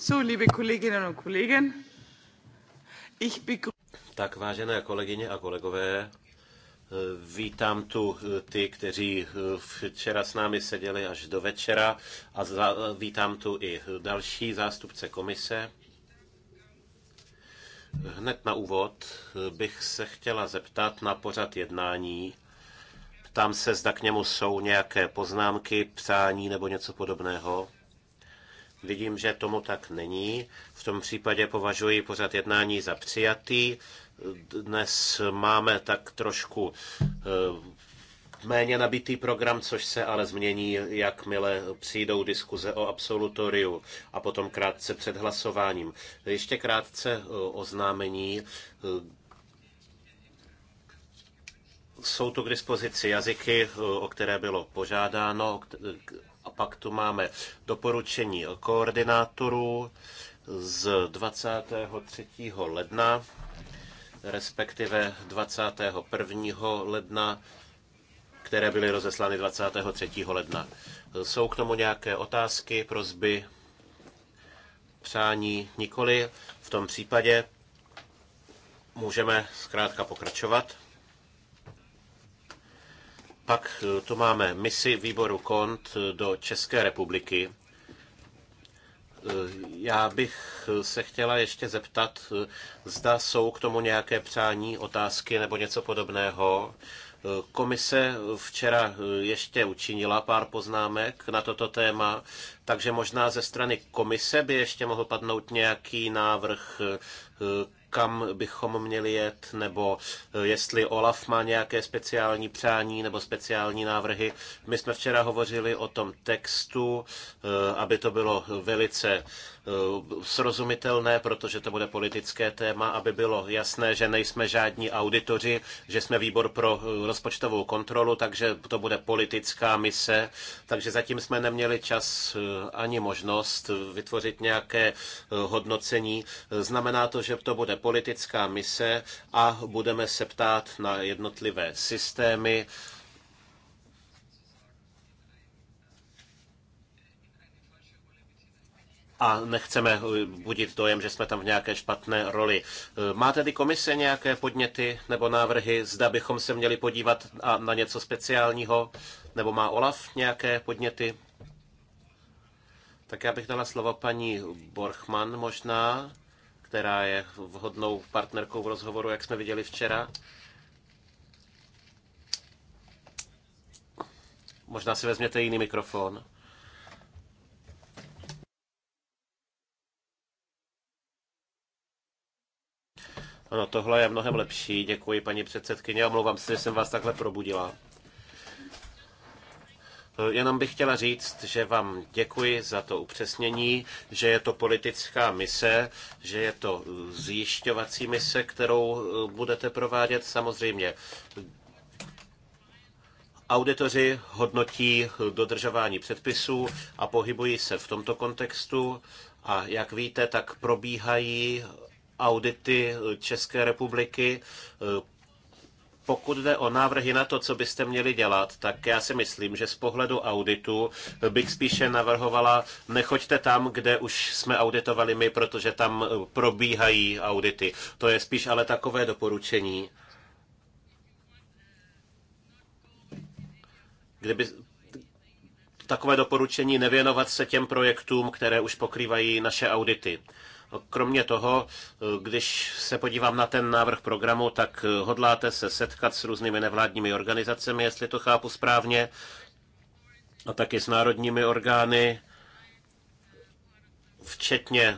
So, liebe Kolleginnen und Kollegen, ich tak vážené kolegyně a kolegové, eh, Vítám tu eh, ty, kteří eh, včera s námi seděli až do večera a za, vítám tu i další zástupce komise. Hned na úvod bych se chtěla zeptat na pořad jednání. Ptám se, zda k němu jsou nějaké poznámky, přání nebo něco podobného. Vidím, že tomu tak není. V tom případě považuji pořad jednání za přijatý. Dnes máme tak trošku eh, méně nabitý program, což se ale změní, jakmile přijdou diskuze o absolutoriu a potom krátce před hlasováním. Ještě krátce eh, oznámení. Eh, jsou tu k dispozici jazyky, o které bylo požádáno, a pak tu máme doporučení koordinátorů z 23. ledna, respektive 21. ledna, které byly rozeslány 23. ledna. Jsou k tomu nějaké otázky, prozby, přání nikoli. V tom případě můžeme zkrátka pokračovat. Pak eh, tu máme misi výboru KONT eh, do České republiky. Eh, já bych se chtěla ještě zeptat, zda jsou k tomu nějaké přání, otázky nebo něco podobného. Komise včera ještě učinila pár poznámek na toto téma, takže možná ze strany komise by ještě mohl padnout nějaký návrh kam bychom měli jet, nebo eh, jestli Olaf má nějaké speciální přání nebo speciální návrhy. My jsme včera hovořili o tom textu, eh, aby to bylo velice Eh, srozumitelné, protože to bude politické téma, aby bylo jasné, že nejsme žádní auditoři, že jsme výbor pro eh, rozpočtovou kontrolu, takže to bude politická mise. Takže zatím jsme neměli čas eh, ani možnost vytvořit nějaké hodnocení. Znamená to, že to bude politická mise a budeme se ptát na jednotlivé systémy, a nechceme eh, budit dojem, že jsme tam v nějaké špatné roli. Eh, má tedy komise nějaké podněty nebo návrhy, zda bychom se měli podívat na něco speciálního, nebo má Olaf nějaké podněty? Tak já bych dala slovo paní Borchman možná, která je vhodnou partnerkou v rozhovoru, jak jsme viděli včera. Možná si vezměte jiný mikrofon. Ano, tohle je mnohem lepší. Děkuji, paní předsedkyně. Omlouvám se, že jsem vás takhle probudila. Jenom bych chtěla říct, že vám děkuji za to upřesnění, že je to politická mise, že je to zjišťovací mise, kterou eh, budete provádět samozřejmě. Auditoři hodnotí dodržování předpisů a pohybují se v tomto kontextu a jak víte, tak probíhají audity České republiky. Pokud jde o návrhy na to, co byste měli dělat, tak já si myslím, že z pohledu auditu bych spíše navrhovala, nechoďte tam, kde už jsme auditovali my, protože tam probíhají audity. To je spíš ale takové doporučení. Kdyby, takové doporučení nevěnovat se těm projektům, které už pokrývají naše audity. Kromě toho, když se podívám na ten návrh programu, tak hodláte se setkat s různými nevládními organizacemi, jestli to chápu správně, a taky s národními orgány, včetně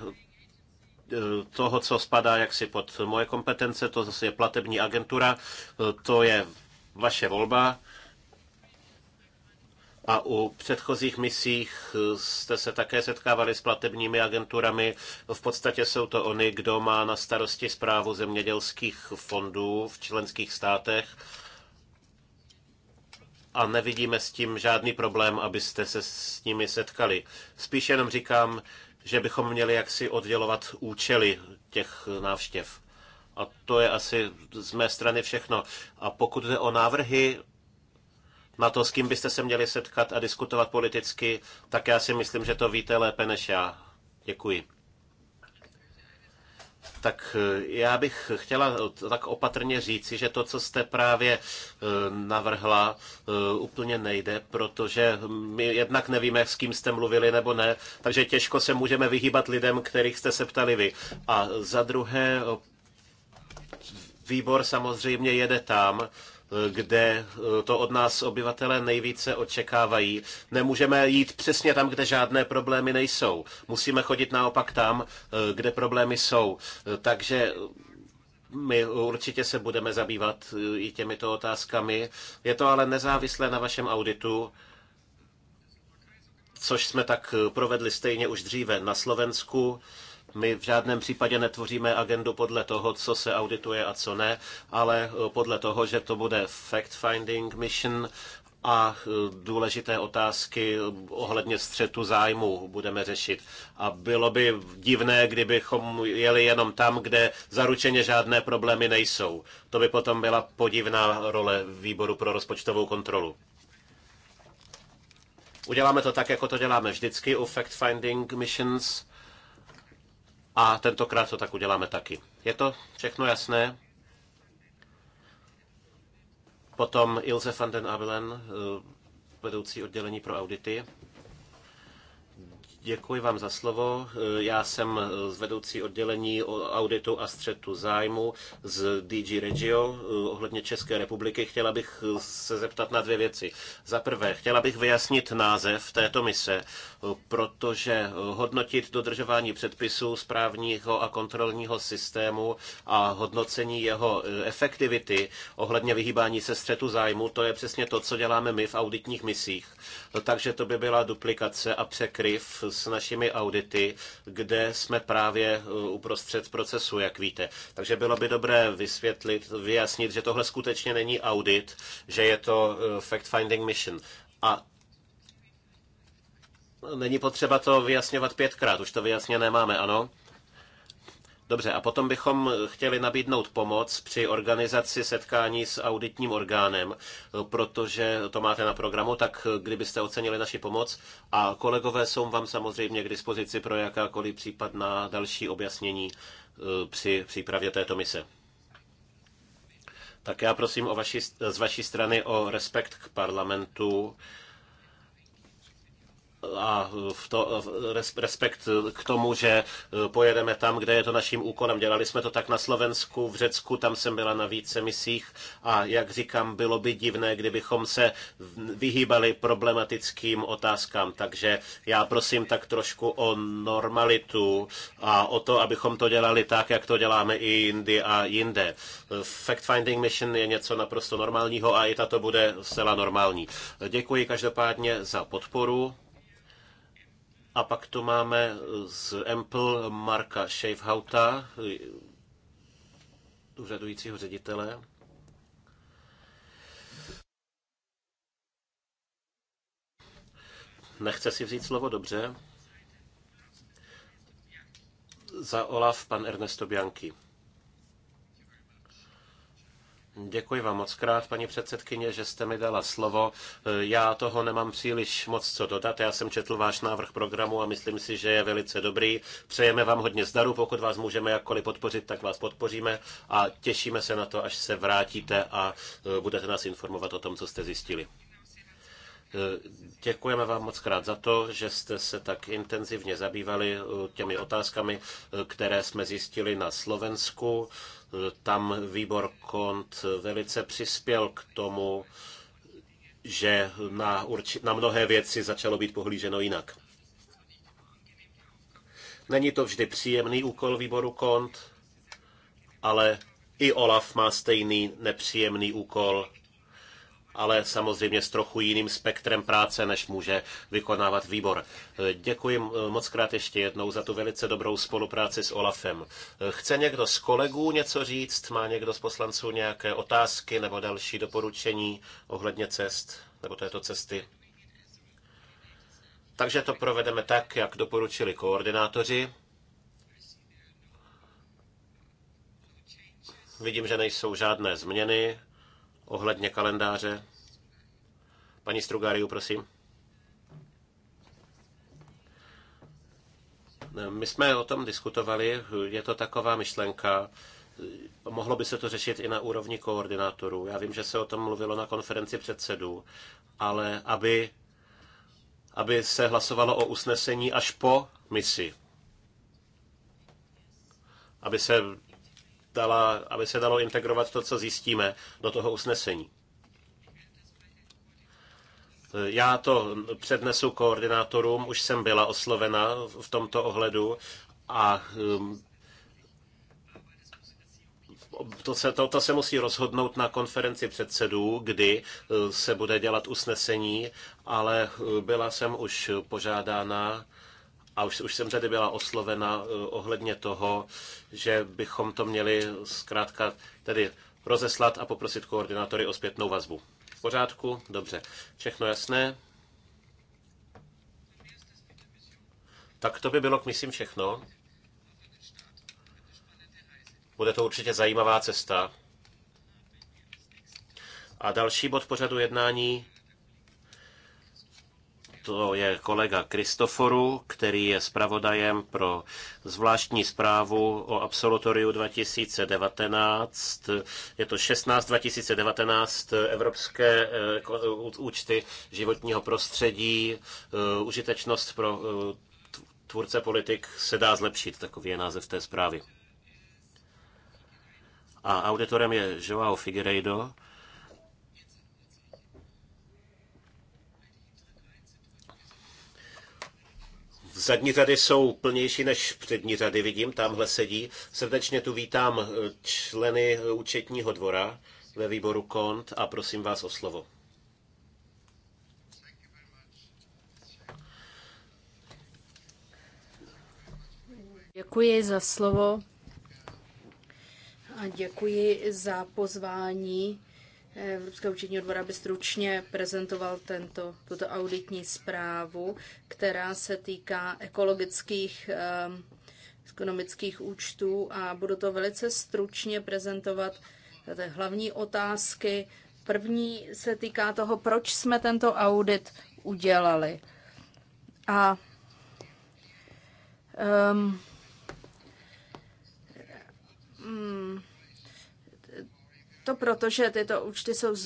eh, toho, co spadá jaksi pod moje kompetence, to zase je platební agentura, eh, to je vaše volba. A u předchozích misích eh, jste se také setkávali s platebními agenturami. V podstatě jsou to oni, kdo má na starosti zprávu zemědělských fondů v členských státech. A nevidíme s tím žádný problém, abyste se s nimi setkali. Spíš jenom říkám, že bychom měli jaksi oddělovat účely těch návštěv. A to je asi z mé strany všechno. A pokud jde o návrhy na to, s kým byste se měli setkat a diskutovat politicky, tak já si myslím, že to víte lépe než já. Děkuji. Tak eh, já bych chtěla tak opatrně říci, že to, co jste právě eh, navrhla, eh, úplně nejde, protože my jednak nevíme, s kým jste mluvili nebo ne, takže těžko se můžeme vyhýbat lidem, kterých jste se ptali vy. A za druhé, výbor samozřejmě jede tam, kde eh, to od nás obyvatelé nejvíce očekávají. Nemůžeme jít přesně tam, kde žádné problémy nejsou. Musíme chodit naopak tam, eh, kde problémy jsou. Eh, takže my určitě se budeme zabývat i těmito otázkami. Je to ale nezávislé na vašem auditu, což jsme tak provedli stejně už dříve na Slovensku my v žádném případě netvoříme agendu podle toho, co se audituje a co ne, ale eh, podle toho, že to bude fact-finding mission a eh, důležité otázky eh, ohledně střetu zájmu budeme řešit. A bylo by divné, kdybychom jeli jenom tam, kde zaručeně žádné problémy nejsou. To by potom byla podivná role výboru pro rozpočtovou kontrolu. Uděláme to tak, jako to děláme vždycky u Fact Finding Missions a tentokrát to tak uděláme taky. Je to všechno jasné? Potom Ilse van den Abelen, eh, vedoucí oddělení pro audity. Děkuji vám za slovo. Já jsem z vedoucí oddělení auditu a střetu zájmu z DG Regio eh, ohledně České republiky. Chtěla bych eh, se zeptat na dvě věci. Za prvé, chtěla bych vyjasnit název této mise, eh, protože hodnotit dodržování předpisů správního a kontrolního systému a hodnocení jeho efektivity ohledně vyhýbání se střetu zájmu, to je přesně to, co děláme my v auditních misích. Takže to by byla duplikace a překryv s našimi audity, kde jsme právě eh, uprostřed procesu, jak víte. Takže bylo by dobré vysvětlit, vyjasnit, že tohle skutečně není audit, že je to eh, fact-finding mission. A není potřeba to vyjasňovat pětkrát, už to vyjasněné máme, ano? Dobře, a potom bychom chtěli nabídnout pomoc při organizaci setkání s auditním orgánem, protože to máte na programu, tak kdybyste ocenili naši pomoc a kolegové jsou vám samozřejmě k dispozici pro jakákoliv případná další objasnění eh, při přípravě této mise. Tak já prosím o vaši, z vaší strany o respekt k parlamentu a v to, respekt k tomu, že e, pojedeme tam, kde je to naším úkolem. Dělali jsme to tak na Slovensku, v Řecku, tam jsem byla na více misích a jak říkám, bylo by divné, kdybychom se vyhýbali problematickým otázkám. Takže já prosím tak trošku o normalitu a o to, abychom to dělali tak, jak to děláme i jindy a jinde. Fact-finding mission je něco naprosto normálního a i tato bude zcela normální. Děkuji každopádně za podporu. A pak tu máme eh, z Ample Marka Schaefhauta, eh, úřadujícího ředitele. Nechce si vzít slovo, dobře. Za Olaf pan Ernesto Bianchi. Děkuji vám moc krát, paní předsedkyně, že jste mi dala slovo. Já toho nemám příliš moc co dodat. Já jsem četl váš návrh programu a myslím si, že je velice dobrý. Přejeme vám hodně zdaru. Pokud vás můžeme jakkoliv podpořit, tak vás podpoříme a těšíme se na to, až se vrátíte a e, budete nás informovat o tom, co jste zjistili. E, děkujeme vám moc krát za to, že jste se tak intenzivně zabývali e, těmi otázkami, které jsme zjistili na Slovensku. Tam výbor kont velice přispěl k tomu, že na, urči- na mnohé věci začalo být pohlíženo jinak. Není to vždy příjemný úkol výboru kont, ale i Olaf má stejný nepříjemný úkol ale samozřejmě s trochu jiným spektrem práce, než může vykonávat výbor. Eh, děkuji eh, moc krát ještě jednou za tu velice dobrou spolupráci s Olafem. Eh, chce někdo z kolegů něco říct? Má někdo z poslanců nějaké otázky nebo další doporučení ohledně cest nebo této cesty? Takže to provedeme tak, jak doporučili koordinátoři. Vidím, že nejsou žádné změny ohledně kalendáře. Paní Strugáriu, prosím. My jsme o tom diskutovali, je to taková myšlenka, mohlo by se to řešit i na úrovni koordinátorů. Já vím, že se o tom mluvilo na konferenci předsedů, ale aby, aby se hlasovalo o usnesení až po misi. Aby se dala, aby se dalo integrovat to, co zjistíme do toho usnesení. Já to přednesu koordinátorům, už jsem byla oslovena v tomto ohledu a um, to se, to, to se musí rozhodnout na konferenci předsedů, kdy uh, se bude dělat usnesení, ale uh, byla jsem už požádána a už, už jsem tady byla oslovena eh, ohledně toho, že bychom to měli zkrátka tedy rozeslat a poprosit koordinátory o zpětnou vazbu. V pořádku? Dobře. Všechno jasné? Tak to by bylo k myslím všechno. Bude to určitě zajímavá cesta. A další bod pořadu jednání to je kolega Kristoforu, který je zpravodajem pro zvláštní zprávu o absolutoriu 2019. Je to 16 2019 eh, Evropské eh, eh, účty životního prostředí, užitečnost pro tvůrce politik se dá zlepšit, takový je název té zprávy. A auditorem je Joao Figueiredo, Zadní řady jsou plnější než přední řady, vidím, tamhle sedí. Srdečně tu vítám eh, členy eh, účetního dvora ve výboru KONT a prosím vás o slovo. Děkuji za slovo a děkuji za pozvání Evropského účetní odbor, by stručně prezentoval tento, tuto auditní zprávu, která se týká ekologických um, ekonomických účtů a budu to velice stručně prezentovat. Hlavní otázky. První se týká toho, proč jsme tento audit udělali. A um, um to proto, že tyto účty jsou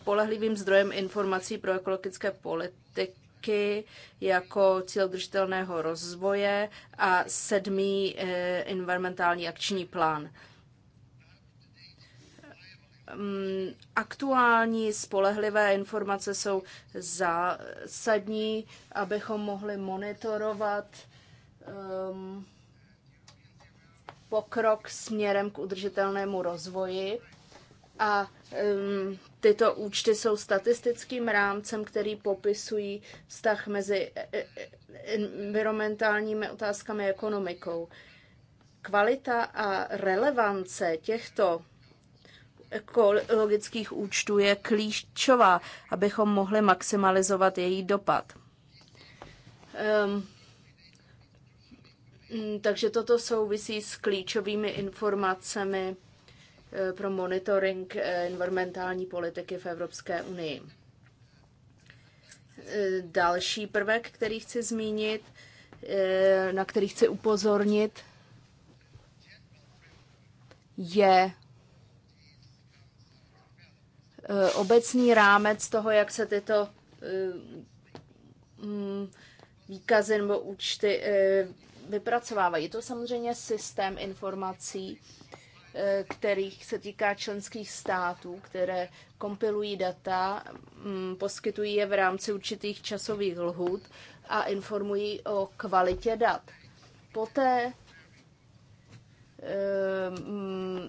spolehlivým zdrojem informací pro ekologické politiky jako cíl držitelného rozvoje a sedmý eh, environmentální akční plán mm, aktuální, spolehlivé informace jsou zásadní, abychom mohli monitorovat um, pokrok směrem k udržitelnému rozvoji a um, tyto účty jsou statistickým rámcem, který popisují vztah mezi e, e, environmentálními otázkami a ekonomikou. Kvalita a relevance těchto ekologických účtů je klíčová, abychom mohli maximalizovat její dopad. Um, Mm, takže toto souvisí s klíčovými informacemi eh, pro monitoring eh, environmentální politiky v Evropské unii. Eh, další prvek, který chci zmínit, na který chci upozornit, je obecný rámec toho, jak se tyto mm, výkazy nebo účty vypracovávají. Je to samozřejmě systém informací, e, kterých se týká členských států, které kompilují data, mm, poskytují je v rámci určitých časových lhůt a informují o kvalitě dat. Poté e, mm,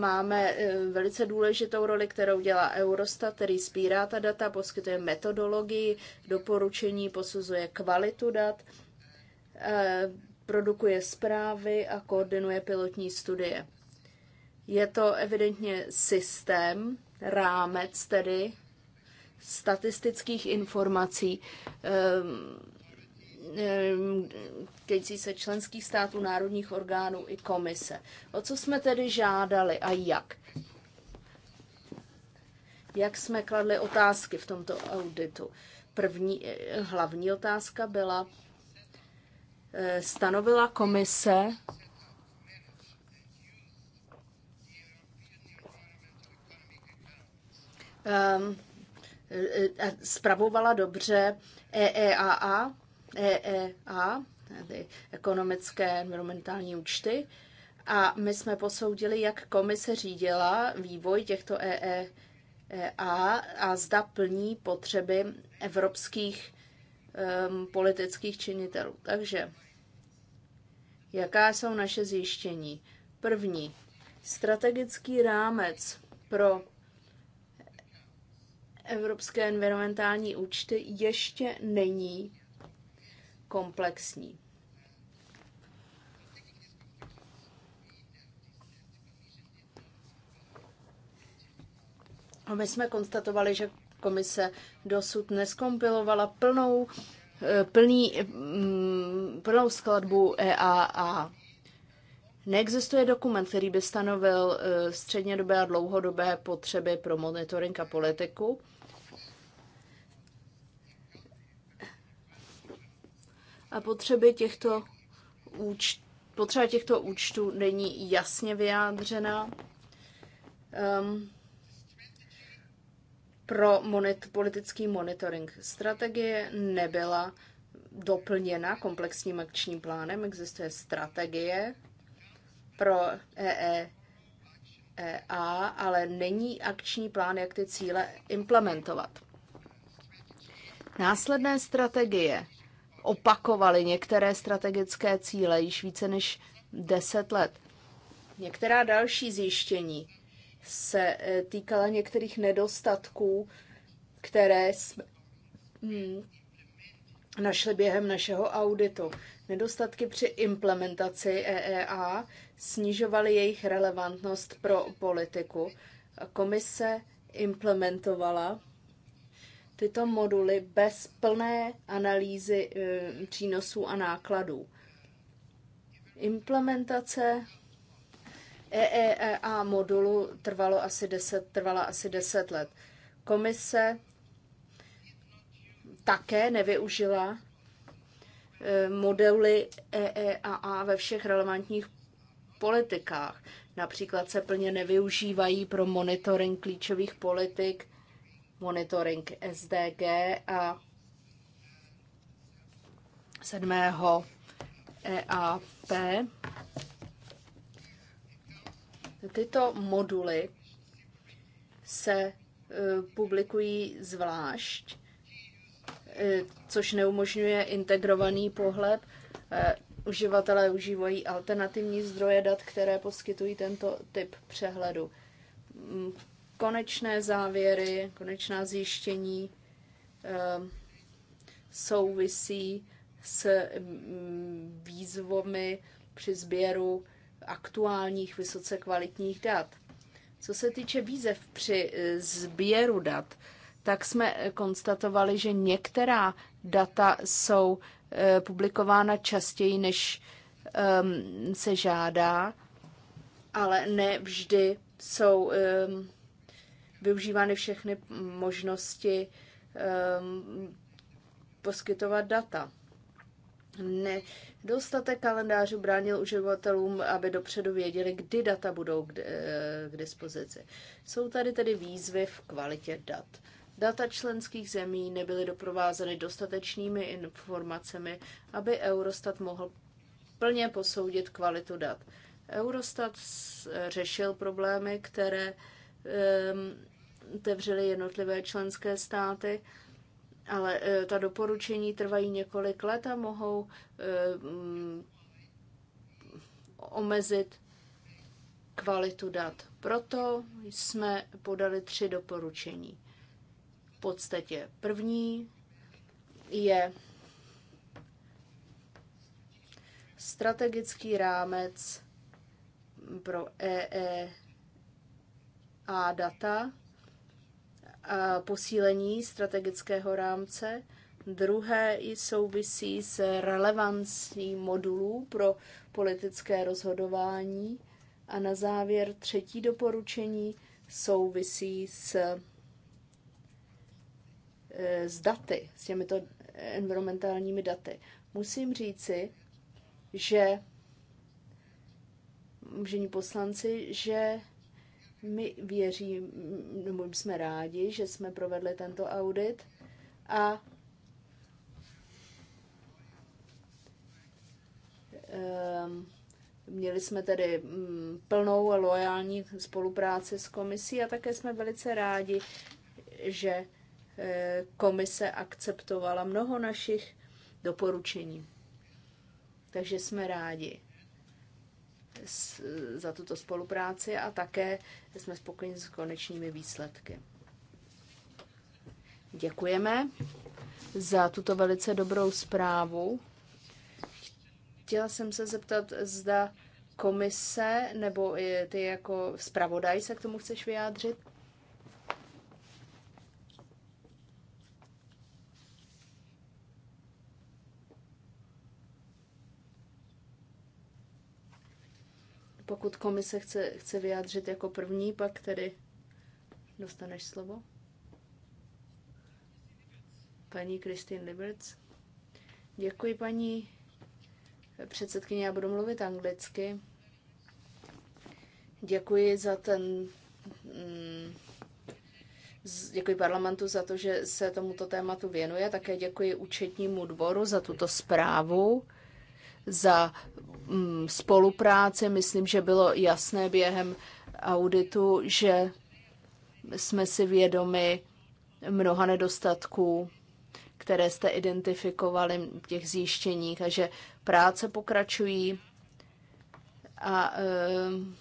máme e, velice důležitou roli, kterou dělá Eurostat, který sbírá ta data, poskytuje metodologii, doporučení, posuzuje kvalitu dat produkuje zprávy a koordinuje pilotní studie. Je to evidentně systém, rámec tedy statistických informací ehm, týkající se členských států, národních orgánů i komise. O co jsme tedy žádali a jak? Jak jsme kladli otázky v tomto auditu? První eh, hlavní otázka byla, Eh, stanovila komise um, spravovala dobře EEAA, EEA, ty ekonomické environmentální účty, a my jsme posoudili, jak komise řídila vývoj těchto EEA a zda plní potřeby evropských um, politických činitelů. Takže, jaká jsou naše zjištění? První, strategický rámec pro evropské environmentální účty ještě není komplexní. A my jsme konstatovali, že Komise dosud neskompilovala plnou, eh, plný, mm, plnou skladbu EAA. Neexistuje dokument, který by stanovil eh, střednědobé a dlouhodobé potřeby pro monitoring a politiku. A potřeby těchto účtů potřeba těchto účtů není jasně vyjádřena. Um, pro monit, politický monitoring. Strategie nebyla doplněna komplexním akčním plánem. Existuje strategie pro EA, e ale není akční plán, jak ty cíle implementovat. Následné strategie opakovaly některé strategické cíle již více než 10 let. Některá další zjištění se eh, týkala některých nedostatků, které jsme hmm, našli během našeho auditu. Nedostatky při implementaci EEA snižovaly jejich relevantnost pro politiku. Komise implementovala tyto moduly bez plné analýzy eh, přínosů a nákladů. Implementace EEA e modulu trvalo asi 10, trvala asi 10 let. Komise také nevyužila e, modely EEAA ve všech relevantních politikách. Například se plně nevyužívají pro monitoring klíčových politik, monitoring SDG a sedmého EAP Tyto moduly se e, publikují zvlášť, e, což neumožňuje integrovaný pohled. E, uživatelé užívají alternativní zdroje dat, které poskytují tento typ přehledu. Mm, konečné závěry, konečná zjištění souvisí s mm, výzvami při sběru aktuálních, vysoce kvalitních dat. Co se týče výzev při eh, sběru dat, tak jsme eh, konstatovali, že některá data jsou eh, publikována častěji, než ehm, se žádá, ale ne vždy jsou ehm, využívány všechny možnosti ehm, poskytovat data. Nedostatek kalendářů bránil uživatelům, aby dopředu věděli, kdy data budou k, eh, k dispozici. Jsou tady tedy výzvy v kvalitě dat. Data členských zemí nebyly doprovázeny dostatečnými informacemi, aby Eurostat mohl plně posoudit kvalitu dat. Eurostat řešil problémy, které um, otevřely jednotlivé členské státy ale e, ta doporučení trvají několik let a mohou e, mm, omezit kvalitu dat. Proto jsme podali tři doporučení. V podstatě první je strategický rámec pro EE e a data, a posílení strategického rámce. Druhé i souvisí s relevancí modulů pro politické rozhodování. A na závěr třetí doporučení souvisí s, e, s daty, s těmito environmentálními daty. Musím říci, že, že poslanci, že my věříme, nebo jsme rádi, že jsme provedli tento audit a um, Měli jsme tedy mm, plnou a loajální spolupráci s komisí a také jsme velice rádi, že eh, komise akceptovala mnoho našich doporučení. Takže jsme rádi za tuto spolupráci a také jsme spokojeni s konečnými výsledky. Děkujeme za tuto velice dobrou zprávu. Chtěla jsem se zeptat, zda komise nebo ty jako zpravodaj se k tomu chceš vyjádřit? Pokud komise chce, chce vyjádřit jako první, pak tedy dostaneš slovo. Paní Kristin Liberts. Děkuji, paní předsedkyně, já budu mluvit anglicky. Děkuji za ten. Mm, děkuji parlamentu za to, že se tomuto tématu věnuje. Také děkuji účetnímu dvoru za tuto zprávu za mm, spolupráci. Myslím, že bylo jasné během auditu, že jsme si vědomi mnoha nedostatků, které jste identifikovali v těch zjištěních a že práce pokračují a ehm,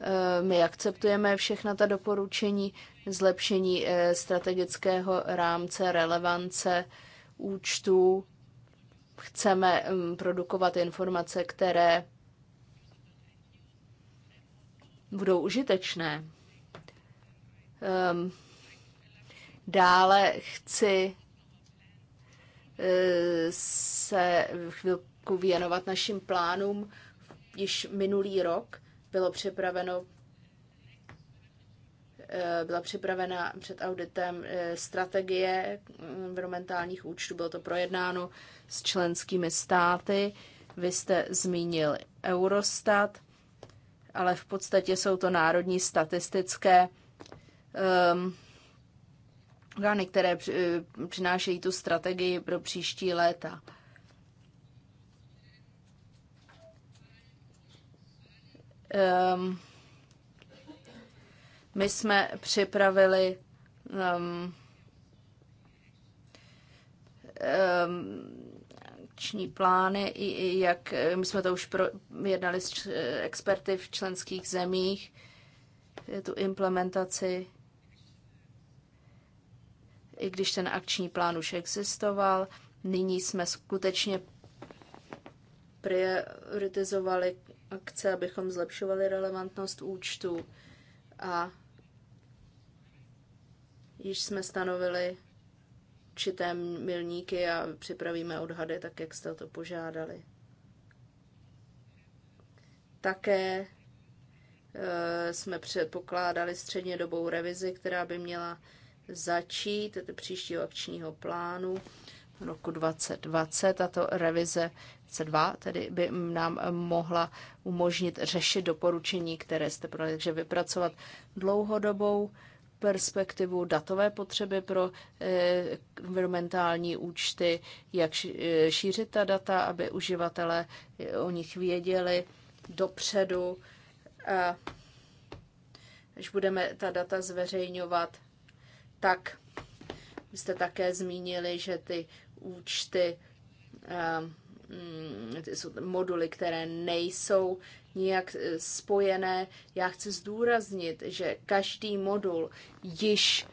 ehm, my akceptujeme všechna ta doporučení zlepšení eh, strategického rámce, relevance účtů, chceme mm, produkovat informace, které budou užitečné. Ehm, dále chci eh, se chvilku věnovat našim plánům. Již minulý rok bylo připraveno Eh, byla připravena před auditem eh, strategie mm, environmentálních účtů, bylo to projednáno s členskými státy. Vy jste zmínil Eurostat, ale v podstatě jsou to národní statistické um, orgány, které eh, přinášejí tu strategii pro příští léta. Um, my jsme připravili um, um akční plány, jak my jsme to už pro, jednali s eh, experty v členských zemích, tu implementaci, i když ten akční plán už existoval, nyní jsme skutečně prioritizovali akce, abychom zlepšovali relevantnost účtu a Již jsme stanovili určité milníky a připravíme odhady, tak jak jste o to požádali. Také eh, jsme předpokládali střednědobou revizi, která by měla začít tedy příštího akčního plánu roku 2020. Tato revize C2 tedy by nám mohla umožnit řešit doporučení, které jste pro takže vypracovat dlouhodobou perspektivu, datové potřeby pro eh, environmentální účty, jak eh, šířit ta data, aby uživatelé eh, o nich věděli dopředu. A když budeme ta data zveřejňovat, tak jste také zmínili, že ty účty, mm, ty moduly, které nejsou nějak eh, spojené. Já chci zdůraznit, že každý modul již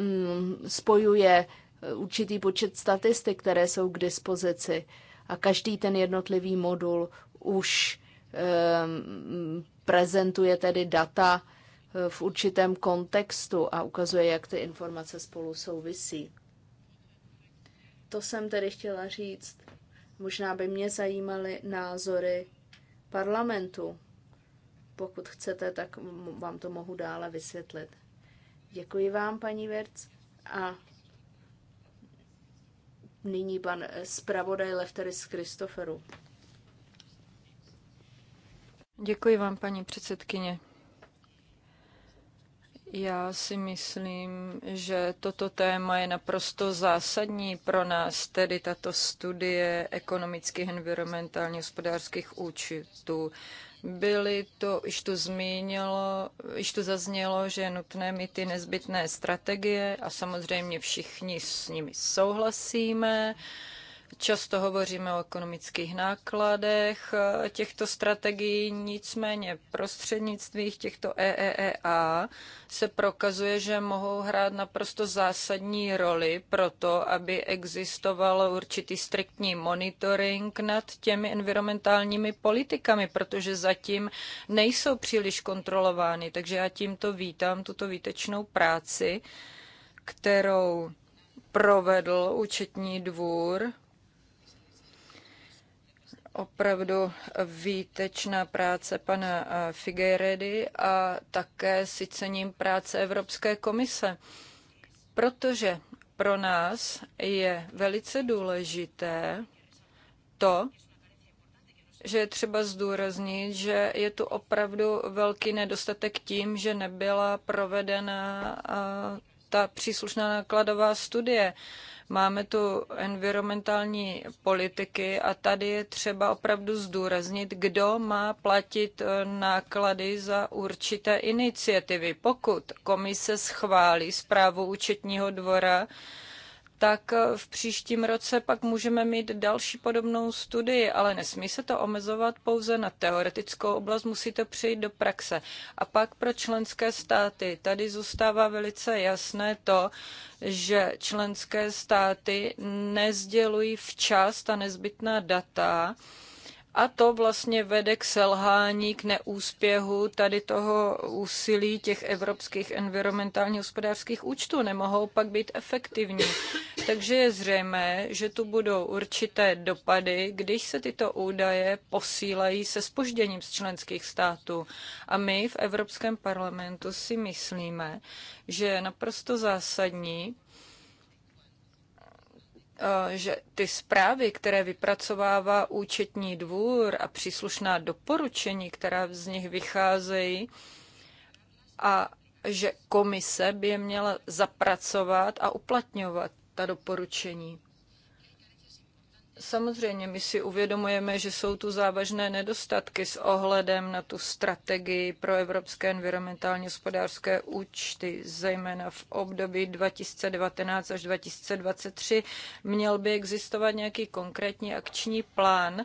mm, spojuje eh, určitý počet statistik, které jsou k dispozici a každý ten jednotlivý modul už ehm, prezentuje tedy data eh, v určitém kontextu a ukazuje, jak ty informace spolu souvisí. To jsem tedy chtěla říct. Možná by mě zajímaly názory parlamentu. Pokud chcete, tak vám to mohu dále vysvětlit. Děkuji vám, paní Verc. A nyní pan eh, zpravodaj Lefteris Kristoferu. Děkuji vám, paní předsedkyně. Já si myslím, že toto téma je naprosto zásadní pro nás, tedy tato studie ekonomických, environmentálně hospodářských účtů. Byly to, již tu zmínilo, již tu zaznělo, že je nutné mít ty nezbytné strategie a samozřejmě všichni s nimi souhlasíme. Uh, Často hovoříme o ekonomických nákladech těchto strategií, nicméně prostřednictvím těchto EEEA se prokazuje, že mohou hrát naprosto zásadní roli pro to, aby existoval určitý striktní monitoring nad těmi environmentálními politikami, protože zatím nejsou příliš kontrolovány. Takže já tímto vítám tuto výtečnou práci, kterou provedl účetní dvůr opravdu výtečná práce pana eh, Figueredy a také si cením práce Evropské komise, protože pro nás je velice důležité to, že je třeba zdůraznit, že je tu opravdu velký nedostatek tím, že nebyla provedena eh, ta příslušná nákladová studie. Máme tu environmentální politiky a tady je třeba opravdu zdůraznit, kdo má platit eh, náklady za určité iniciativy. Pokud komise schválí zprávu účetního dvora, tak eh, v příštím roce pak můžeme mít další podobnou studii, ale nesmí se to omezovat pouze na teoretickou oblast, musí to přejít do praxe. A pak pro členské státy. Tady zůstává velice jasné to, že členské státy nezdělují včas ta nezbytná data, a to vlastně vede k selhání, k neúspěchu tady toho úsilí těch evropských environmentálně hospodářských účtů. Nemohou pak být efektivní. Takže je zřejmé, že tu budou určité dopady, když se tyto údaje posílají se spožděním z členských států. A my v Evropském parlamentu si myslíme, že je naprosto zásadní Eh, že ty zprávy, které vypracovává účetní dvůr a příslušná doporučení, která z nich vycházejí, a že komise by je měla zapracovat a uplatňovat ta doporučení. Samozřejmě my si uvědomujeme, že jsou tu závažné nedostatky s ohledem na tu strategii pro evropské environmentálně hospodářské účty, zejména v období 2019 až 2023. Měl by existovat nějaký konkrétní akční plán,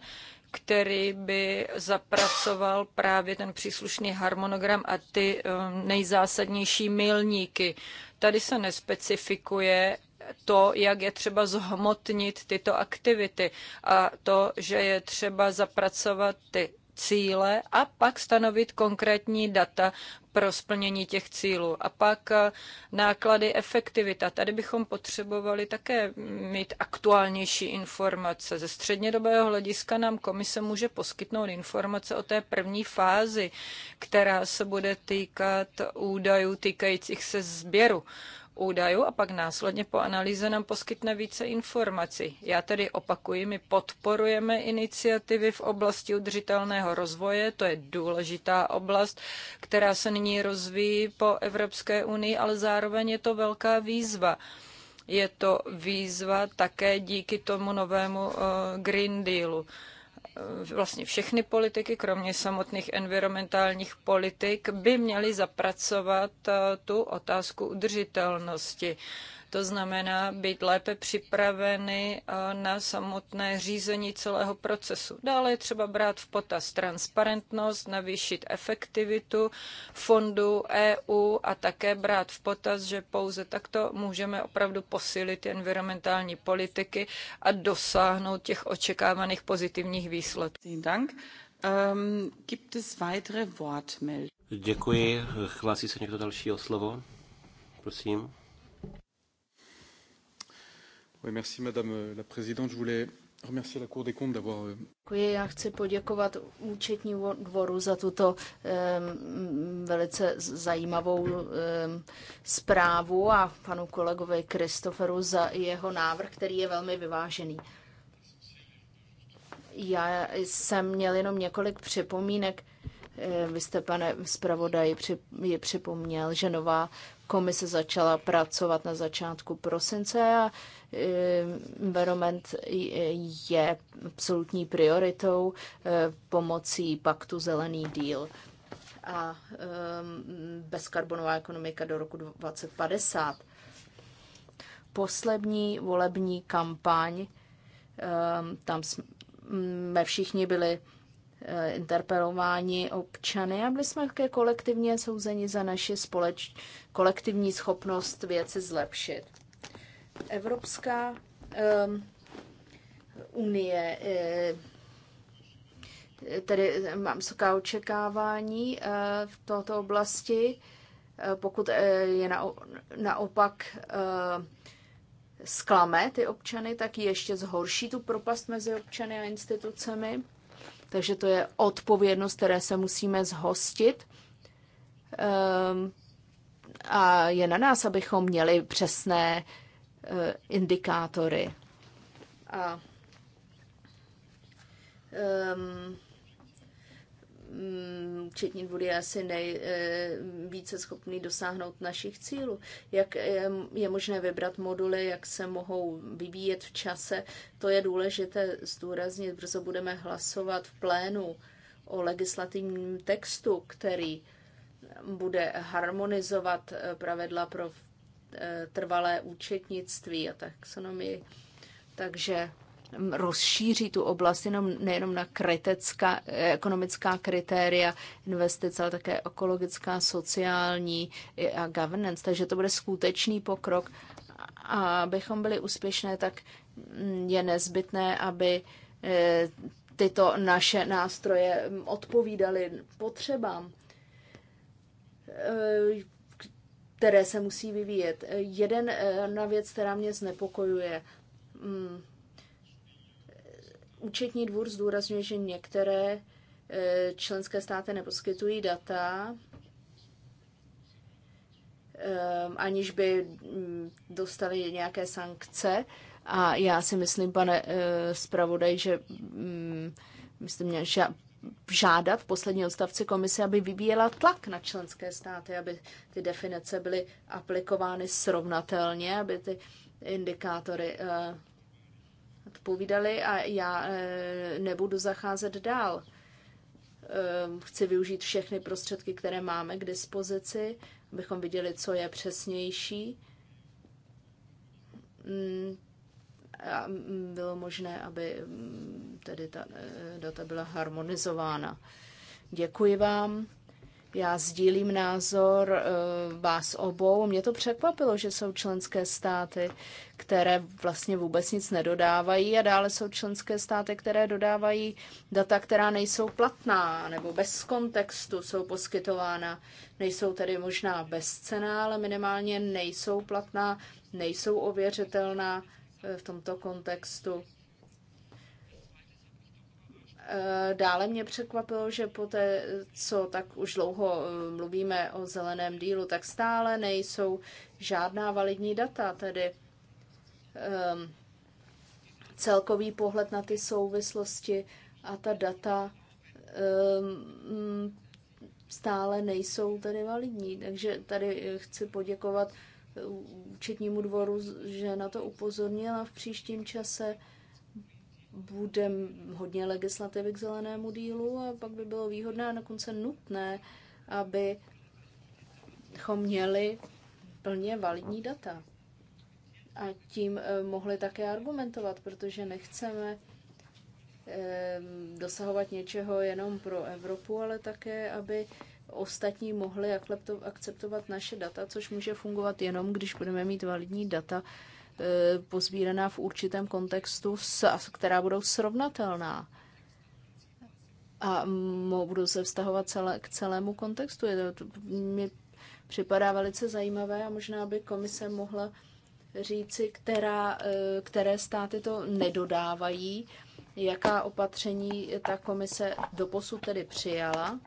který by zapracoval právě ten příslušný harmonogram a ty eh, nejzásadnější milníky. Tady se nespecifikuje, to, jak je třeba zhmotnit tyto aktivity a to, že je třeba zapracovat ty cíle a pak stanovit konkrétní data pro splnění těch cílů. A pak eh, náklady, efektivita. Tady bychom potřebovali také mít aktuálnější informace. Ze střednědobého hlediska nám komise může poskytnout informace o té první fázi, která se bude týkat údajů týkajících se sběru údajů a pak následně po analýze nám poskytne více informací. Já tedy opakuji, my podporujeme iniciativy v oblasti udržitelného rozvoje, to je důležitá oblast, která se nyní rozvíjí po Evropské unii, ale zároveň je to velká výzva. Je to výzva také díky tomu novému eh, Green Dealu. Eh, vlastně všechny politiky, kromě samotných environmentálních politik, by měly zapracovat eh, tu otázku udržitelnosti. To znamená být lépe připraveny eh, na samotné řízení celého procesu. Dále je třeba brát v potaz transparentnost, navýšit efektivitu fondů EU a také brát v potaz, že pouze takto můžeme opravdu posílit environmentální politiky a dosáhnout těch očekávaných pozitivních výsledků. Um, gibt es weitere Wortmeldungen? Děkuji. Hlásí se někdo další o slovo? Prosím. Oui, merci, madame euh, la présidente. Je voulais remercier la Cour des comptes d'avoir... Euh, Děkuji, já chci poděkovat účetní dvoru za tuto um, velice zajímavou um, zprávu a panu kolegovi Kristoferu za jeho návrh, který je velmi vyvážený. Já jsem měl jenom několik připomínek. Eh, vy jste, pane zpravodaji, je připomněl, že nová Komise začala pracovat na začátku prosince a e, environment je absolutní prioritou e, pomocí paktu Zelený díl a e, bezkarbonová ekonomika do roku 2050. Poslední volební kampaň, tam jsme mm, všichni byli Eh, interpelováni občany aby jsme také kolektivně souzeni za naši společ, kolektivní schopnost věci zlepšit. Evropská um, unie, eh, tedy eh, mám vysoká očekávání v této oblasti, pokud je naopak zklame ty občany, tak ještě zhorší tu propast mezi občany a institucemi. Takže to je odpovědnost, které se musíme zhostit. Ehm, a je na nás, abychom měli přesné eh, indikátory. A um, včetně mm, vody je asi nejvíce schopný dosáhnout našich cílů. Jak je možné vybrat moduly, jak se mohou vyvíjet v čase, to je důležité zdůraznit. Brzo budeme hlasovat v plénu o legislativním textu, který bude harmonizovat eh, pravidla pro eh, trvalé účetnictví a taxonomii. Takže rozšíří tu oblast jenom, nejenom na kritická, ekonomická kritéria investice, ale také ekologická, sociální a governance. Takže to bude skutečný pokrok. A abychom byli úspěšné, tak je nezbytné, aby eh, tyto naše nástroje odpovídaly potřebám, eh, které se musí vyvíjet. Jeden eh, na věc, která mě znepokojuje, mm, Účetní dvůr zdůrazňuje, že některé e, členské státy neposkytují data, e, aniž by mm, dostali nějaké sankce. A já si myslím, pane e, zpravodaj, že myslím, mm, že žádat v poslední odstavci komise, aby vybíjela tlak na členské státy, aby ty definice byly aplikovány srovnatelně, aby ty indikátory odpovídali a já eh, nebudu zacházet dál. Ehm, chci využít všechny prostředky, které máme k dispozici, abychom viděli, co je přesnější. Mm, a mm, bylo možné, aby mm, tedy ta eh, data byla harmonizována. Děkuji vám. Já sdílím názor eh, vás obou. Mě to překvapilo, že jsou členské státy, které vlastně vůbec nic nedodávají a dále jsou členské státy, které dodávají data, která nejsou platná nebo bez kontextu jsou poskytována. Nejsou tedy možná bezcená, ale minimálně nejsou platná, nejsou ověřitelná eh, v tomto kontextu. Eh, dále mě překvapilo, že po té, co tak už dlouho eh, mluvíme o zeleném dílu, tak stále nejsou žádná validní data, tedy ehm, celkový pohled na ty souvislosti a ta data ehm, stále nejsou tedy validní. Takže tady eh, chci poděkovat účetnímu dvoru, že na to upozornila v příštím čase bude hodně legislativy k zelenému dílu a pak by bylo výhodné a dokonce nutné, abychom měli plně validní data. A tím eh, mohli také argumentovat, protože nechceme ehm, dosahovat něčeho jenom pro Evropu, ale také, aby ostatní mohli akceptovat naše data, což může fungovat jenom, když budeme mít validní data E, pozbíraná v určitém kontextu, která budou srovnatelná. A budou se vztahovat celé, k celému kontextu. Je to, mi připadá velice zajímavé a možná by komise mohla říci, která, e, které státy to nedodávají, jaká opatření ta komise doposud tedy přijala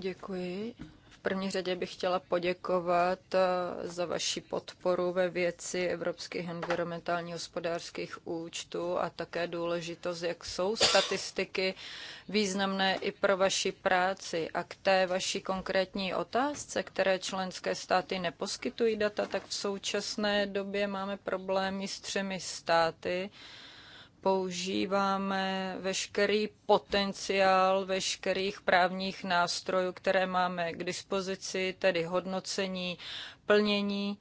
Děkuji. V první řadě bych chtěla poděkovat eh, za vaši podporu ve věci evropských environmentálních hospodářských účtů a také důležitost, jak jsou statistiky významné i pro vaši práci. A k té vaší konkrétní otázce, které členské státy neposkytují data, tak v současné době máme problémy s třemi státy, používáme veškerý potenciál veškerých právních nástrojů, které máme k dispozici, tedy hodnocení, plnění.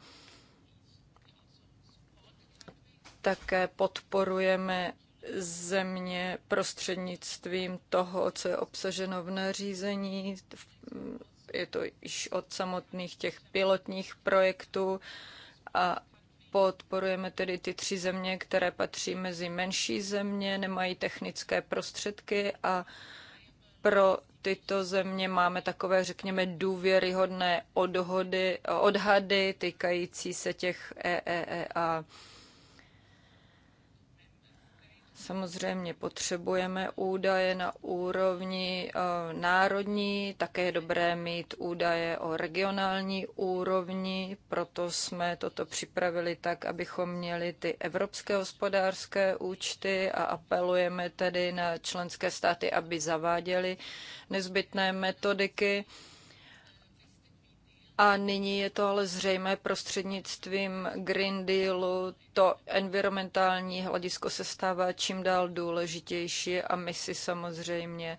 Také podporujeme země prostřednictvím toho, co je obsaženo v nařízení. Je to již od samotných těch pilotních projektů a Podporujeme tedy ty tři země, které patří mezi menší země, nemají technické prostředky a pro tyto země máme takové, řekněme, důvěryhodné odhody, odhady týkající se těch EEA. E Samozřejmě potřebujeme údaje na úrovni eh, národní, také je dobré mít údaje o regionální úrovni, proto jsme toto připravili tak, abychom měli ty evropské hospodářské účty a apelujeme tedy na členské státy, aby zaváděly nezbytné metodiky a nyní je to ale zřejmé prostřednictvím Green Dealu. To environmentální hledisko se stává čím dál důležitější a my si samozřejmě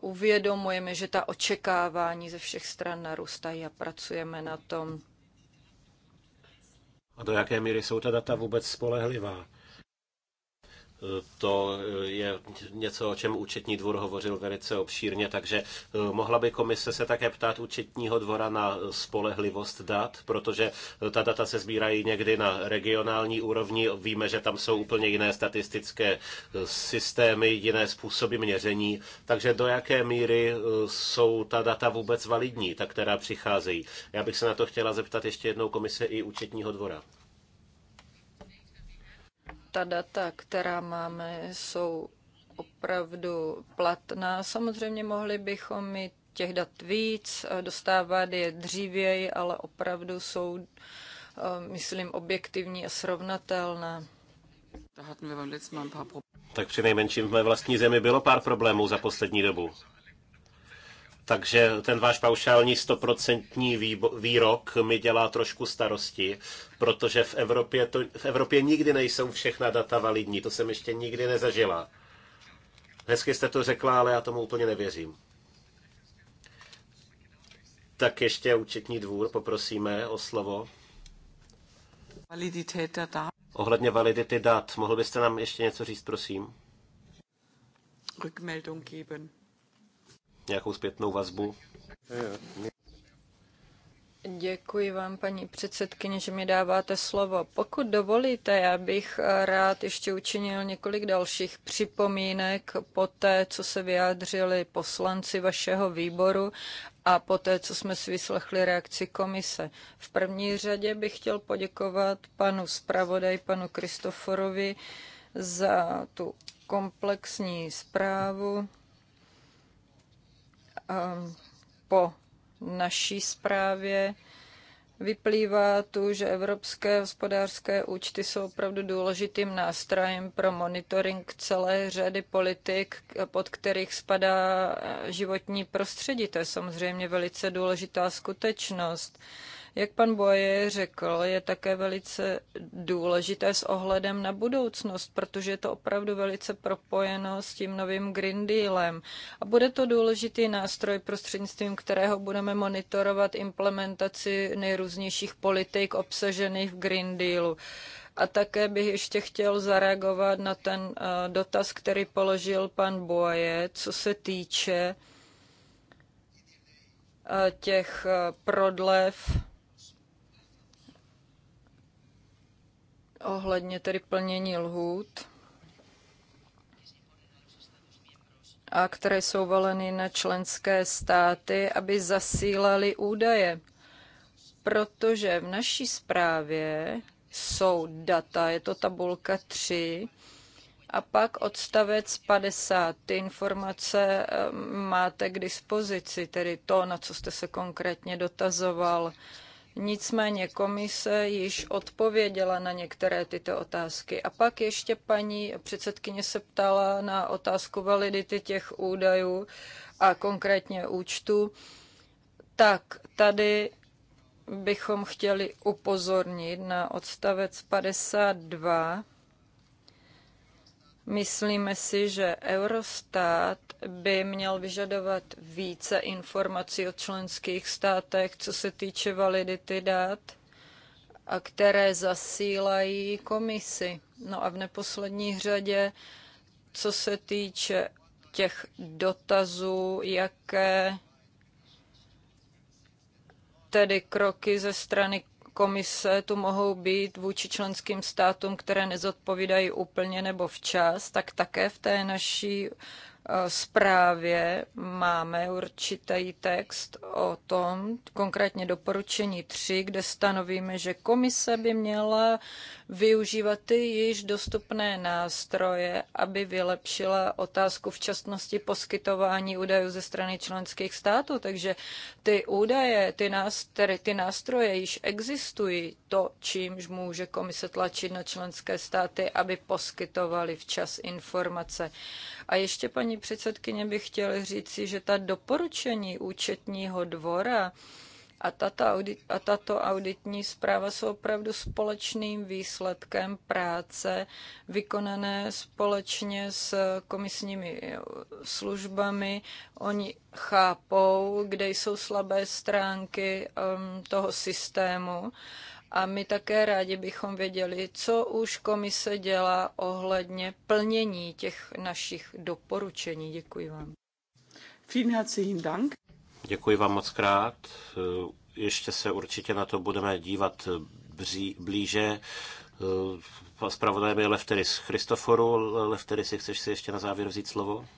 uvědomujeme, že ta očekávání ze všech stran narůstají a pracujeme na tom. A do jaké míry jsou ta data vůbec spolehlivá? To je něco, o čem účetní dvůr hovořil velice obšírně, takže eh, mohla by komise se také ptát účetního dvora na spolehlivost dat, protože eh, ta data se sbírají někdy na regionální úrovni. Víme, že tam jsou úplně jiné statistické eh, systémy, jiné způsoby měření, takže do jaké míry jsou ta data vůbec validní, ta, která přicházejí. Já bych se na to chtěla zeptat ještě jednou komise i účetního dvora ta data, která máme, jsou opravdu platná. Samozřejmě mohli bychom mít těch dat víc, eh, dostávat je dřívěji, ale opravdu jsou, eh, myslím, objektivní a srovnatelná. Tak při nejmenším v mé vlastní zemi bylo pár problémů za poslední dobu. Takže ten váš paušální stoprocentní výrok mi dělá trošku starosti, protože v Evropě, to, v Evropě nikdy nejsou všechna data validní, to jsem ještě nikdy nezažila. Hezky jste to řekla, ale já tomu úplně nevěřím. Tak ještě účetní dvůr poprosíme o slovo. dat. Ohledně validity dat, mohl byste nám ještě něco říct, prosím? Rückmeldung geben nějakou zpětnou vazbu. Děkuji vám, paní předsedkyně, že mi dáváte slovo. Pokud dovolíte, já bych eh, rád ještě učinil několik dalších připomínek po té, co se vyjádřili poslanci vašeho výboru a po té, co jsme si vyslechli reakci komise. V první řadě bych chtěl poděkovat panu zpravodaj, panu Kristoforovi, za tu komplexní zprávu Um, po naší zprávě. Vyplývá tu, že evropské hospodářské účty jsou opravdu důležitým nástrojem pro monitoring celé řady politik, pod kterých spadá eh, životní prostředí. To je samozřejmě velice důležitá skutečnost. Jak pan Boje řekl, je také velice důležité s ohledem na budoucnost, protože je to opravdu velice propojeno s tím novým Green Dealem. A bude to důležitý nástroj, prostřednictvím kterého budeme monitorovat implementaci nejrůznějších politik obsažených v Green Dealu. A také bych ještě chtěl zareagovat na ten eh, dotaz, který položil pan Boje, co se týče eh, těch eh, prodlev ohledně tedy plnění lhůt, a které jsou voleny na členské státy, aby zasílali údaje. Protože v naší zprávě jsou data, je to tabulka 3, a pak odstavec 50. Ty informace eh, máte k dispozici, tedy to, na co jste se konkrétně dotazoval. Nicméně komise již odpověděla na některé tyto otázky. A pak ještě paní předsedkyně se ptala na otázku validity těch údajů a konkrétně účtu. Tak tady bychom chtěli upozornit na odstavec 52 Myslíme si, že Eurostat by měl vyžadovat více informací o členských státech, co se týče validity dat, a které zasílají komisi. No a v neposlední řadě, co se týče těch dotazů, jaké tedy kroky ze strany komise tu mohou být vůči členským státům, které nezodpovídají úplně nebo včas, tak také v té naší eh, zprávě máme určitý text o tom, konkrétně doporučení 3, kde stanovíme, že komise by měla využívat ty již dostupné nástroje, aby vylepšila otázku včasnosti poskytování údajů ze strany členských států. Takže ty údaje, ty nástroje, ty nástroje již existují. To, čímž může komise tlačit na členské státy, aby poskytovali včas informace. A ještě, paní předsedkyně, bych chtěla říci, že ta doporučení účetního dvora, a tato, audit, a tato auditní zpráva jsou opravdu společným výsledkem práce vykonané společně s komisními službami. Oni chápou, kde jsou slabé stránky um, toho systému. A my také rádi bychom věděli, co už komise dělá ohledně plnění těch našich doporučení. Děkuji vám. Vielen herzlichen Dank. Děkuji vám moc krát. Ještě se určitě na to budeme dívat blíže. Spravodajem je Lefteris Christoforu. Lefteris, chceš si ještě na závěr vzít slovo?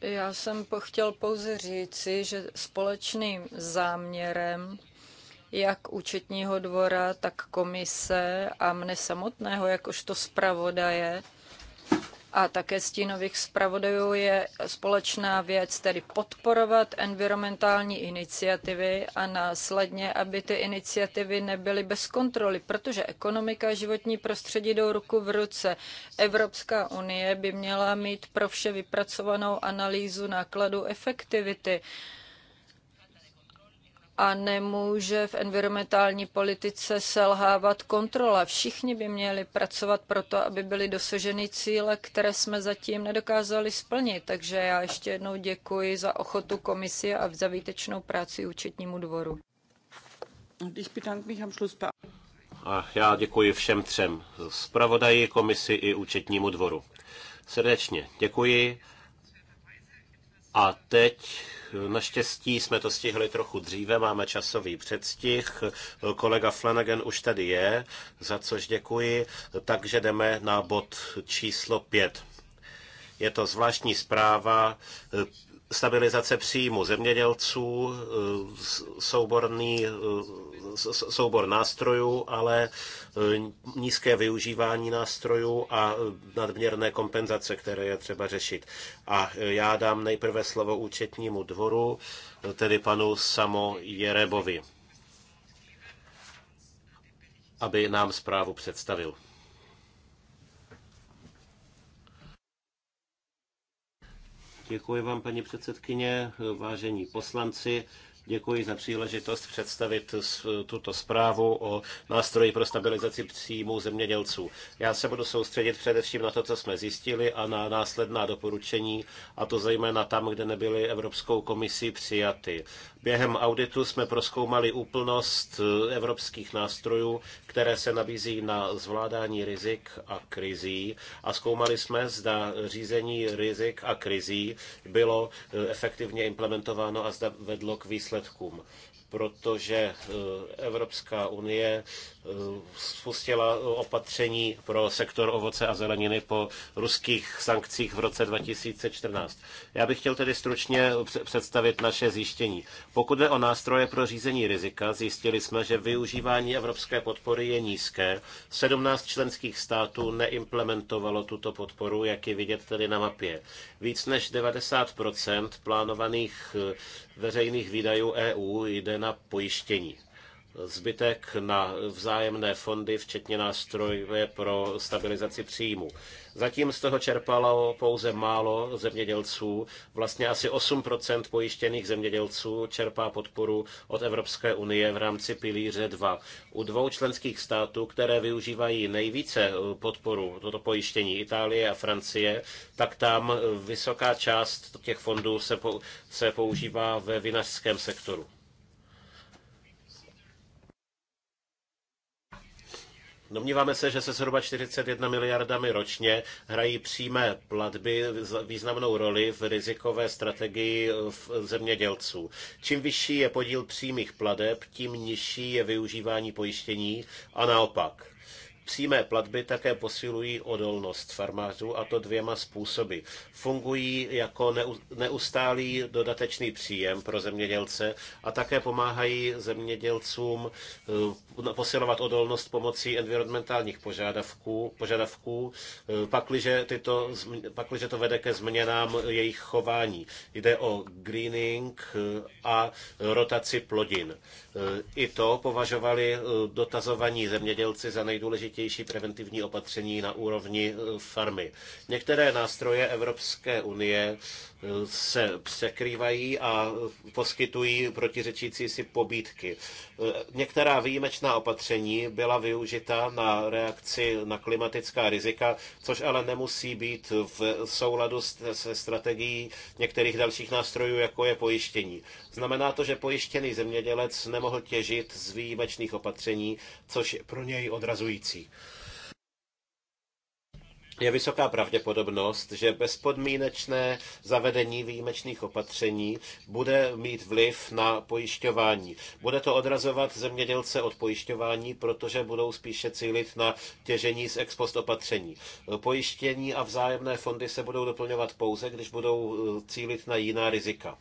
Já jsem chtěl pouze říci, že společným záměrem jak účetního dvora, tak komise a mne samotného, jakožto zpravodaje, a také stínových zpravodajů je společná věc, tedy podporovat environmentální iniciativy a následně, aby ty iniciativy nebyly bez kontroly, protože ekonomika a životní prostředí jdou ruku v ruce. Evropská unie by měla mít pro vše vypracovanou analýzu nákladu efektivity a nemůže v environmentální politice selhávat kontrola. Všichni by měli pracovat pro to, aby byly dosaženy cíle, které jsme zatím nedokázali splnit. Takže já ještě jednou děkuji za ochotu komisie a za výtečnou práci účetnímu dvoru. A já děkuji všem třem zpravodaji, komisi i účetnímu dvoru. Srdečně děkuji. A teď naštěstí jsme to stihli trochu dříve, máme časový předstih. Kolega Flanagan už tady je, za což děkuji. Takže jdeme na bod číslo 5. Je to zvláštní zpráva eh, stabilizace příjmu zemědělců, eh, souborný eh, soubor nástrojů, ale e, nízké využívání nástrojů a nadměrné kompenzace, které je třeba řešit. A e, já dám nejprve slovo účetnímu dvoru, e, tedy panu Samo Jerebovi, aby nám zprávu představil. Děkuji vám, paní předsedkyně, vážení poslanci. Děkuji za příležitost představit tuto zprávu o nástroji pro stabilizaci příjmů zemědělců. Já se budu soustředit především na to, co jsme zjistili a na následná doporučení, a to zejména tam, kde nebyly Evropskou komisí přijaty. Během auditu jsme proskoumali úplnost eh, evropských nástrojů, které se nabízí na zvládání rizik a krizí a zkoumali jsme, zda řízení rizik a krizí bylo eh, efektivně implementováno a zda vedlo k výsledkům protože eh, Evropská unie eh, spustila opatření pro sektor ovoce a zeleniny po ruských sankcích v roce 2014. Já bych chtěl tedy stručně představit naše zjištění. Pokud jde o nástroje pro řízení rizika, zjistili jsme, že využívání evropské podpory je nízké. 17 členských států neimplementovalo tuto podporu, jak je vidět tedy na mapě. Víc než 90 plánovaných eh, veřejných výdajů EU jde na pojištění. Zbytek na vzájemné fondy, včetně nástroje pro stabilizaci příjmu. Zatím z toho čerpalo pouze málo zemědělců. Vlastně asi 8% pojištěných zemědělců čerpá podporu od Evropské unie v rámci pilíře 2. U dvou členských států, které využívají nejvíce podporu, toto pojištění, Itálie a Francie, tak tam vysoká část těch fondů se, po, se používá ve vinařském sektoru. Domníváme se, že se zhruba 41 miliardami ročně hrají přímé platby významnou roli v rizikové strategii eh, v zemědělců. Čím vyšší je podíl přímých plateb, tím nižší je využívání pojištění a naopak. Přímé platby také posilují odolnost farmářů a to dvěma způsoby. Fungují jako neustálý dodatečný příjem pro zemědělce a také pomáhají zemědělcům eh, posilovat odolnost pomocí environmentálních požadavků, požadavků eh, pakliže, tyto, pakliže to vede ke změnám jejich chování. Jde o greening eh, a rotaci plodin. Eh, I to považovali dotazovaní zemědělci za nejdůležitější preventivní opatření na úrovni farmy. Některé nástroje Evropské unie se překrývají a poskytují protiřečící si pobídky. Některá výjimečná opatření byla využita na reakci na klimatická rizika, což ale nemusí být v souladu se strategií některých dalších nástrojů, jako je pojištění. Znamená to, že pojištěný zemědělec nemohl těžit z výjimečných opatření, což je pro něj odrazující je vysoká pravděpodobnost, že bezpodmínečné zavedení výjimečných opatření bude mít vliv na pojišťování. Bude to odrazovat zemědělce od pojišťování, protože budou spíše cílit na těžení z ex post opatření. Pojištění a vzájemné fondy se budou doplňovat pouze, když budou eh, cílit na jiná rizika.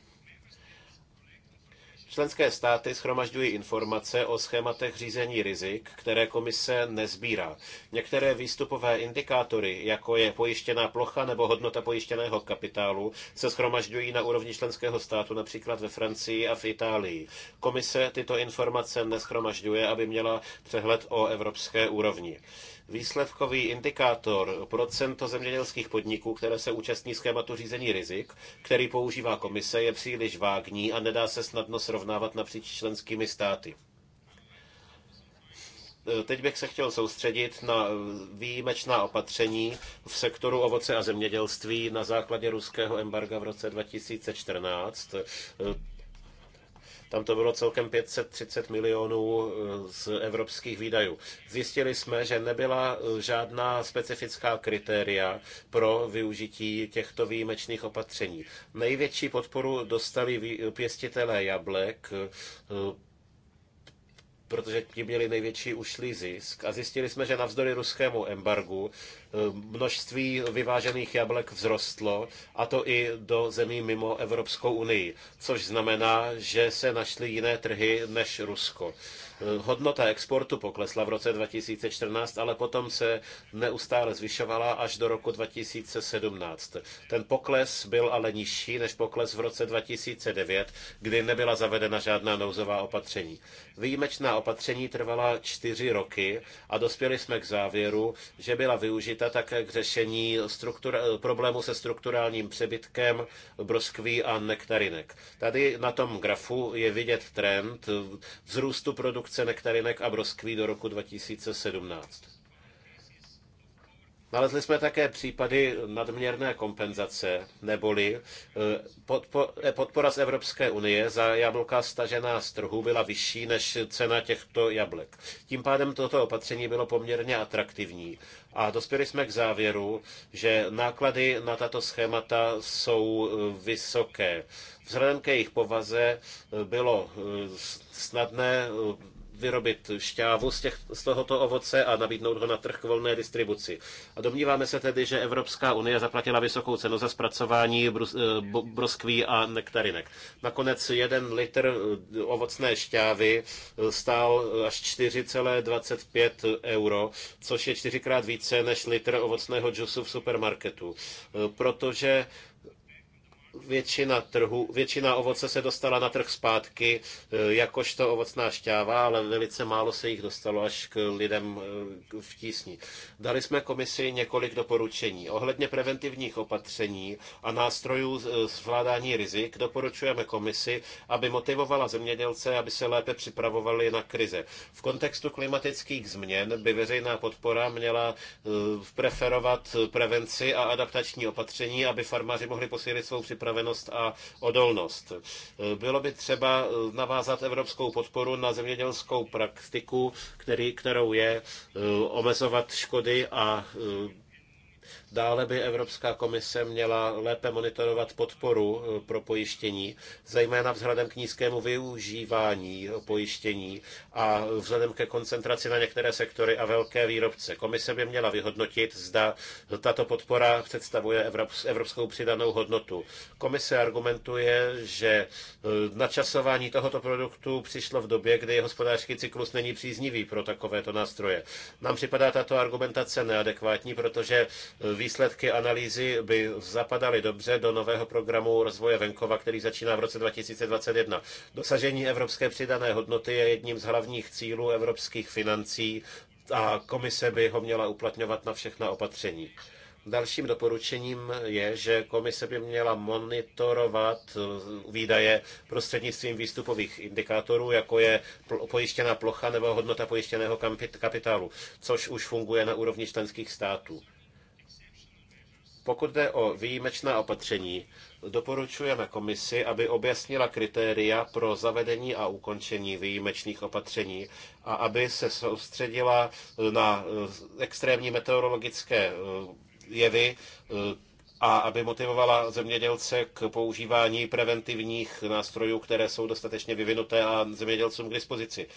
Členské státy schromažďují informace o schématech řízení rizik, které komise nezbírá. Některé výstupové indikátory, jako je pojištěná plocha nebo hodnota pojištěného kapitálu, se schromažďují na úrovni členského státu, například ve Francii a v Itálii. Komise tyto informace neschromažďuje, aby měla přehled o evropské úrovni výsledkový indikátor procento zemědělských podniků, které se účastní schématu řízení rizik, který používá komise, je příliš vágní a nedá se snadno srovnávat napříč členskými státy. E, teď bych se chtěl soustředit na výjimečná opatření v sektoru ovoce a zemědělství na základě ruského embarga v roce 2014. Tam to bylo celkem 530 milionů eh, z evropských výdajů. Zjistili jsme, že nebyla eh, žádná specifická kritéria pro využití těchto výjimečných opatření. Největší podporu dostali pěstitelé jablek, eh, protože ti měli největší ušlý zisk. A zjistili jsme, že navzdory ruskému embargu eh, množství vyvážených jablek vzrostlo, a to i do zemí mimo Evropskou unii, což znamená, že se našly jiné trhy než Rusko. Eh, hodnota exportu poklesla v roce 2014, ale potom se neustále zvyšovala až do roku 2017. Ten pokles byl ale nižší než pokles v roce 2009, kdy nebyla zavedena žádná nouzová opatření. Výjimečná opatření trvala čtyři roky a dospěli jsme k závěru, že byla využita také k řešení struktura, eh, problému se strukturálním přebytkem broskví a nektarinek. Tady na tom grafu je vidět trend eh, vzrůstu produkce produkce nektarinek a broskví do roku 2017. Nalezli jsme také případy nadměrné kompenzace, neboli eh, eh, podpora z Evropské unie za jablka stažená z trhu byla vyšší než cena těchto jablek. Tím pádem toto opatření bylo poměrně atraktivní a dospěli jsme k závěru, že náklady na tato schémata jsou eh, vysoké. Vzhledem ke jejich povaze bylo snadné vyrobit šťávu z, těch, z tohoto ovoce a nabídnout ho na trh k volné distribuci. A domníváme se tedy, že Evropská unie zaplatila vysokou cenu za zpracování brus, eh, broskví a nektarinek. Nakonec jeden litr eh, ovocné šťávy eh, stál až 4,25 euro, což je čtyřikrát více než litr ovocného džusu v supermarketu, protože většina, trhu, většina ovoce se dostala na trh zpátky, e, jakožto ovocná šťáva, ale velice málo se jich dostalo až k lidem e, v tísni. Dali jsme komisi několik doporučení. Ohledně preventivních opatření a nástrojů e, zvládání rizik doporučujeme komisi, aby motivovala zemědělce, aby se lépe připravovali na krize. V kontextu klimatických změn by veřejná podpora měla preferovat prevenci a adaptační opatření, aby farmáři mohli posílit svou připravenost připravenost a odolnost. Bylo by třeba navázat evropskou podporu na zemědělskou praktiku, který, kterou je omezovat škody a Dále by Evropská komise měla lépe monitorovat podporu eh, pro pojištění, zejména vzhledem k nízkému využívání eh, pojištění a vzhledem ke koncentraci na některé sektory a velké výrobce. Komise by měla vyhodnotit, zda tato podpora představuje evropskou přidanou hodnotu. Komise argumentuje, že eh, načasování tohoto produktu přišlo v době, kdy hospodářský cyklus není příznivý pro takovéto nástroje. Nám připadá tato argumentace neadekvátní, protože výsledky analýzy by zapadaly dobře do nového programu rozvoje venkova, který začíná v roce 2021. Dosažení evropské přidané hodnoty je jedním z hlavních cílů evropských financí a komise by ho měla uplatňovat na všechna opatření. Dalším doporučením je, že komise by měla monitorovat uh, výdaje prostřednictvím výstupových indikátorů, jako je pojištěná plocha nebo hodnota pojištěného kapitálu, což už funguje na úrovni členských států. Pokud jde o výjimečná opatření, doporučujeme komisi, aby objasnila kritéria pro zavedení a ukončení výjimečných opatření a aby se soustředila na eh, extrémní meteorologické eh, jevy, eh, a aby motivovala zemědělce k používání preventivních nástrojů, které jsou dostatečně vyvinuté a zemědělcům k dispozici.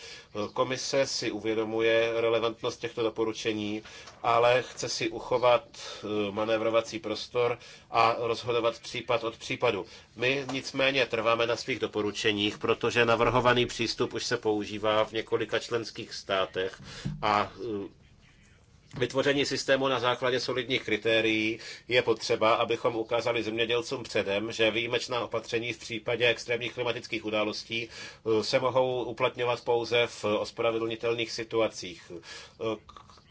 Komise si uvědomuje relevantnost těchto doporučení, ale chce si uchovat eh, manévrovací prostor a rozhodovat případ od případu. My nicméně trváme na svých doporučeních, protože navrhovaný přístup už se používá v několika členských státech a eh, Vytvoření systému na základě solidních kritérií je potřeba, abychom ukázali zemědělcům předem, že výjimečná opatření v případě extrémních klimatických událostí eh, se mohou uplatňovat pouze v ospravedlnitelných situacích. Eh,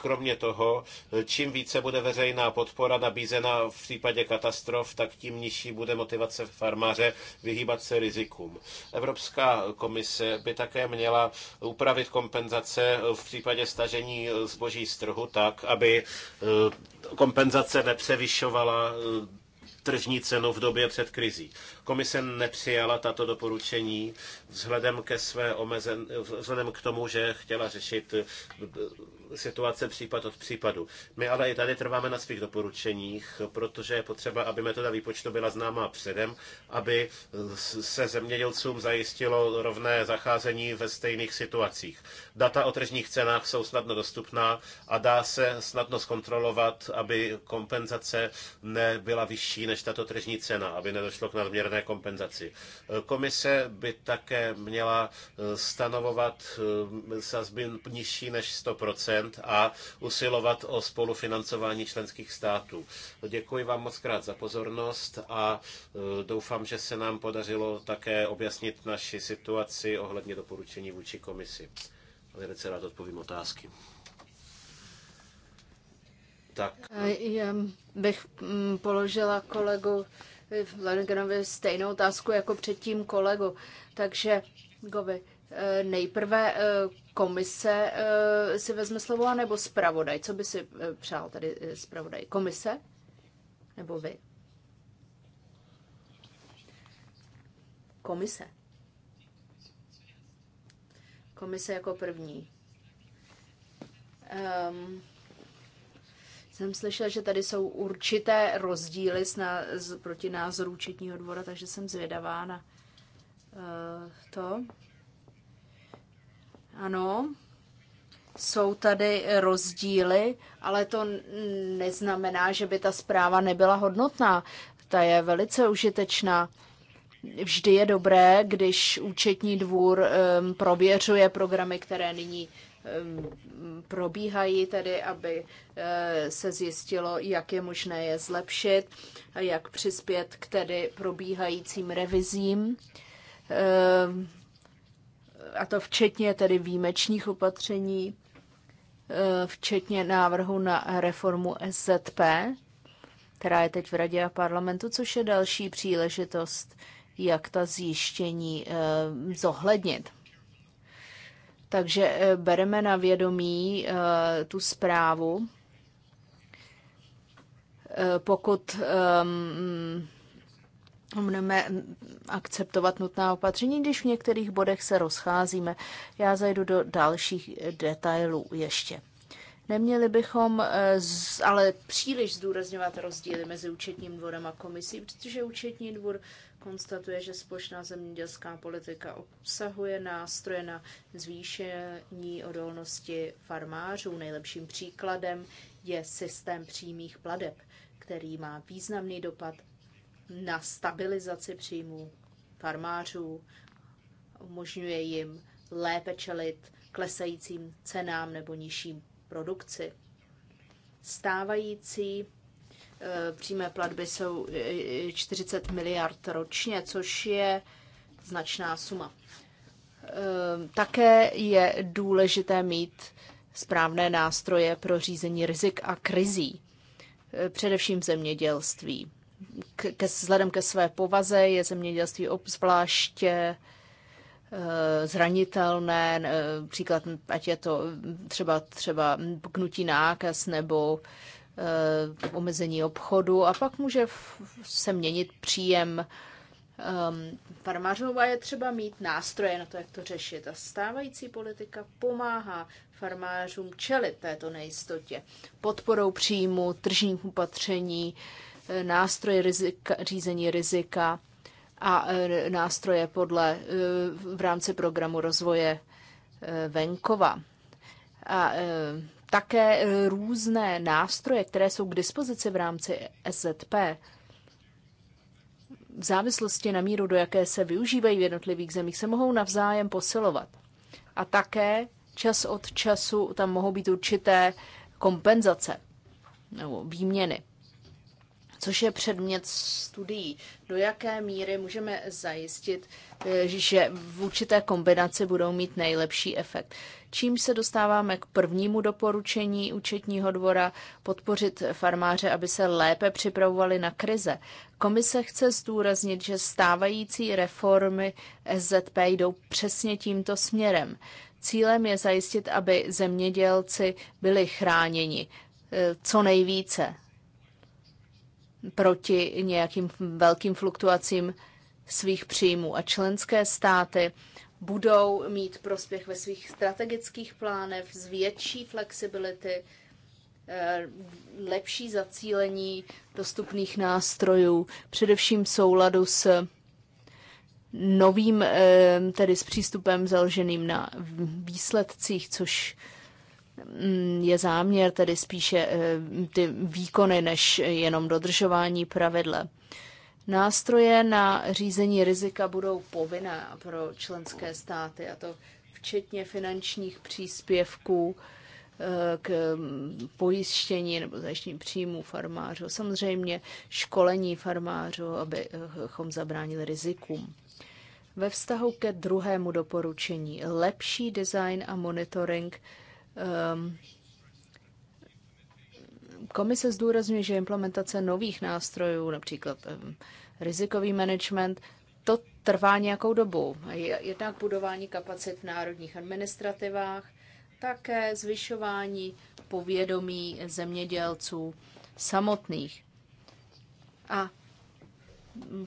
Kromě toho, čím více bude veřejná podpora nabízena v případě katastrof, tak tím nižší bude motivace farmáře vyhýbat se rizikům. Evropská komise by také měla upravit kompenzace v případě stažení zboží z trhu tak, aby eh, kompenzace nepřevyšovala eh, tržní cenu v době před krizí. Komise nepřijala tato doporučení vzhledem, ke své omezen, vzhledem k tomu, že chtěla řešit eh, situace případ od případu. My ale i tady trváme na svých doporučeních, protože je potřeba, aby metoda výpočtu byla známá předem, aby eh, se zemědělcům zajistilo rovné zacházení ve stejných situacích. Data o tržních cenách jsou snadno dostupná a dá se snadno zkontrolovat, aby kompenzace nebyla vyšší než tato tržní cena, aby nedošlo k nadměrné rovnoměrné kompenzaci. Komise by také měla e, stanovovat e, sazby nižší než 100% a usilovat o spolufinancování členských států. Děkuji vám moc krát za pozornost a e, doufám, že se nám podařilo také objasnit naši situaci ohledně doporučení vůči komisi. Velice rád odpovím otázky. Tak. Já bych mm, položila kolegu Leneganovi stejnou otázku jako předtím kolegu. Takže, Govi, eh, nejprve eh, komise eh, si vezme slovo, nebo zpravodaj? Co by si přál tady zpravodaj? Komise? Nebo vy? Komise. Komise jako první. Um, jsem slyšela, že tady jsou určité rozdíly s na, s, proti názoru účetního dvora, takže jsem zvědavá na uh, to. Ano, jsou tady rozdíly, ale to neznamená, že by ta zpráva nebyla hodnotná. Ta je velice užitečná. Vždy je dobré, když účetní dvůr um, prověřuje programy, které nyní probíhají tedy, aby eh, se zjistilo, jak je možné je zlepšit a jak přispět k tedy probíhajícím revizím a to včetně tedy výjimečných opatření, eh, včetně návrhu na reformu SZP, která je teď v Radě a parlamentu, což je další příležitost, jak ta zjištění eh, zohlednit. Takže eh, bereme na vědomí eh, tu zprávu. Eh, pokud ehm, mm, budeme akceptovat nutná opatření, když v některých bodech se rozcházíme, já zajdu do dalších detailů ještě. Neměli bychom eh, ale příliš zdůrazňovat rozdíly mezi účetním dvorem a komisí, protože účetní dvor konstatuje, že společná zemědělská politika obsahuje nástroje na zvýšení odolnosti farmářů. Nejlepším příkladem je systém přímých pladeb, který má významný dopad na stabilizaci příjmů farmářů, umožňuje jim lépe čelit klesajícím cenám nebo nižším produkci. Stávající eh, přímé platby jsou 40 eh, miliard ročně, což je značná suma. Eh, také je důležité mít správné nástroje pro řízení rizik a krizí, především v zemědělství. Ke, vzhledem ke své povaze je zemědělství obzvláště Eh, zranitelné, eh, příklad, ať je to třeba, třeba pknutí nákaz nebo eh, omezení obchodu a pak může se měnit příjem um, a je třeba mít nástroje na to, jak to řešit. A stávající politika pomáhá farmářům čelit této nejistotě podporou příjmu, tržních upatření, nástroje rizika, řízení rizika a e, nástroje podle, e, v rámci programu rozvoje e, venkova. A také různé nástroje, které jsou k dispozici v rámci SZP, v závislosti na míru, do jaké se využívají v jednotlivých zemích, se mohou navzájem posilovat. A také čas od času tam mohou být určité kompenzace nebo výměny což je předmět studií. Do jaké míry můžeme zajistit, eh, že v určité kombinaci budou mít nejlepší efekt. Čím se dostáváme k prvnímu doporučení účetního dvora podpořit farmáře, aby se lépe připravovali na krize. Komise chce zdůraznit, že stávající reformy SZP jdou přesně tímto směrem. Cílem je zajistit, aby zemědělci byli chráněni eh, co nejvíce proti nějakým velkým fluktuacím svých příjmů. A členské státy budou mít prospěch ve svých strategických plánech z větší flexibility, eh, lepší zacílení dostupných nástrojů, především souladu s novým, eh, tedy s přístupem založeným na výsledcích, což Mm, je záměr tedy spíše eh, ty výkony než jenom dodržování pravidle. Nástroje na řízení rizika budou povinné pro členské státy, a to včetně finančních příspěvků eh, k mm, pojištění nebo zajištění příjmů farmářů. Samozřejmě školení farmářů, abychom eh, zabránili rizikům. Ve vztahu ke druhému doporučení lepší design a monitoring Um, komise zdůrazňuje, že implementace nových nástrojů, například um, rizikový management, to trvá nějakou dobu. Jednak budování kapacit v národních administrativách, také zvyšování povědomí zemědělců samotných. A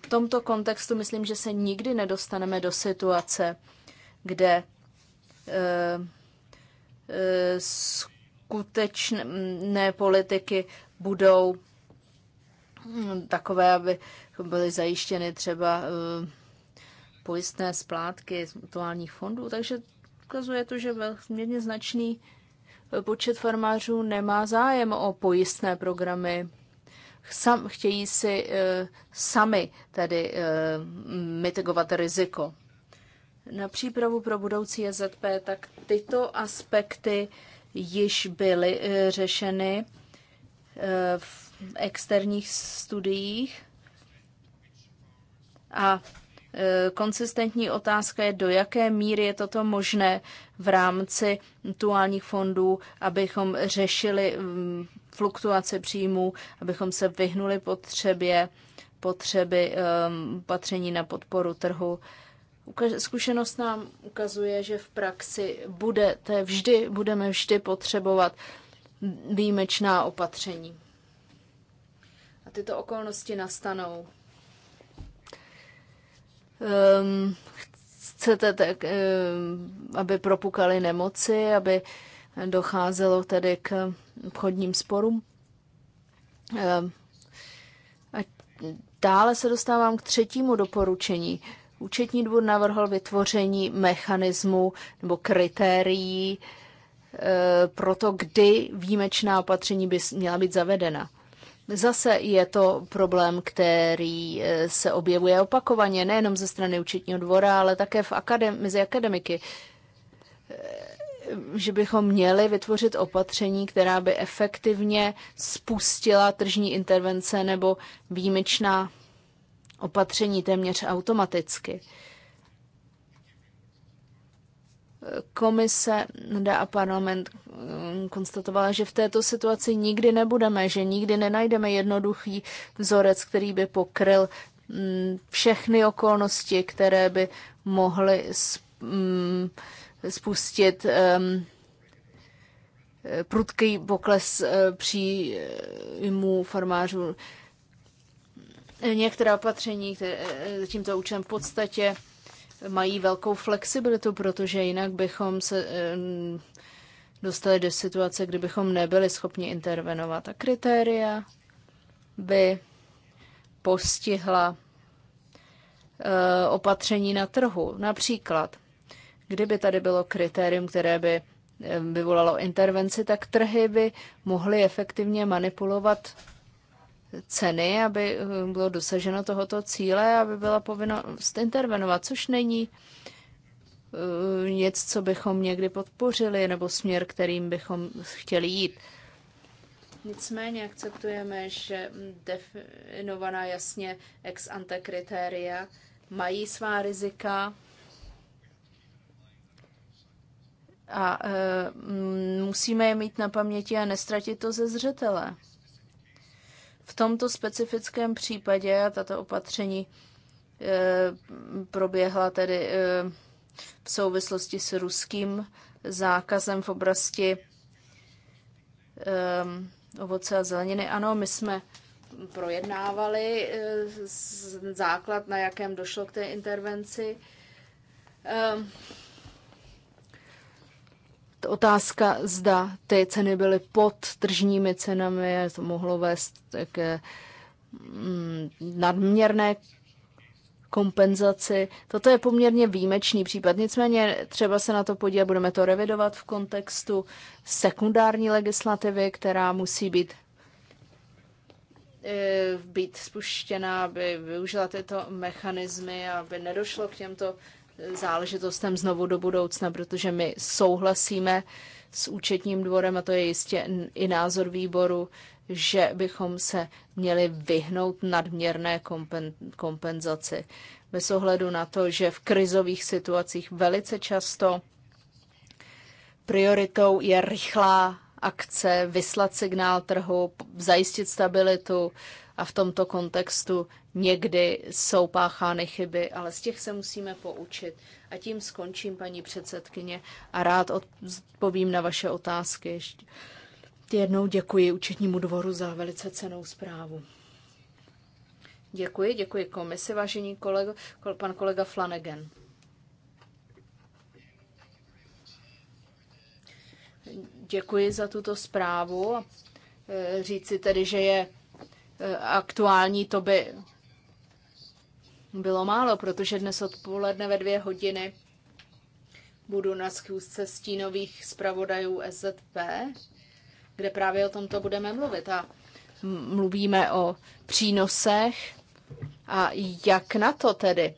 v tomto kontextu myslím, že se nikdy nedostaneme do situace, kde ehm, skutečné politiky budou takové, aby byly zajištěny třeba eh, pojistné splátky z mutuálních fondů. Takže ukazuje to, že velmi značný eh, počet farmářů nemá zájem o pojistné programy. Sam, chtějí si e, sami tedy e, mitigovat riziko na přípravu pro budoucí JZP, e tak tyto aspekty již byly eh, řešeny eh, v externích studiích. A eh, konsistentní otázka je, do jaké míry je toto možné v rámci tuálních fondů, abychom řešili mm, fluktuace příjmů, abychom se vyhnuli potřebě potřeby patření na podporu trhu Zkušenost nám ukazuje, že v praxi budete vždy, budeme vždy potřebovat výjimečná opatření. A tyto okolnosti nastanou. Um, chcete, tak, um, aby propukaly nemoci, aby docházelo tedy k obchodním sporům. Um, a dále se dostávám k třetímu doporučení. Účetní dvůr navrhl vytvoření mechanismu nebo kritérií eh, pro to, kdy výjimečná opatření by měla být zavedena. Zase je to problém, který eh, se objevuje opakovaně, nejenom ze strany účetního dvora, ale také v akadem- mezi akademiky, eh, že bychom měli vytvořit opatření, která by efektivně spustila tržní intervence nebo výjimečná opatření téměř automaticky. Komise a parlament um, konstatovala, že v této situaci nikdy nebudeme, že nikdy nenajdeme jednoduchý vzorec, který by pokryl mm, všechny okolnosti, které by mohly mm, spustit um, prudký pokles eh, příjmů farmářů Některá opatření které za eh, tímto účelem v podstatě mají velkou flexibilitu, protože jinak bychom se eh, dostali do situace, kdy bychom nebyli schopni intervenovat. A kritéria by postihla eh, opatření na trhu. Například, kdyby tady bylo kritérium, které by vyvolalo intervenci, tak trhy by mohly efektivně manipulovat ceny, aby eh, bylo dosaženo tohoto cíle, aby byla povinnost intervenovat, což není eh, nic, co bychom někdy podpořili, nebo směr, kterým bychom chtěli jít. Nicméně akceptujeme, že definovaná jasně ex ante kritéria mají svá rizika a e, musíme je mít na paměti a nestratit to ze zřetele. V tomto specifickém případě a tato opatření eh, proběhla tedy eh, v souvislosti s ruským zákazem v oblasti eh, ovoce a zeleniny. Ano, my jsme projednávali základ, na jakém došlo k té intervenci. Otázka, zda ty ceny byly pod tržními cenami, to mohlo vést k mm, nadměrné kompenzaci. Toto je poměrně výjimečný případ, nicméně třeba se na to podívat, budeme to revidovat v kontextu sekundární legislativy, která musí být eh, být spuštěna, aby využila tyto mechanismy, aby nedošlo k těmto záležitostem znovu do budoucna, protože my souhlasíme s účetním dvorem, a to je jistě i názor výboru, že bychom se měli vyhnout nadměrné kompenzaci. Bez ohledu na to, že v krizových situacích velice často prioritou je rychlá akce, vyslat signál trhu, zajistit stabilitu a v tomto kontextu Někdy jsou páchány chyby, ale z těch se musíme poučit. A tím skončím, paní předsedkyně, a rád odpovím na vaše otázky. Ještě jednou děkuji účetnímu dvoru za velice cenou zprávu. Děkuji, děkuji komisi, vážení kolego, pan kolega Flanagan. Děkuji za tuto zprávu. E, říci tedy, že je e, aktuální, to by bylo málo, protože dnes odpoledne ve dvě hodiny budu na schůzce stínových zpravodajů SZP, kde právě o tomto budeme mluvit. A mluvíme o přínosech a jak na to tedy.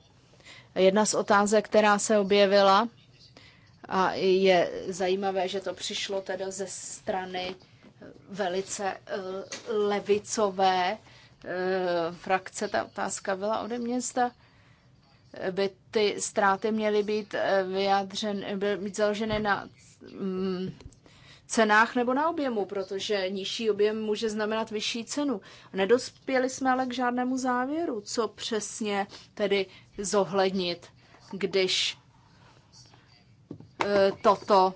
Jedna z otázek, která se objevila, a je zajímavé, že to přišlo teda ze strany velice eh, levicové Eh, frakce ta otázka byla ode mě, zda by ty ztráty měly být eh, vyjádřen, být založeny na mm, cenách nebo na objemu, protože nižší objem může znamenat vyšší cenu. Nedospěli jsme ale k žádnému závěru, co přesně tedy zohlednit, když eh, toto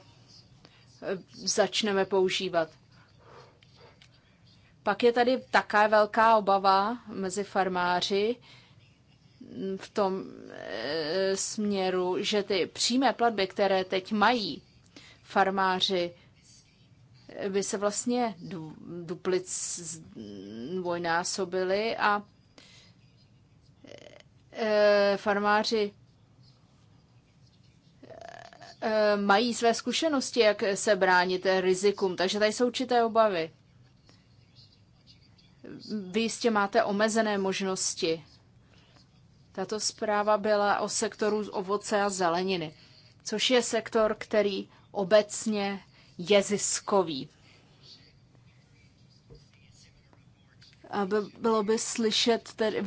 začneme používat. Pak je tady taká velká obava mezi farmáři v tom e, směru, že ty přímé platby, které teď mají farmáři, eh, by se vlastně duplic dvojnásobily a e, farmáři mají své zkušenosti, jak se bránit rizikům, takže tady jsou určité obavy vy jistě máte omezené možnosti. Tato zpráva byla o sektoru z ovoce a zeleniny, což je sektor, který obecně je ziskový. A by, bylo by slyšet tedy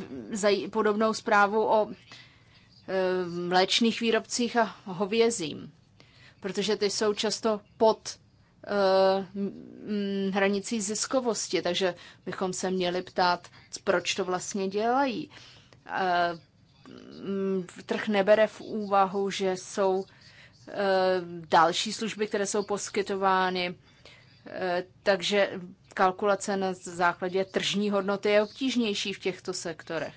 podobnou zprávu o e, mléčných výrobcích a hovězím, protože ty jsou často pod Eh, hranicí ziskovosti, takže bychom se měli ptát, proč to vlastně dělají. Eh, trh nebere v úvahu, že jsou eh, další služby, které jsou poskytovány, takže kalkulace na základě tržní hodnoty je obtížnější v těchto sektorech.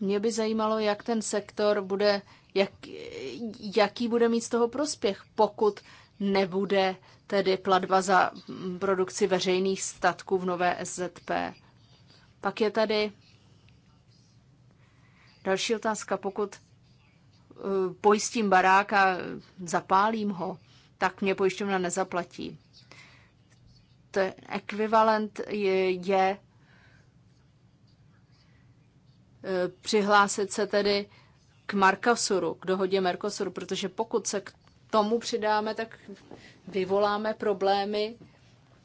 Mě by zajímalo, jak ten sektor bude jak, jaký bude mít z toho prospěch, pokud nebude tedy platba za produkci veřejných statků v nové SZP. Pak je tady další otázka. Pokud eh, pojistím barák a zapálím ho, tak mě pojišťovna nezaplatí. Ten ekvivalent je, je eh, přihlásit se tedy k Markasuru, k dohodě Mercosuru, protože pokud se k tomu přidáme, tak vyvoláme problémy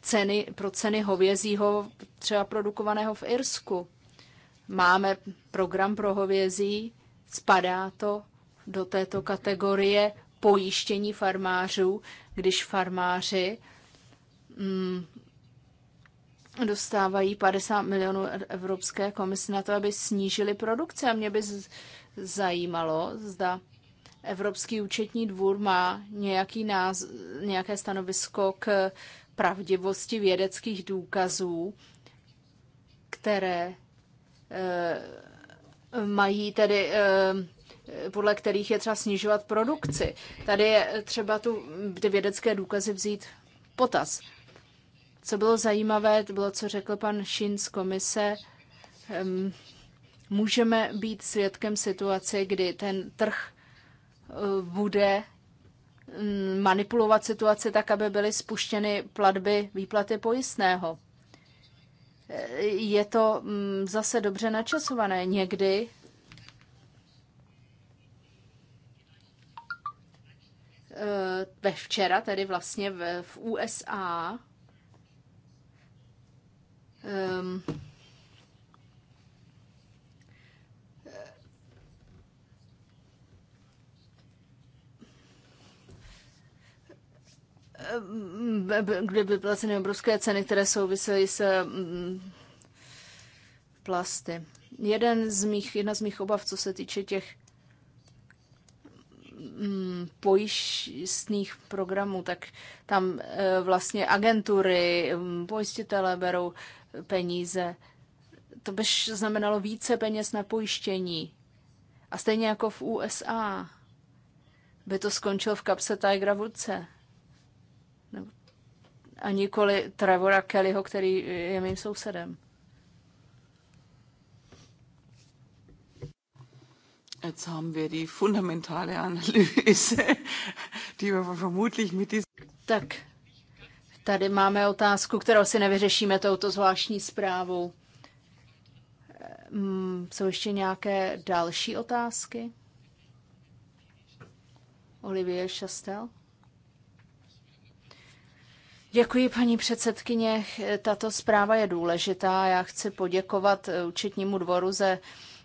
ceny, pro ceny hovězího, třeba produkovaného v Irsku. Máme program pro hovězí, spadá to do této kategorie pojištění farmářů, když farmáři mm, dostávají 50 milionů Evropské komise na to, aby snížili produkci. A mě by zajímalo, zda Evropský účetní dvůr má nějaký náz, nějaké stanovisko k pravdivosti vědeckých důkazů, které e, mají tedy, e, podle kterých je třeba snižovat produkci. Tady je třeba tu, ty vědecké důkazy vzít potaz. Co bylo zajímavé, to bylo, co řekl pan Šin z komise, e, můžeme být svědkem situace, kdy ten trh eh, bude mm, manipulovat situaci tak, aby byly spuštěny platby výplaty pojistného. Eh, je to mm, zase dobře načasované. Někdy eh, ve včera, tedy vlastně v, USA, um, ehm, Ehm, kde byly placeny obrovské ceny, které souvisely s mm, plasty. Jeden z mých, jedna z mých obav, co se týče těch mm, pojištných programů, tak tam e, vlastně agentury, mm, pojistitelé berou peníze. To by znamenalo více peněz na pojištění. A stejně jako v USA by to skončilo v kapse Tigra Woodse a nikoli Trevora Kellyho, který je mým sousedem. Jetzt haben wir die fundamentale Analyse, die wir vermutlich mit Tak, tady máme otázku, kterou si nevyřešíme touto zvláštní zprávou. Mm, jsou ještě nějaké další otázky? Olivier Chastel? Děkuji, paní předsedkyně. Tato zpráva je důležitá. Já chci poděkovat eh, účetnímu dvoru za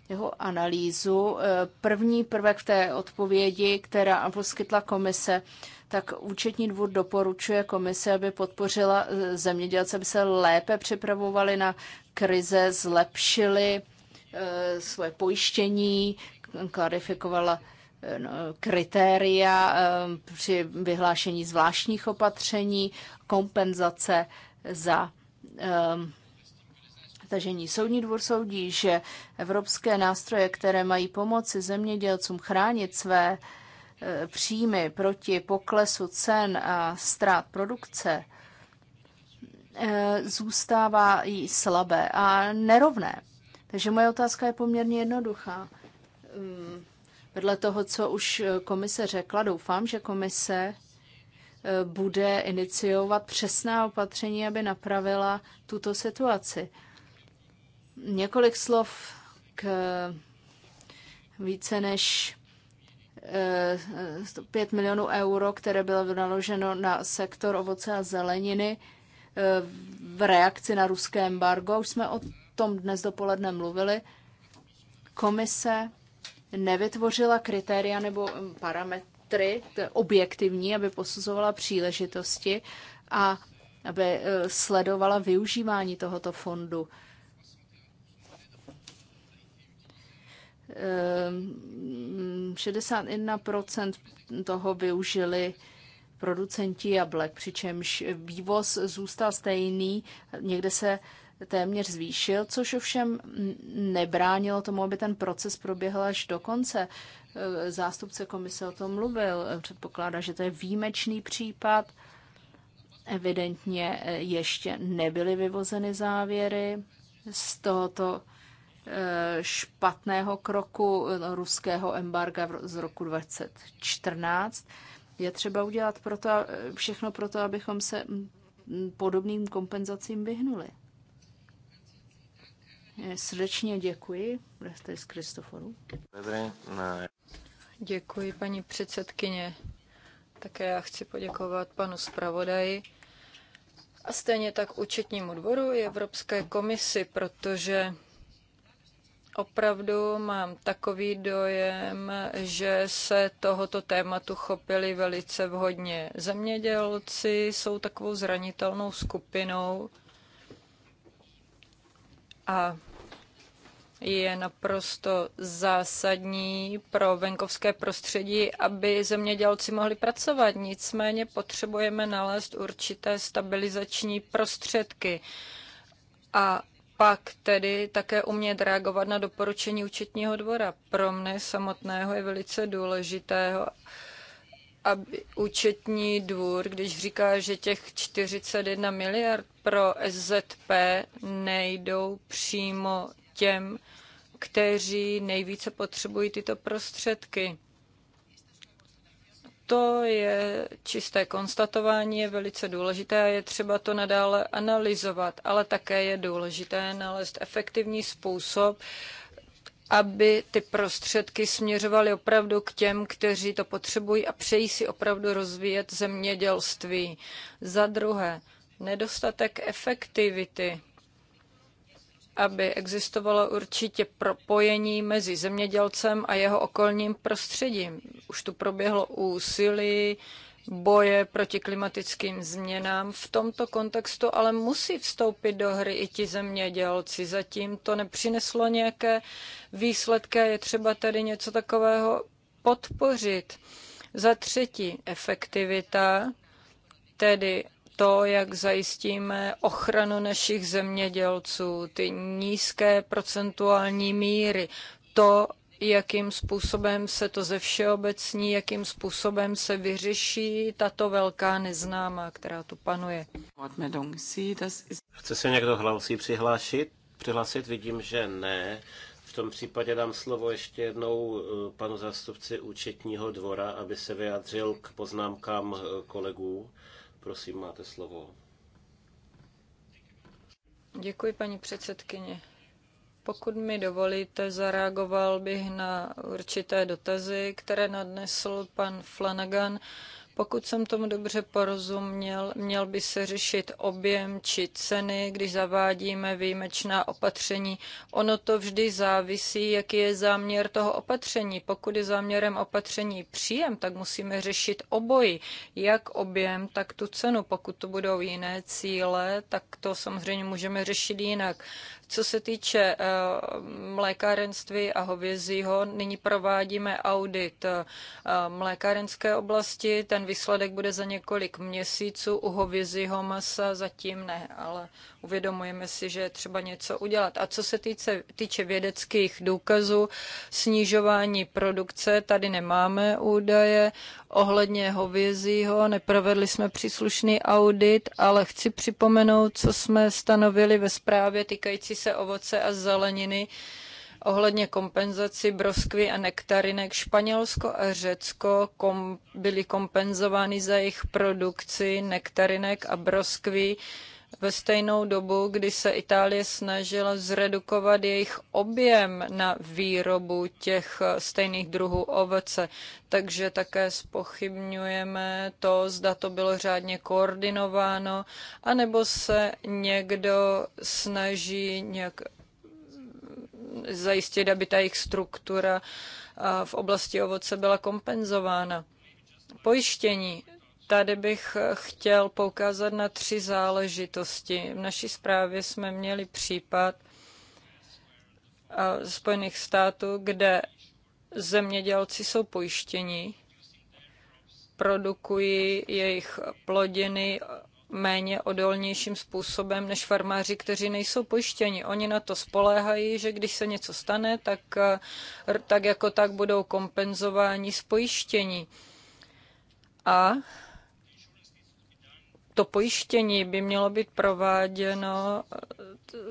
jeho analýzu. Eh, první prvek v té odpovědi, která poskytla komise, tak účetní dvůr doporučuje komise, aby podpořila eh, zemědělce, aby se lépe připravovali na krize, zlepšili svoje pojištění, klarifikovala No, kritéria ehm, při vyhlášení zvláštních opatření, kompenzace za ehm, tažení. Soudní dvůr soudí, že evropské nástroje, které mají pomoci zemědělcům chránit své e, příjmy proti poklesu cen a ztrát produkce, e, zůstává i slabé a nerovné. Takže moje otázka je poměrně jednoduchá ehm, Vedle toho, co už eh, komise řekla, doufám, že komise eh, bude iniciovat přesná opatření, aby napravila tuto situaci. Několik slov k eh, více než 5 milionů euro, které bylo naloženo na sektor ovoce a zeleniny v reakci na ruské embargo. Už jsme o tom dnes dopoledne mluvili. Komise nevytvořila kritéria nebo um, parametry objektivní, aby posuzovala příležitosti a aby uh, sledovala využívání tohoto fondu. Um, ehm, 61% toho využili producenti jablek, přičemž vývoz zůstal stejný, někde se téměř zvýšil, což ovšem nebránilo tomu, aby ten proces proběhl až do konce. E, zástupce komise o tom mluvil, e, předpokládá, že to je výjimečný případ. Evidentně e, ještě nebyly vyvozeny závěry z tohoto špatného kroku ruského embarga z roku 2014. Je třeba udělat proto, všechno pro to, abychom se podobným kompenzacím vyhnuli. Srdečně děkuji, jste z Kristoforu. Děkuji, paní předsedkyně. Také já chci poděkovat panu zpravodaji a stejně tak účetnímu dvoru i Evropské komisi, protože opravdu mám takový dojem, že se tohoto tématu chopili velice vhodně. Zemědělci jsou takovou zranitelnou skupinou a je naprosto zásadní pro venkovské prostředí, aby zemědělci mohli pracovat. Nicméně potřebujeme nalézt určité stabilizační prostředky a pak tedy také umět reagovat na doporučení účetního dvora. Pro mne samotného je velice důležitého, aby účetní dvůr, když říká, že těch 41 miliard pro SZP nejdou přímo těm, kteří nejvíce potřebují tyto prostředky. To je čisté konstatování, je velice důležité a je třeba to nadále analyzovat, ale také je důležité nalézt efektivní způsob, aby ty prostředky směřovaly opravdu k těm, kteří to potřebují a přejí si opravdu rozvíjet zemědělství. Za druhé, nedostatek efektivity aby existovalo určitě propojení mezi zemědělcem a jeho okolním prostředím. Už tu proběhlo úsilí boje proti klimatickým změnám. V tomto kontextu ale musí vstoupit do hry i ti zemědělci. Zatím to nepřineslo nějaké výsledky, je třeba tedy něco takového podpořit. Za třetí, efektivita, tedy to, jak zajistíme ochranu našich zemědělců, ty nízké procentuální míry, to, jakým způsobem se to ze všeobecní, jakým způsobem se vyřeší tato velká neznámá, která tu panuje. Chce se někdo hlasí přihlásit? Přihlásit vidím, že ne. V tom případě dám slovo ještě jednou eh, panu zástupci účetního dvora, aby se vyjádřil k poznámkám eh, kolegů. Prosím, máte slovo. Děkuji, paní předsedkyně. Pokud mi dovolíte, zareagoval bych na určité dotazy, které nadnesl pan Flanagan pokud jsem tomu dobře porozuměl, měl by se řešit objem či ceny, když zavádíme výjimečná opatření. Ono to vždy závisí, jaký je záměr toho opatření. Pokud je záměrem opatření příjem, tak musíme řešit oboji, jak objem, tak tu cenu. Pokud to budou jiné cíle, tak to samozřejmě můžeme řešit jinak. Co se týče eh, mlékárenství a hovězího, nyní provádíme audit eh, mlékárenské oblasti. Ten výsledek bude za několik měsíců, u hovězího masa zatím ne, ale uvědomujeme si, že je třeba něco udělat. A co se týče, týče vědeckých důkazů, snižování produkce, tady nemáme údaje ohledně hovězího, neprovedli jsme příslušný audit, ale chci připomenout, co jsme stanovili ve zprávě týkající se ovoce a zeleniny, ohledně kompenzaci broskvy a nektarinek. Španělsko a Řecko kom, byly kompenzovány za jejich produkci nektarinek a broskví ve stejnou dobu, kdy se Itálie snažila zredukovat jejich objem na výrobu těch stejných druhů ovoce. Takže také spochybňujeme to, zda to bylo řádně koordinováno, anebo se někdo snaží nějak zajistit, aby ta jejich struktura eh, v oblasti ovoce byla kompenzována. Pojištění. Tady bych eh, chtěl poukázat na tři záležitosti. V naší zprávě jsme měli případ eh, Spojených států, kde zemědělci jsou pojištěni, produkují jejich plodiny, méně odolnějším způsobem než farmáři, kteří nejsou pojištěni. Oni na to spoléhají, že když se něco stane, tak, eh, tak jako tak budou kompenzováni z pojištění. A to pojištění by mělo být prováděno eh,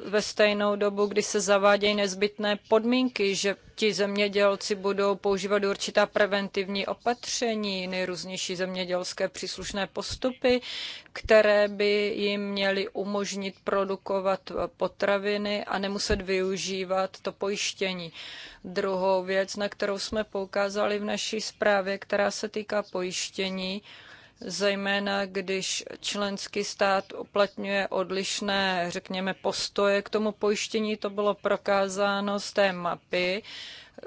ve stejnou dobu, kdy se zavádějí nezbytné podmínky, že ti zemědělci budou používat určitá preventivní opatření, nejrůznější zemědělské příslušné postupy, které by jim měly umožnit produkovat potraviny a nemuset využívat to pojištění. Druhou věc, na kterou jsme poukázali v naší zprávě, která se týká pojištění, zejména když členský stát uplatňuje odlišné, řekněme, postoje k tomu pojištění. To bylo prokázáno z té mapy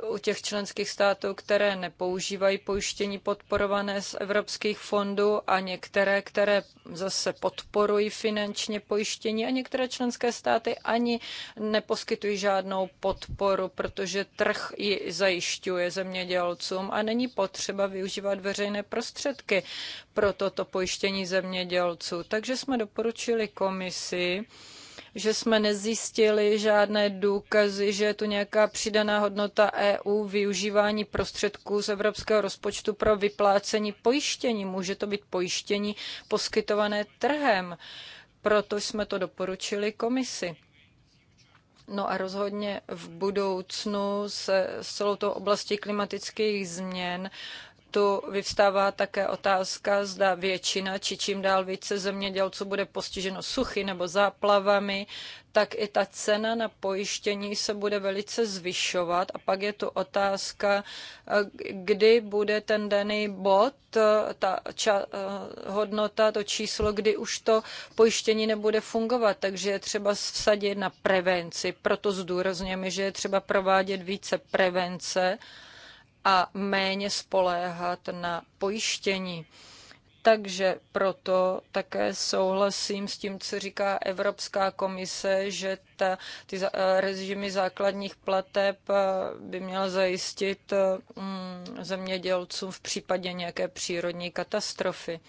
u těch členských států, které nepoužívají pojištění podporované z evropských fondů a některé, které zase podporují finančně pojištění a některé členské státy ani neposkytují žádnou podporu, protože trh ji zajišťuje zemědělcům a není potřeba využívat veřejné prostředky pro toto pojištění zemědělců. Takže jsme doporučili komisi, že jsme nezjistili žádné důkazy, že je tu nějaká přidaná hodnota EU využívání prostředků z evropského rozpočtu pro vyplácení pojištění. Může to být pojištění poskytované trhem. Proto jsme to doporučili komisi. No a rozhodně v budoucnu se s celou tou oblastí klimatických změn tu vyvstává také otázka, zda většina či čím dál více zemědělců bude postiženo suchy nebo záplavami, tak i ta cena na pojištění se bude velice zvyšovat. A pak je tu otázka, kdy bude ten daný bod, ta ča, hodnota, to číslo, kdy už to pojištění nebude fungovat. Takže je třeba vsadit na prevenci. Proto zdůrazněme, že je třeba provádět více prevence a méně spoléhat na pojištění. Takže proto také souhlasím s tím, co říká Evropská komise, že ta, ty za, eh, režimy základních plateb eh, by měla zajistit eh, mm, zemědělcům v případě nějaké přírodní katastrofy.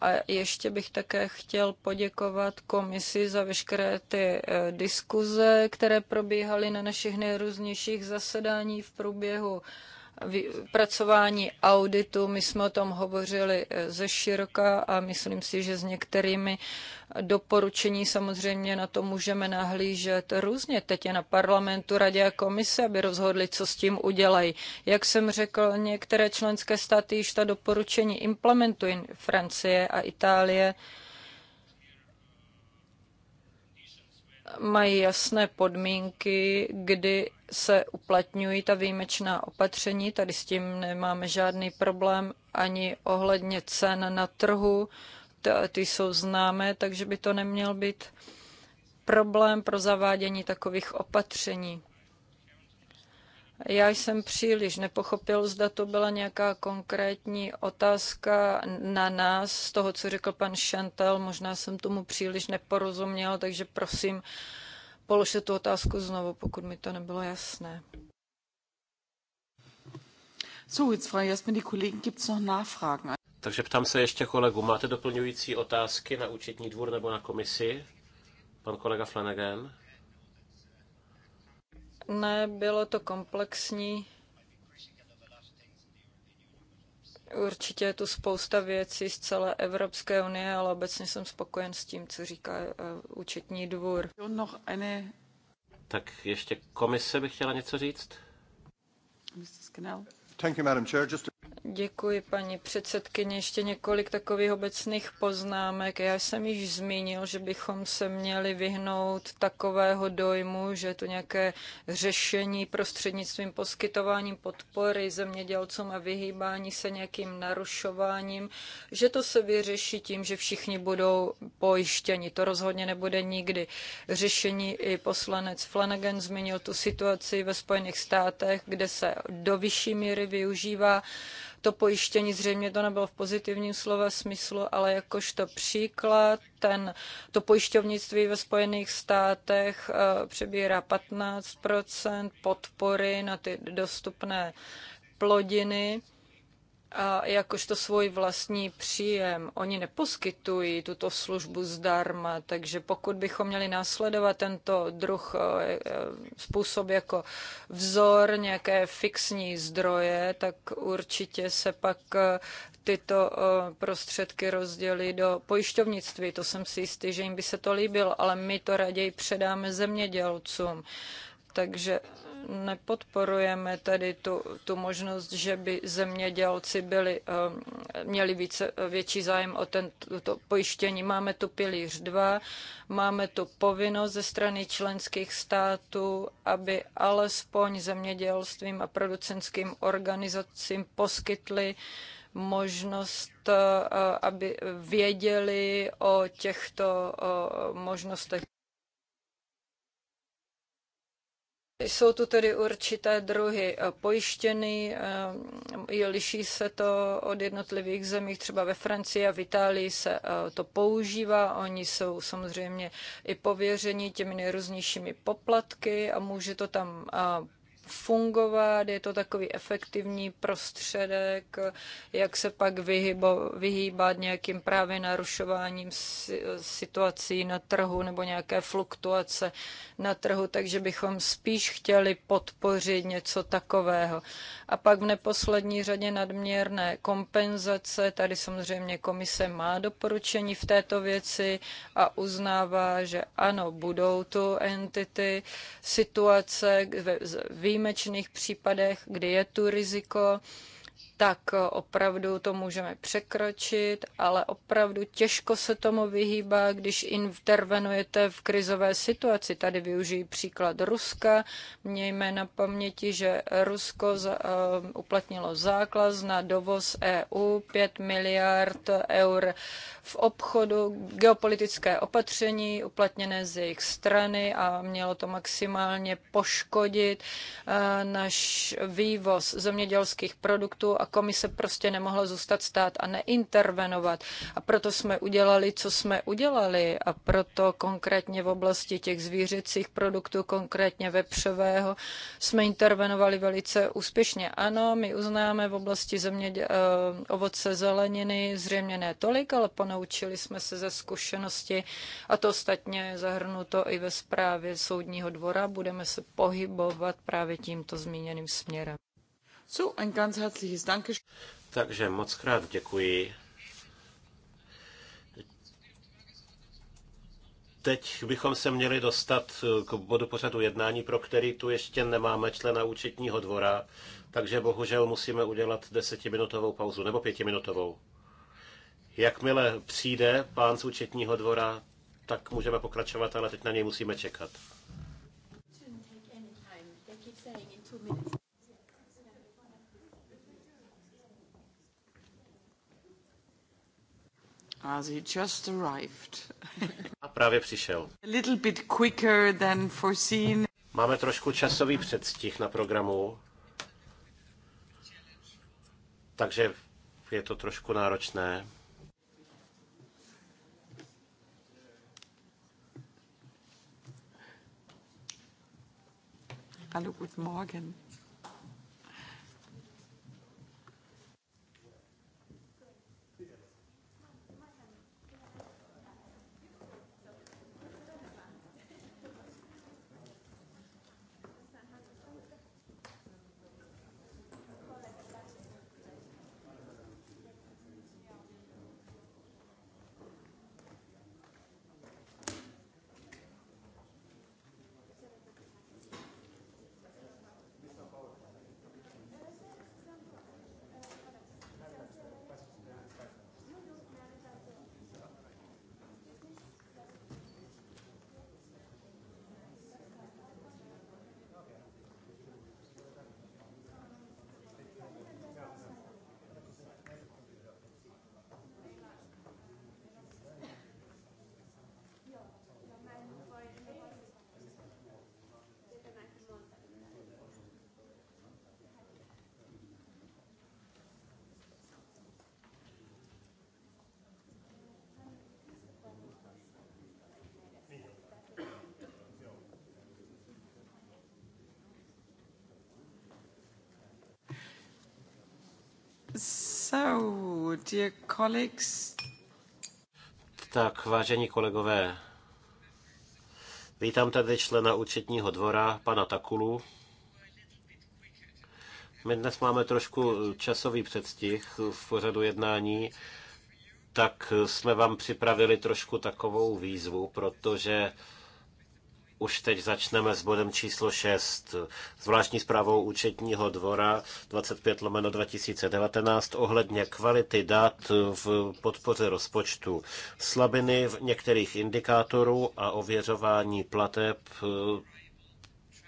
A ještě bych také chtěl poděkovat komisi za veškeré ty eh, diskuze, které probíhaly na našich nejrůznějších zasedání v průběhu vypracování auditu. My jsme o tom hovořili eh, ze široka a myslím si, že s některými doporučení samozřejmě na to můžeme nahlížet různě. Teď je na parlamentu, radě a komise, aby rozhodli, co s tím udělají. Jak jsem řekl, některé členské státy již ta doporučení implementují. Francie a Itálie mají jasné podmínky, kdy se uplatňují ta výjimečná opatření. Tady s tím nemáme žádný problém ani ohledně cen na trhu. Ty jsou známé, takže by to neměl být problém pro zavádění takových opatření. Já jsem příliš nepochopil, zda to byla nějaká konkrétní otázka na nás z toho, co řekl pan Šantal. Možná jsem tomu příliš neporozuměl, takže prosím, uh, položte tu otázku znovu, pokud mi to nebylo jasné. Takže ptám se ještě kolegu, máte doplňující otázky na účetní dvůr nebo na komisi? Pan kolega Flanagan. Ne, bylo to komplexní Určitě je tu spousta věcí z celé Evropské unie, ale obecně jsem spokojen s tím, co říká eh, účetní dvůr. No, tak ještě komise bych chtěla něco říct. Mr. Scannell. Děkuji, paní předsedkyně. Ještě několik takových obecných poznámek. Já jsem již zmínil, že bychom se měli vyhnout takového dojmu, že je to nějaké řešení prostřednictvím poskytování podpory zemědělcům a vyhýbání se nějakým narušováním, že to se vyřeší tím, že všichni budou pojištěni. To rozhodně nebude nikdy řešení. I poslanec Flanagan zmínil tu situaci ve Spojených státech, kde se do vyšší míry tady využívá to pojištění. Zřejmě to nebylo v pozitivním slova smyslu, ale jakožto příklad, ten, to pojišťovnictví ve Spojených státech eh, přebírá 15 podpory na ty dostupné plodiny jakožto svůj vlastní příjem. Oni neposkytují tuto službu zdarma, takže pokud bychom měli následovat tento druh eh, eh, způsob jako vzor nějaké fixní zdroje, tak určitě se pak eh, tyto prostředky rozdělí do pojišťovnictví. To jsem si jistý, že jim by se to líbilo, ale my to raději předáme zemědělcům. Takže nepodporujeme tedy tu, tu možnost, že by zemědělci byli, eh, měli více, větší zájem o tento pojištění. Máme tu pilíř 2, máme tu povinnost ze strany členských států, aby alespoň zemědělstvím a producenským organizacím poskytli možnost, eh, aby věděli o těchto možnostech. Jsou tu tedy určité druhy eh, pojištěny, eh, liší se to od jednotlivých zemí, třeba ve Francii a v Itálii se eh, to používá, oni jsou samozřejmě i pověřeni těmi nejrůznějšími poplatky a může to tam fungovat, je to takový efektivní prostředek, jak se pak vyhybo, vyhýbat nějakým právě narušováním situací na trhu nebo nějaké fluktuace na trhu, takže bychom spíš chtěli podpořit něco takového. A pak v neposlední řadě nadměrné kompenzace, tady samozřejmě komise má doporučení v této věci a uznává, že ano, budou tu entity, situace, vy výjimečných případech, kdy je tu riziko, tak eh, opravdu to můžeme překročit, ale opravdu těžko se tomu vyhýbá, když intervenujete v krizové situaci. Tady využijí příklad Ruska. Mějme na paměti, že Rusko eh, uplatnilo základ na dovoz EU 5 miliard eur v obchodu, geopolitické opatření uplatněné z jejich strany a mělo to maximálně poškodit eh, náš vývoz zemědělských produktů a komise prostě nemohla zůstat stát a neintervenovat. A proto jsme udělali, co jsme udělali a proto konkrétně v oblasti těch zvířecích produktů, konkrétně vepřového, jsme intervenovali velice úspěšně. Ano, my uznáme v oblasti země eh, ovoce zeleniny zřejmě ne tolik, ale ponaučili jsme se ze zkušenosti a to ostatně zahrnuto i ve zprávě soudního dvora. Budeme se pohybovat právě tímto zmíněným směrem. So, ein ganz herzliches Dankeschön. Takže moc krát děkuji. Teď bychom se měli dostat eh, k bodu pořadu jednání, pro který tu ještě nemáme člena účetního dvora, takže bohužel musíme udělat desetiminutovou pauzu nebo pětiminutovou. Jakmile přijde pán z účetního dvora, tak můžeme pokračovat, ale teď na něj musíme čekat. As he just arrived. A právě přišel. A little bit quicker than foreseen. Máme trošku časový předstih na programu, takže je to trošku náročné. Hallo, guten Morgen. So, dear colleagues. Tak, vážení kolegové, vítám tady člena účetního dvora, pana Takulu. My dnes máme trošku časový předstih v pořadu jednání, tak jsme vám připravili trošku takovou výzvu, protože už teď začneme s bodem číslo 6, zvláštní zprávou účetního dvora 25 lomeno 2019 ohledně kvality dat v podpoře rozpočtu, slabiny v některých indikátorů a ověřování plateb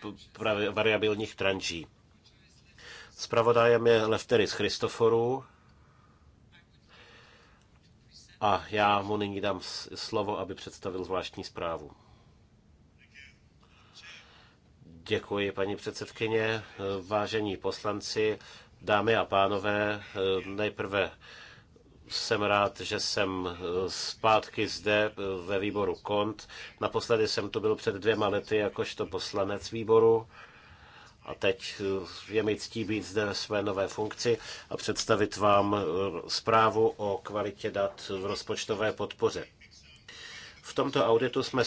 eh, variabilních tranží. Spravodajem je Lefteris Christoforu a já mu nyní dám slovo, aby představil zvláštní zprávu. Děkuji, paní předsedkyně, vážení poslanci, dámy a pánové. Nejprve jsem rád, že jsem zpátky zde ve výboru KONT. Naposledy jsem tu byl před dvěma lety jakožto poslanec výboru a teď je mi ctí být zde ve své nové funkci a představit vám zprávu o kvalitě dat v rozpočtové podpoře. V tomto auditu jsme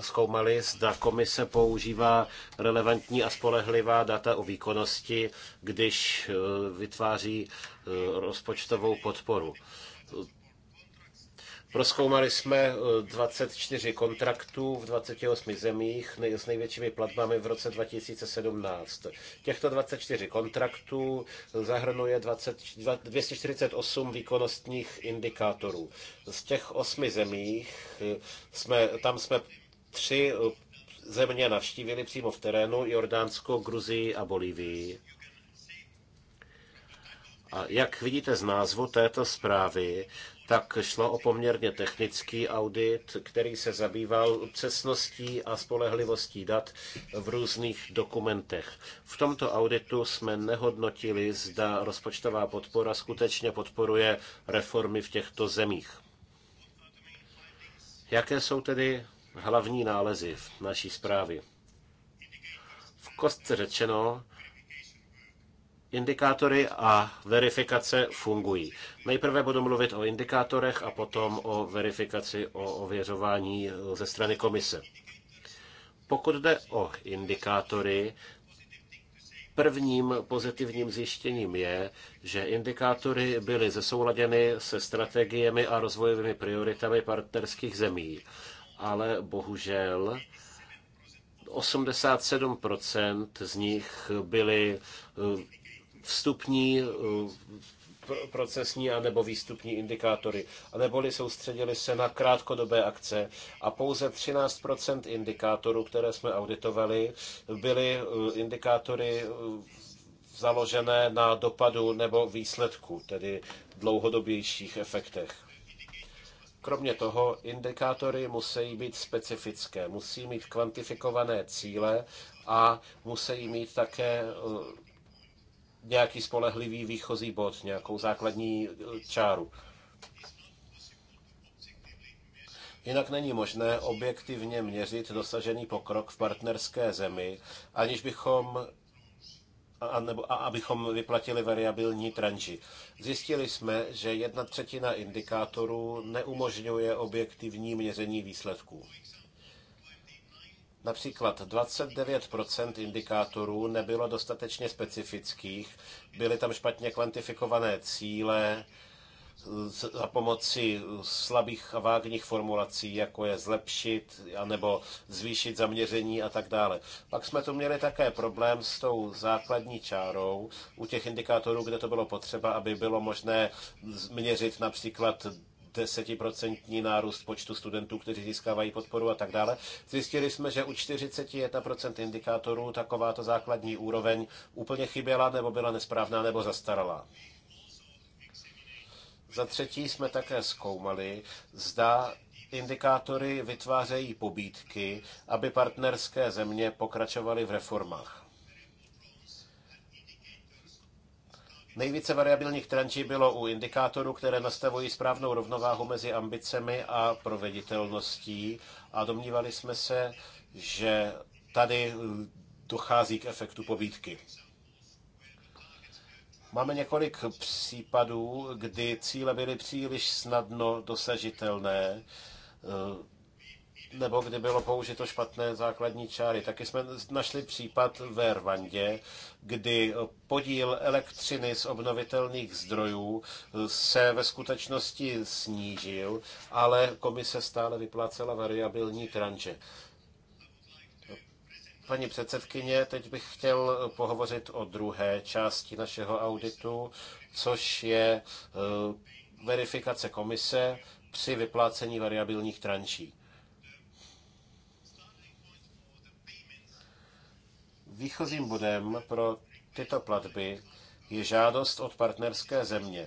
zkoumali, zda komise používá relevantní a spolehlivá data o výkonnosti, když eh, vytváří eh, rozpočtovou podporu Proskoumali jsme 24 eh, kontraktů v 28 zemích s největšími platbami v roce 2017. Těchto 24 kontraktů eh, zahrnuje 20, 248 výkonnostních indikátorů. Z těch 8 zemích eh, jsme, tam jsme tři země navštívili přímo v terénu, Jordánsko, Gruzii a Bolívii. A jak vidíte z názvu této zprávy, tak šlo o poměrně technický audit, který se zabýval přesností a spolehlivostí dat v různých dokumentech. V tomto auditu jsme nehodnotili, zda rozpočtová podpora skutečně podporuje reformy v těchto zemích. Jaké jsou tedy hlavní nálezy v naší zprávy? V kostce řečeno, Indikátory a verifikace fungují. Nejprve budu mluvit o indikátorech a potom o verifikaci, o ověřování e, ze strany komise. Pokud jde o indikátory, prvním pozitivním zjištěním je, že indikátory byly zesouladěny se strategiemi a rozvojovými prioritami partnerských zemí. Ale bohužel 87% z nich byly e, vstupní eh, procesní a nebo výstupní indikátory, a neboli soustředili se na krátkodobé akce a pouze 13 indikátorů, které jsme auditovali, byly eh, indikátory eh, založené na dopadu nebo výsledku, tedy dlouhodobějších efektech. Kromě toho indikátory musí být specifické, musí mít kvantifikované cíle a musí mít také nějaký spolehlivý výchozí bod, nějakou základní čáru. Jinak není možné objektivně měřit dosažený pokrok v partnerské zemi, aniž bychom a, nebo, a abychom vyplatili variabilní tranži. Zjistili jsme, že jedna třetina indikátorů neumožňuje objektivní měření výsledků. Například 29% indikátorů nebylo dostatečně specifických, byly tam špatně kvantifikované cíle za pomoci slabých a vágních formulací, jako je zlepšit nebo zvýšit zaměření a tak dále. Pak jsme tu měli také problém s tou základní čárou u těch indikátorů, kde to bylo potřeba, aby bylo možné měřit například desetiprocentní nárůst počtu studentů, kteří získávají podporu a tak dále. Zjistili jsme, že u 41% indikátorů takováto základní úroveň úplně chyběla nebo byla nesprávná nebo zastaralá. Za třetí jsme také zkoumali, zda indikátory vytvářejí pobídky, aby partnerské země pokračovaly v reformách. Nejvíce variabilních trančí bylo u indikátorů, které nastavují správnou rovnováhu mezi ambicemi a proveditelností a domnívali jsme se, že tady eh, dochází k efektu povídky. Máme několik případů, kdy cíle byly příliš snadno dosažitelné, eh, nebo kdy bylo použito špatné základní čáry. Taky jsme našli případ ve Rwandě, kdy podíl elektřiny z obnovitelných zdrojů se ve skutečnosti snížil, ale komise stále vyplácela variabilní tranže. Paní předsedkyně, teď bych chtěl pohovořit o druhé části našeho auditu, což je eh, verifikace komise při vyplácení variabilních trančí. Výchozím bodem pro tyto platby je žádost od partnerské země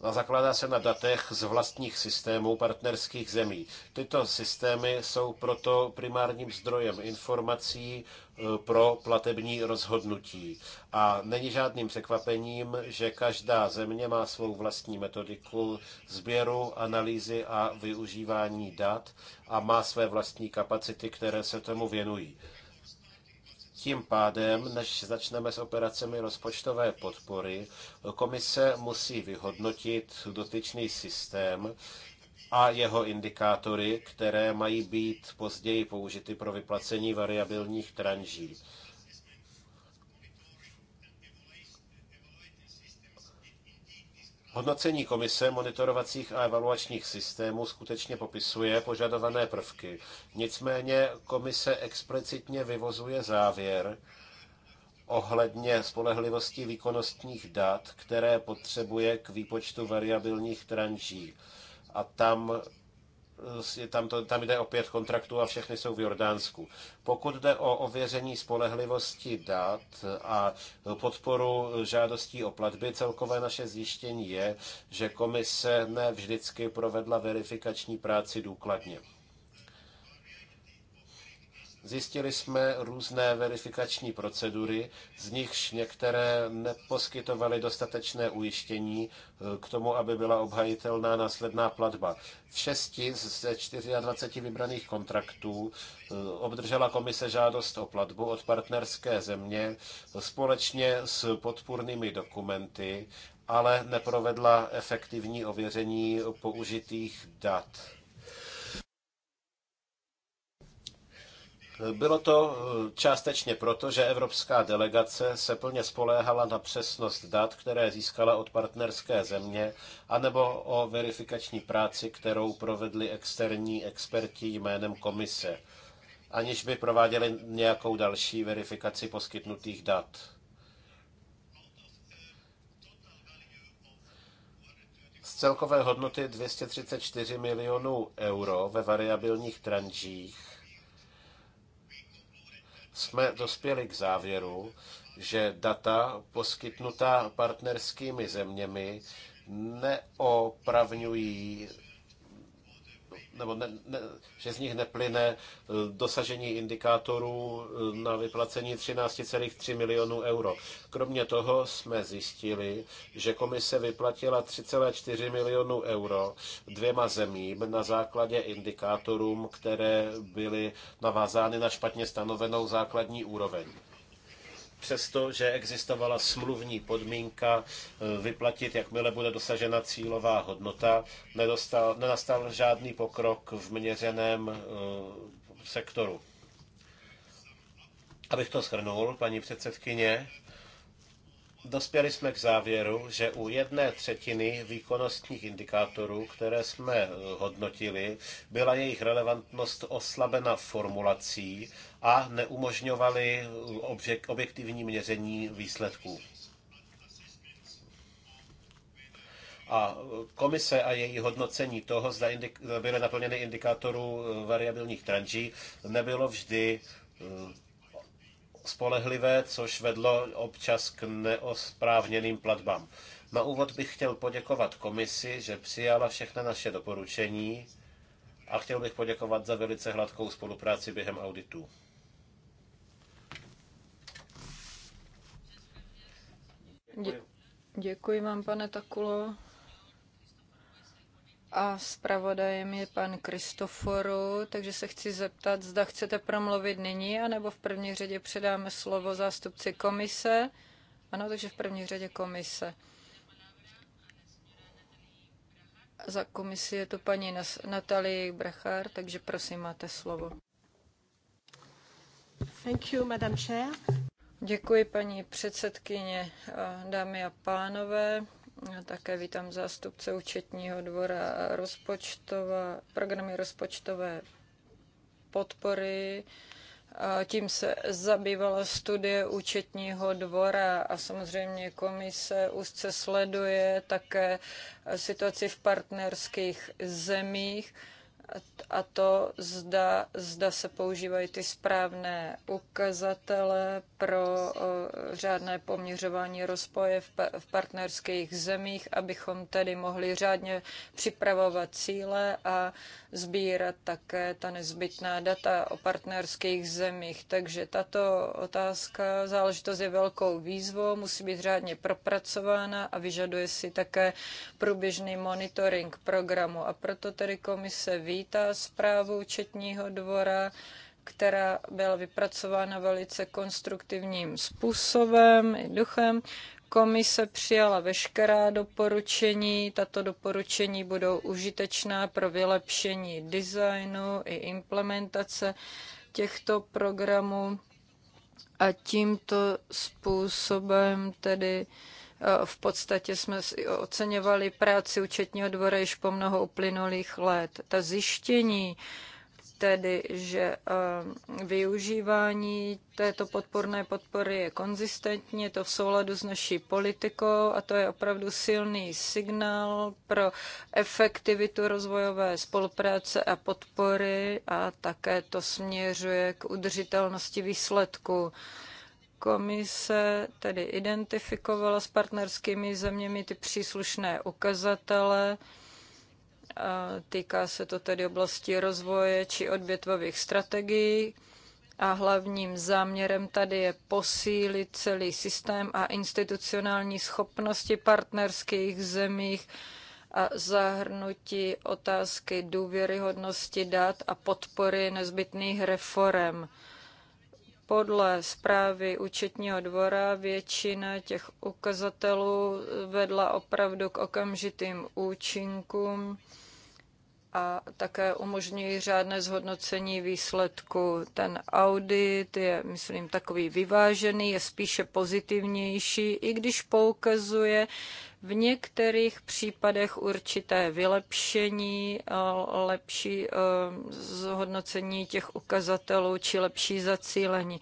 a zakládá se na datech z vlastních systémů partnerských zemí. Tyto systémy jsou proto primárním zdrojem informací e, pro platební rozhodnutí. A není žádným překvapením, že každá země má svou vlastní metodiku sběru, analýzy a využívání dat a má své vlastní kapacity, které se tomu věnují. Tím pádem, než začneme s operacemi rozpočtové podpory, komise musí vyhodnotit dotyčný systém a jeho indikátory, které mají být později použity pro vyplacení variabilních tranží. Hodnocení komise monitorovacích a evaluačních systémů skutečně popisuje požadované prvky. Nicméně komise explicitně vyvozuje závěr ohledně spolehlivosti výkonnostních dat, které potřebuje k výpočtu variabilních tranží. A tam tam, to, tam jde o pět kontraktů a všechny jsou v Jordánsku. Pokud jde o ověření spolehlivosti dat a podporu žádostí o platby, celkové naše zjištění je, že komise ne vždycky provedla verifikační práci důkladně. Zjistili jsme různé verifikační procedury, z nichž některé neposkytovaly dostatečné ujištění eh, k tomu, aby byla obhajitelná následná platba. V šesti ze 24 vybraných kontraktů eh, obdržela komise žádost o platbu od partnerské země eh, společně s podpůrnými dokumenty, ale neprovedla efektivní ověření použitých dat. Bylo to eh, částečně proto, že evropská delegace se plně spoléhala na přesnost dat, které získala od partnerské země, anebo o verifikační práci, kterou provedli externí experti jménem komise, aniž by prováděli nějakou další verifikaci poskytnutých dat. Z celkové hodnoty 234 milionů euro ve variabilních tranžích jsme dospěli k závěru, že data poskytnutá partnerskými zeměmi neopravňují nebo ne, ne, že z nich neplyne eh, dosažení indikátorů eh, na vyplacení 13,3 milionů euro. Kromě toho jsme zjistili, že komise vyplatila 3,4 milionů euro dvěma zemím na základě indikátorům, které byly navázány na špatně stanovenou základní úroveň přesto, že existovala smluvní podmínka eh, vyplatit, jakmile bude dosažena cílová hodnota, nedostal, nenastal žádný pokrok v měřeném eh, sektoru. Abych to shrnul, paní předsedkyně, dospěli jsme k závěru, že u jedné třetiny výkonnostních indikátorů, které jsme eh, hodnotili, byla jejich relevantnost oslabena formulací a neumožňovaly objektivní měření výsledků. A komise a její hodnocení toho, zda byly naplněny indikátorů variabilních tranží, nebylo vždy eh, spolehlivé, což vedlo občas k neosprávněným platbám. Na úvod bych chtěl poděkovat komisi, že přijala všechna naše doporučení a chtěl bych poděkovat za velice hladkou spolupráci během auditu. Dě- děkuji vám, pane Takulo. A zpravodajem je pan Kristoforu, takže se chci zeptat, zda chcete promluvit nyní, anebo v první řadě předáme slovo zástupci komise. Ano, takže v první řadě komise. Za komisi je to paní Natalie Brachar, takže prosím, máte slovo. Thank you, Madam Chair. Děkuji, paní předsedkyně, dámy a pánové. Já také vítám zástupce účetního dvora rozpočtová, programy rozpočtové podpory. Tím se zabývala studie účetního dvora a samozřejmě komise úzce sleduje také situaci v partnerských zemích a to zda, zda se používají ty správné ukazatele pro řádné poměřování rozpoje v, pa, v partnerských zemích, abychom tedy mohli řádně připravovat cíle a sbírat také ta nezbytná data o partnerských zemích. Takže tato otázka, záležitost je velkou výzvou, musí být řádně propracována a vyžaduje si také průběžný monitoring programu. A proto tedy komise ví, vítá zprávu Četního dvora, která byla vypracována velice konstruktivním způsobem i duchem. Komise přijala veškerá doporučení. Tato doporučení budou užitečná pro vylepšení designu i implementace těchto programů. A tímto způsobem tedy Eh, v podstatě jsme oceňovali práci účetního dvora již po mnoho uplynulých let. Ta zjištění, tedy, že eh, využívání této podporné podpory je konzistentní, je to v souladu s naší politikou a to je opravdu silný signál pro efektivitu rozvojové spolupráce a podpory a také to směřuje k udržitelnosti výsledku. Komise tedy identifikovala s partnerskými zeměmi ty příslušné ukazatele. Týká se to tedy oblasti rozvoje či odvětvových strategií. A hlavním záměrem tady je posílit celý systém a institucionální schopnosti partnerských zemích a zahrnutí otázky důvěryhodnosti dat a podpory nezbytných reform. Podle zprávy účetního dvora většina těch ukazatelů vedla opravdu k okamžitým účinkům a také umožňují řádné zhodnocení výsledku. Ten audit je, myslím, takový vyvážený, je spíše pozitivnější, i když poukazuje v některých případech určité vylepšení, lepší eh, zhodnocení těch ukazatelů či lepší zacílení.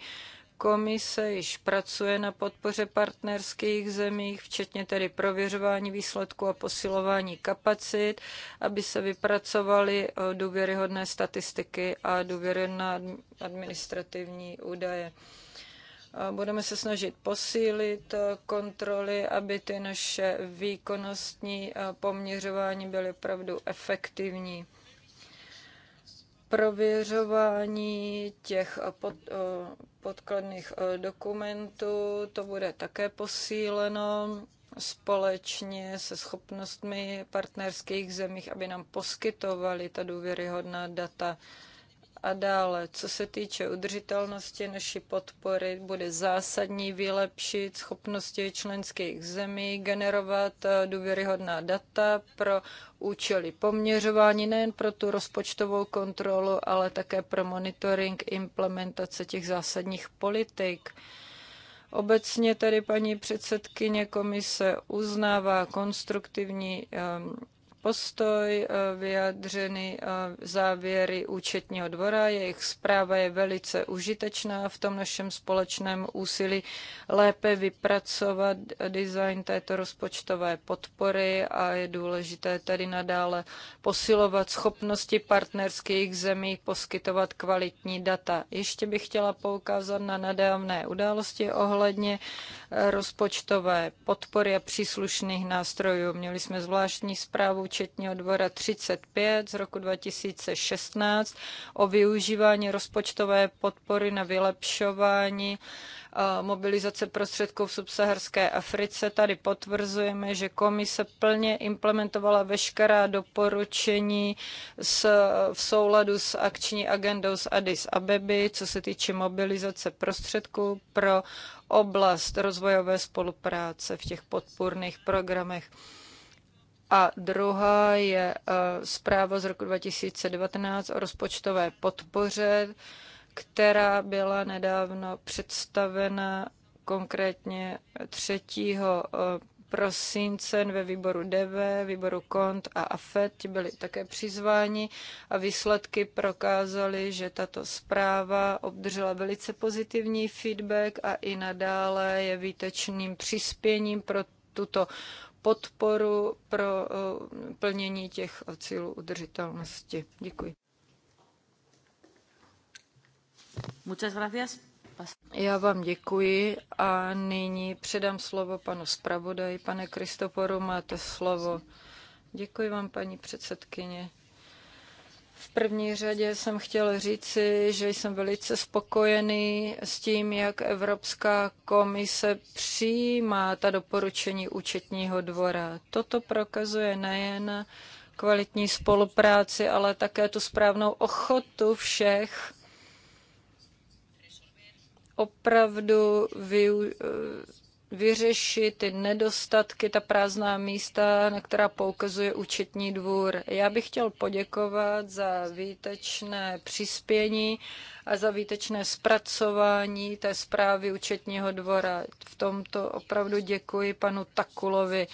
Komise již pracuje na podpoře partnerských zemích, včetně tedy prověřování výsledků a posilování kapacit, aby se vypracovaly eh, důvěryhodné statistiky a důvěryhodné administrativní údaje. Budeme se snažit posílit eh, kontroly, aby ty naše výkonnostní eh, poměřování byly opravdu efektivní prověřování těch pod, eh, podkladných eh, dokumentů, to bude také posíleno společně se schopnostmi partnerských zemích, aby nám poskytovali ta důvěryhodná data. A dále, co se týče udržitelnosti naší podpory, bude zásadní vylepšit schopnosti členských zemí generovat eh, důvěryhodná data pro účely poměřování nejen pro tu rozpočtovou kontrolu, ale také pro monitoring implementace těch zásadních politik. Obecně tedy paní předsedkyně komise uznává konstruktivní ehm, postoj eh, vyjadřeny eh, závěry účetního dvora. Jejich zpráva je velice užitečná v tom našem společném úsilí lépe vypracovat design této rozpočtové podpory a je důležité tedy nadále posilovat schopnosti partnerských zemí poskytovat kvalitní data. Ještě bych chtěla poukázat na nedávné události ohledně rozpočtové podpory a příslušných nástrojů. Měli jsme zvláštní zprávu Četního dvora 35 z roku 2016 o využívání rozpočtové podpory na vylepšování mobilizace prostředků v subsaharské Africe. Tady potvrzujeme, že komise plně implementovala veškerá doporučení s, v souladu s akční agendou z Addis Abeby, co se týče mobilizace prostředků pro oblast rozvojové spolupráce v těch podpůrných programech. A druhá je e, zpráva z roku 2019 o rozpočtové podpoře, která byla nedávno představena konkrétně 3 prosincen ve výboru DV, výboru KONT a AFET. Ti byli také přizváni a výsledky prokázaly, že tato zpráva obdržela velice pozitivní feedback a i nadále je výtečným přispěním pro tuto podporu pro eh, plnění těch cílů udržitelnosti. Děkuji. Muchas gracias. Já vám děkuji a nyní předám slovo panu zpravodaji. Pane Kristoporu, máte slovo. Děkuji vám, paní předsedkyně. V první řadě jsem chtěl říci, že jsem velice spokojený s tím, jak Evropská komise přijímá ta doporučení účetního dvora. Toto prokazuje nejen kvalitní spolupráci, ale také tu správnou ochotu všech opravdu vy, eh, vyřešit ty nedostatky, ta prázdná místa, na která poukazuje účetní dvůr. Já bych chtěl poděkovat za výtečné přispění a za výtečné zpracování té zprávy účetního dvora. V tomto opravdu děkuji panu Takulovi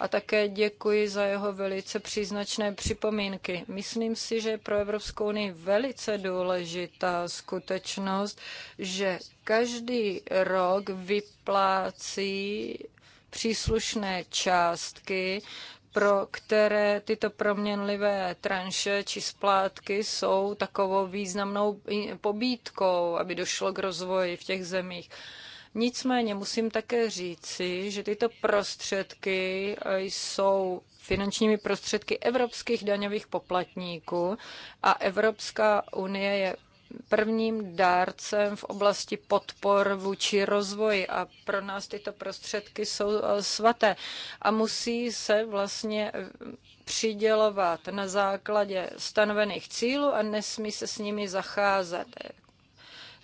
a také děkuji za jeho velice příznačné připomínky. Myslím si, že je pro Evropskou unii velice důležitá skutečnost, že každý rok vyplácí příslušné částky pro které tyto proměnlivé tranše či splátky jsou takovou významnou pobídkou, aby došlo k rozvoji v těch zemích. Nicméně musím také říci, že tyto prostředky eh, jsou finančními prostředky evropských daňových poplatníků a Evropská unie je prvním dárcem v oblasti podpor vůči rozvoji a pro nás tyto prostředky jsou eh, svaté a musí se vlastně eh, přidělovat na základě stanovených cílů a nesmí se s nimi zacházet eh,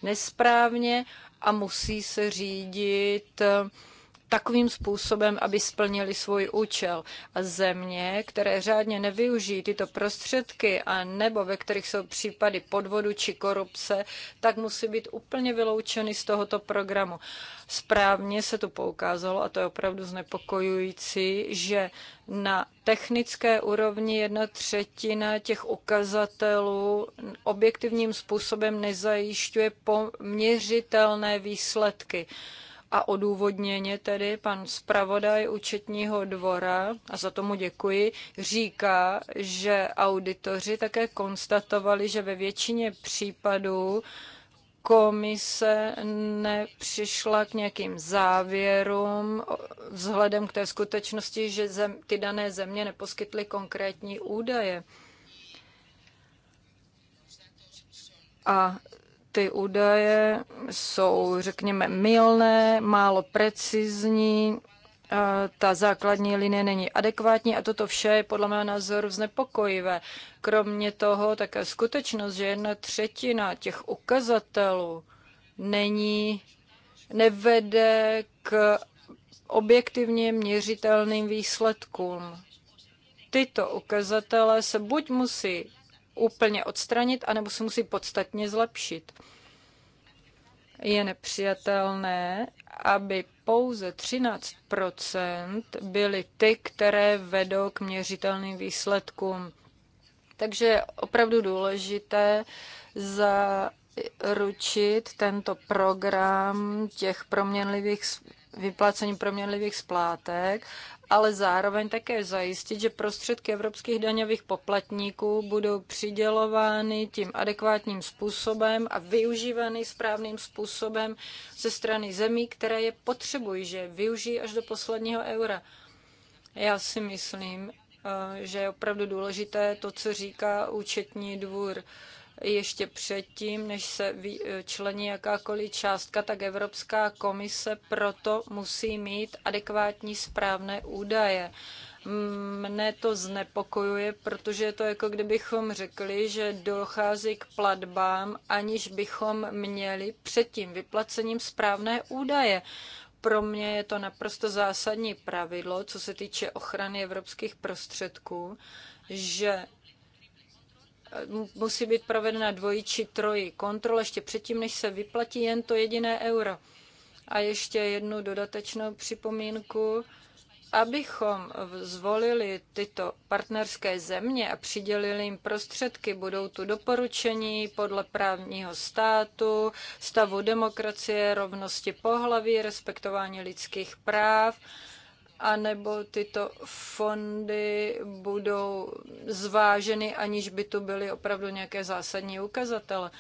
nesprávně a musí se řídit takovým způsobem, aby splnili svůj účel. A země, které řádně nevyužijí tyto prostředky a nebo ve kterých jsou případy podvodu či korupce, tak musí být úplně vyloučeny z tohoto programu. Správně se tu poukázalo, a to je opravdu znepokojující, že na technické úrovni jedna třetina těch ukazatelů objektivním způsobem nezajišťuje poměřitelné výsledky a odůvodněně tedy pan zpravodaj účetního dvora, a za tomu děkuji, říká, že auditoři také konstatovali, že ve většině případů komise nepřišla k nějakým závěrům vzhledem k té skutečnosti, že zem, ty dané země neposkytly konkrétní údaje. A ty údaje jsou, řekněme, mylné, málo precizní, ta základní linie není adekvátní a toto vše je podle mého názoru znepokojivé. Kromě toho také skutečnost, že jedna třetina těch ukazatelů není, nevede k objektivně měřitelným výsledkům. Tyto ukazatele se buď musí úplně odstranit, anebo se musí podstatně zlepšit. Je nepřijatelné, aby pouze 13 byly ty, které vedou k měřitelným výsledkům. Takže je opravdu důležité zaručit tento program těch proměnlivých vyplácení proměnlivých splátek ale zároveň také zajistit, že prostředky evropských daňových poplatníků budou přidělovány tím adekvátním způsobem a využívány správným způsobem ze strany zemí, které je potřebují, že využijí až do posledního eura. Já si myslím, eh, že je opravdu důležité to, co říká účetní dvůr ještě předtím, než se eh, člení jakákoliv částka, tak Evropská komise proto musí mít adekvátní správné údaje. Mne to znepokojuje, protože je to jako kdybychom řekli, že dochází k platbám, aniž bychom měli před tím vyplacením správné údaje. Pro mě je to naprosto zásadní pravidlo, co se týče ochrany evropských prostředků, že Eh, musí být provedena dvojí či trojí kontrol ještě předtím, než se vyplatí jen to jediné euro. A ještě jednu dodatečnou připomínku. Abychom zvolili tyto partnerské země a přidělili jim prostředky, budou tu doporučení podle právního státu, stavu demokracie, rovnosti pohlaví, respektování lidských práv anebo tyto fondy budou zváženy, aniž by tu byly opravdu nějaké zásadní ukazatele.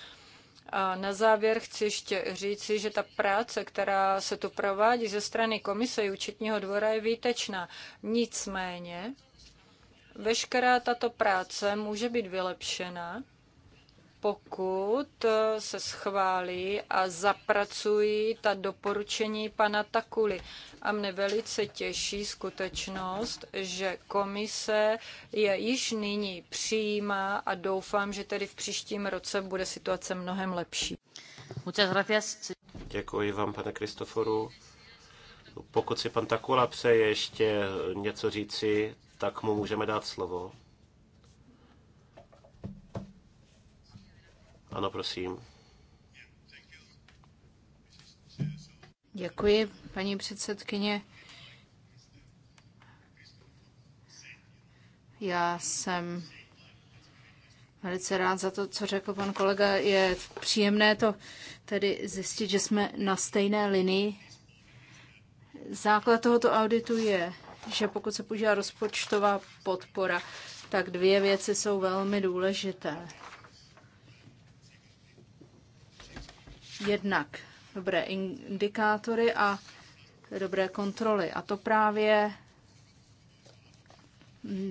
A na závěr chci ještě říci, že ta práce, která se tu provádí ze strany komise účetního dvora, je výtečná. Nicméně, veškerá tato práce může být vylepšena pokud eh, se schválí a zapracují ta doporučení pana Takuly. A mne velice těší skutečnost, že komise je již nyní přijímá a doufám, že tedy v příštím roce bude situace mnohem lepší. Děkuji vám, pane Kristoforu. Pokud si pan Takula přeje ještě něco říci, tak mu můžeme dát slovo. Ano, prosím. Děkuji, paní předsedkyně. Já jsem velice rád za to, co řekl pan kolega. Je příjemné to tedy zjistit, že jsme na stejné linii. Základ tohoto auditu je, že pokud se používá rozpočtová podpora, tak dvě věci jsou velmi důležité. jednak dobré indikátory a dobré kontroly. A to právě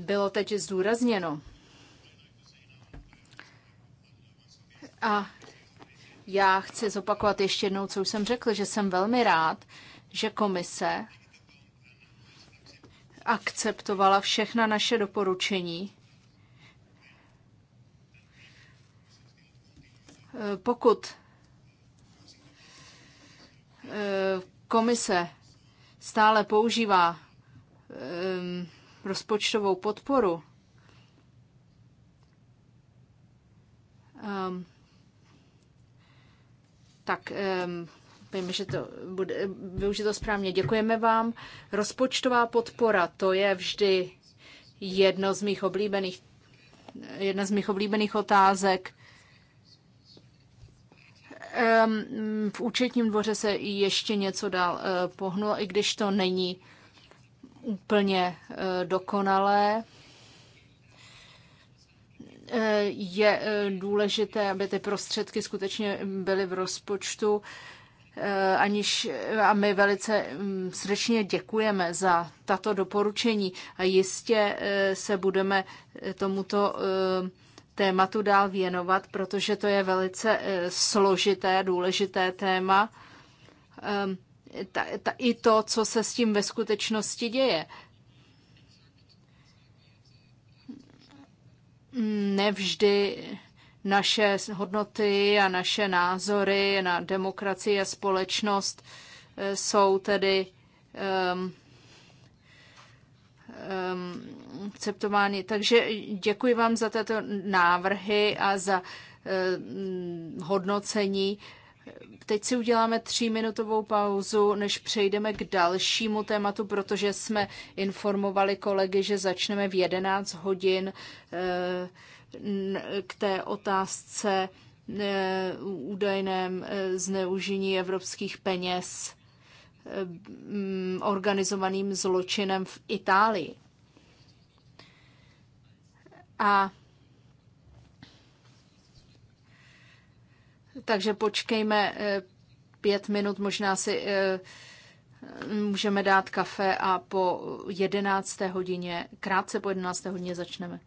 bylo teď zdůrazněno. A já chci zopakovat ještě jednou, co už jsem řekl, že jsem velmi rád, že komise akceptovala všechna naše doporučení. Pokud Eh, komise stále používá eh, rozpočtovou podporu, ehm, tak ehm, vím, že to bude využito správně. Děkujeme vám. Rozpočtová podpora, to je vždy jedno z mých oblíbených, jedna z mých oblíbených otázek v účetním dvoře se ještě něco dál eh, pohnulo, i když to není úplně eh, dokonalé. Eh, je důležité, aby ty prostředky skutečně byly v rozpočtu aniž a my velice mm, srdečně děkujeme za tato doporučení a jistě se budeme tomuto tématu dál věnovat, protože to je velice eh, složité, důležité téma. Ehm, ta, ta, I to, co se s tím ve skutečnosti děje. Nevždy naše hodnoty a naše názory na demokracii a společnost eh, jsou tedy um, um, akceptovány. Takže děkuji vám za tyto návrhy a za um, hodnocení. Teď si uděláme tříminutovou pauzu, než přejdeme k dalšímu tématu, protože jsme informovali kolegy, že začneme v 11 hodin eh, k té otázce eh, údajném eh, zneužení evropských peněz Eh, mm, organizovaným zločinem v Itálii. A takže počkejme eh, pět minut, možná si eh, můžeme dát kafe a po jedenácté hodině, krátce po jedenácté hodině začneme.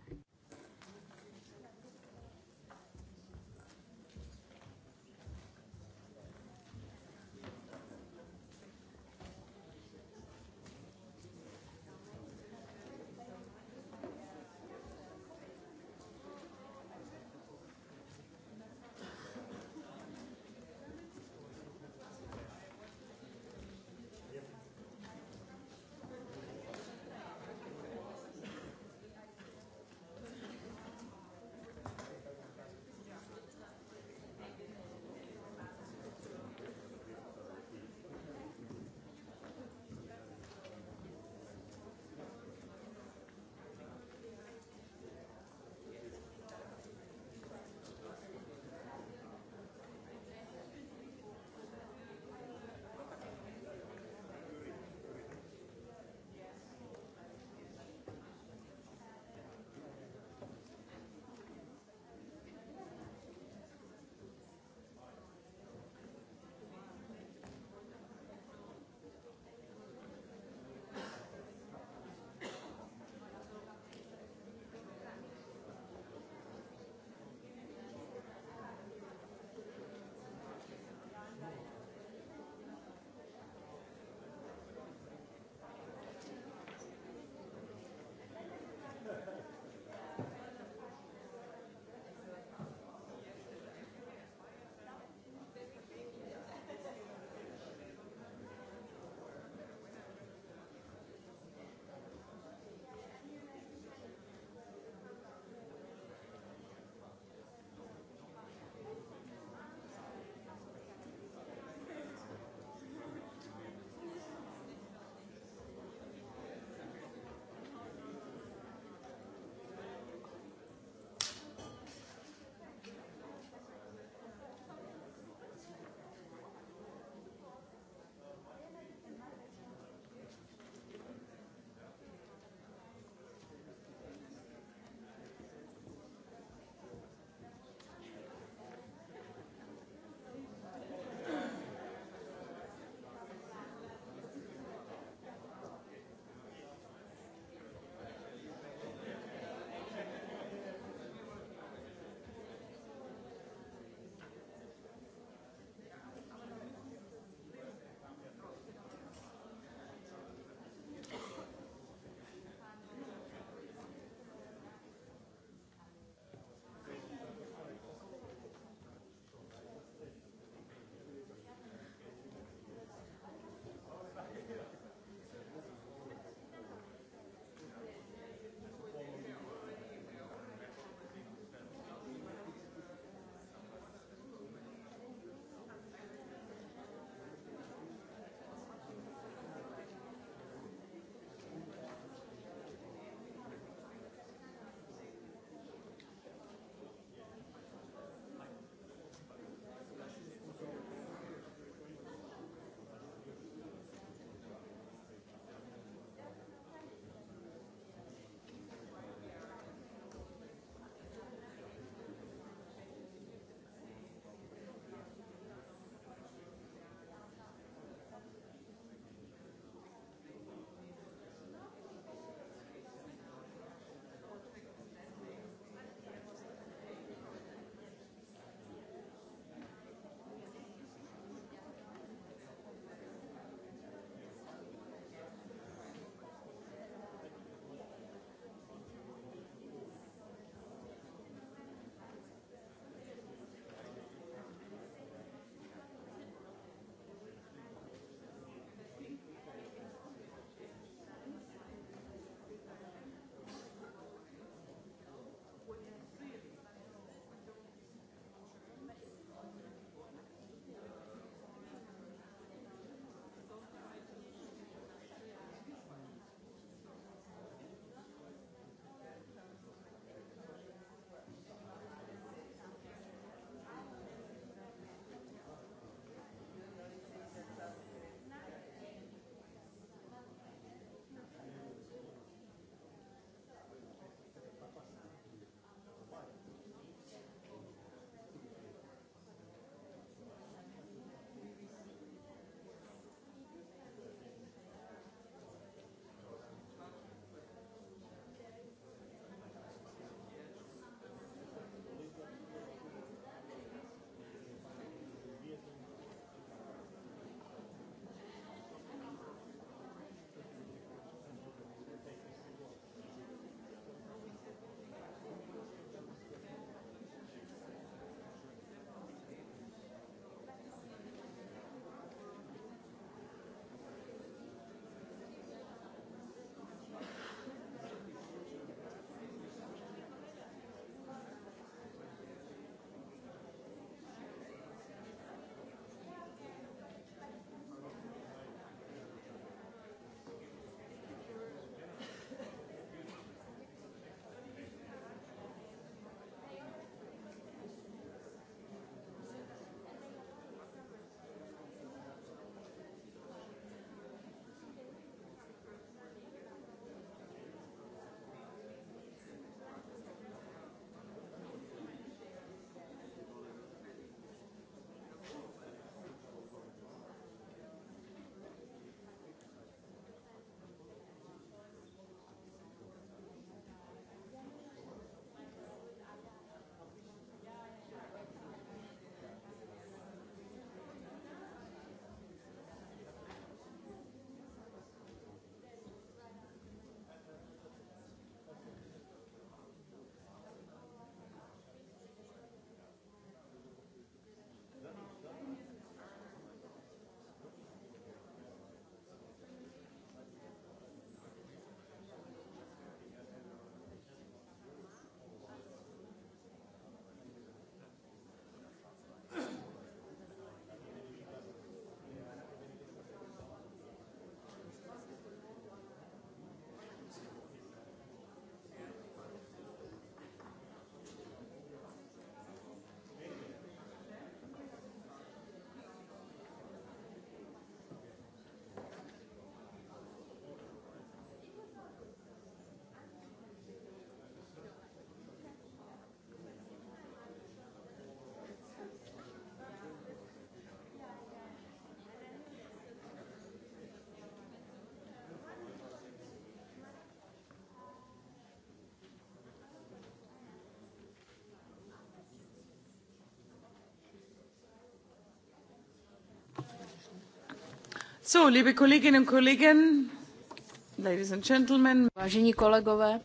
Vážení kolegové,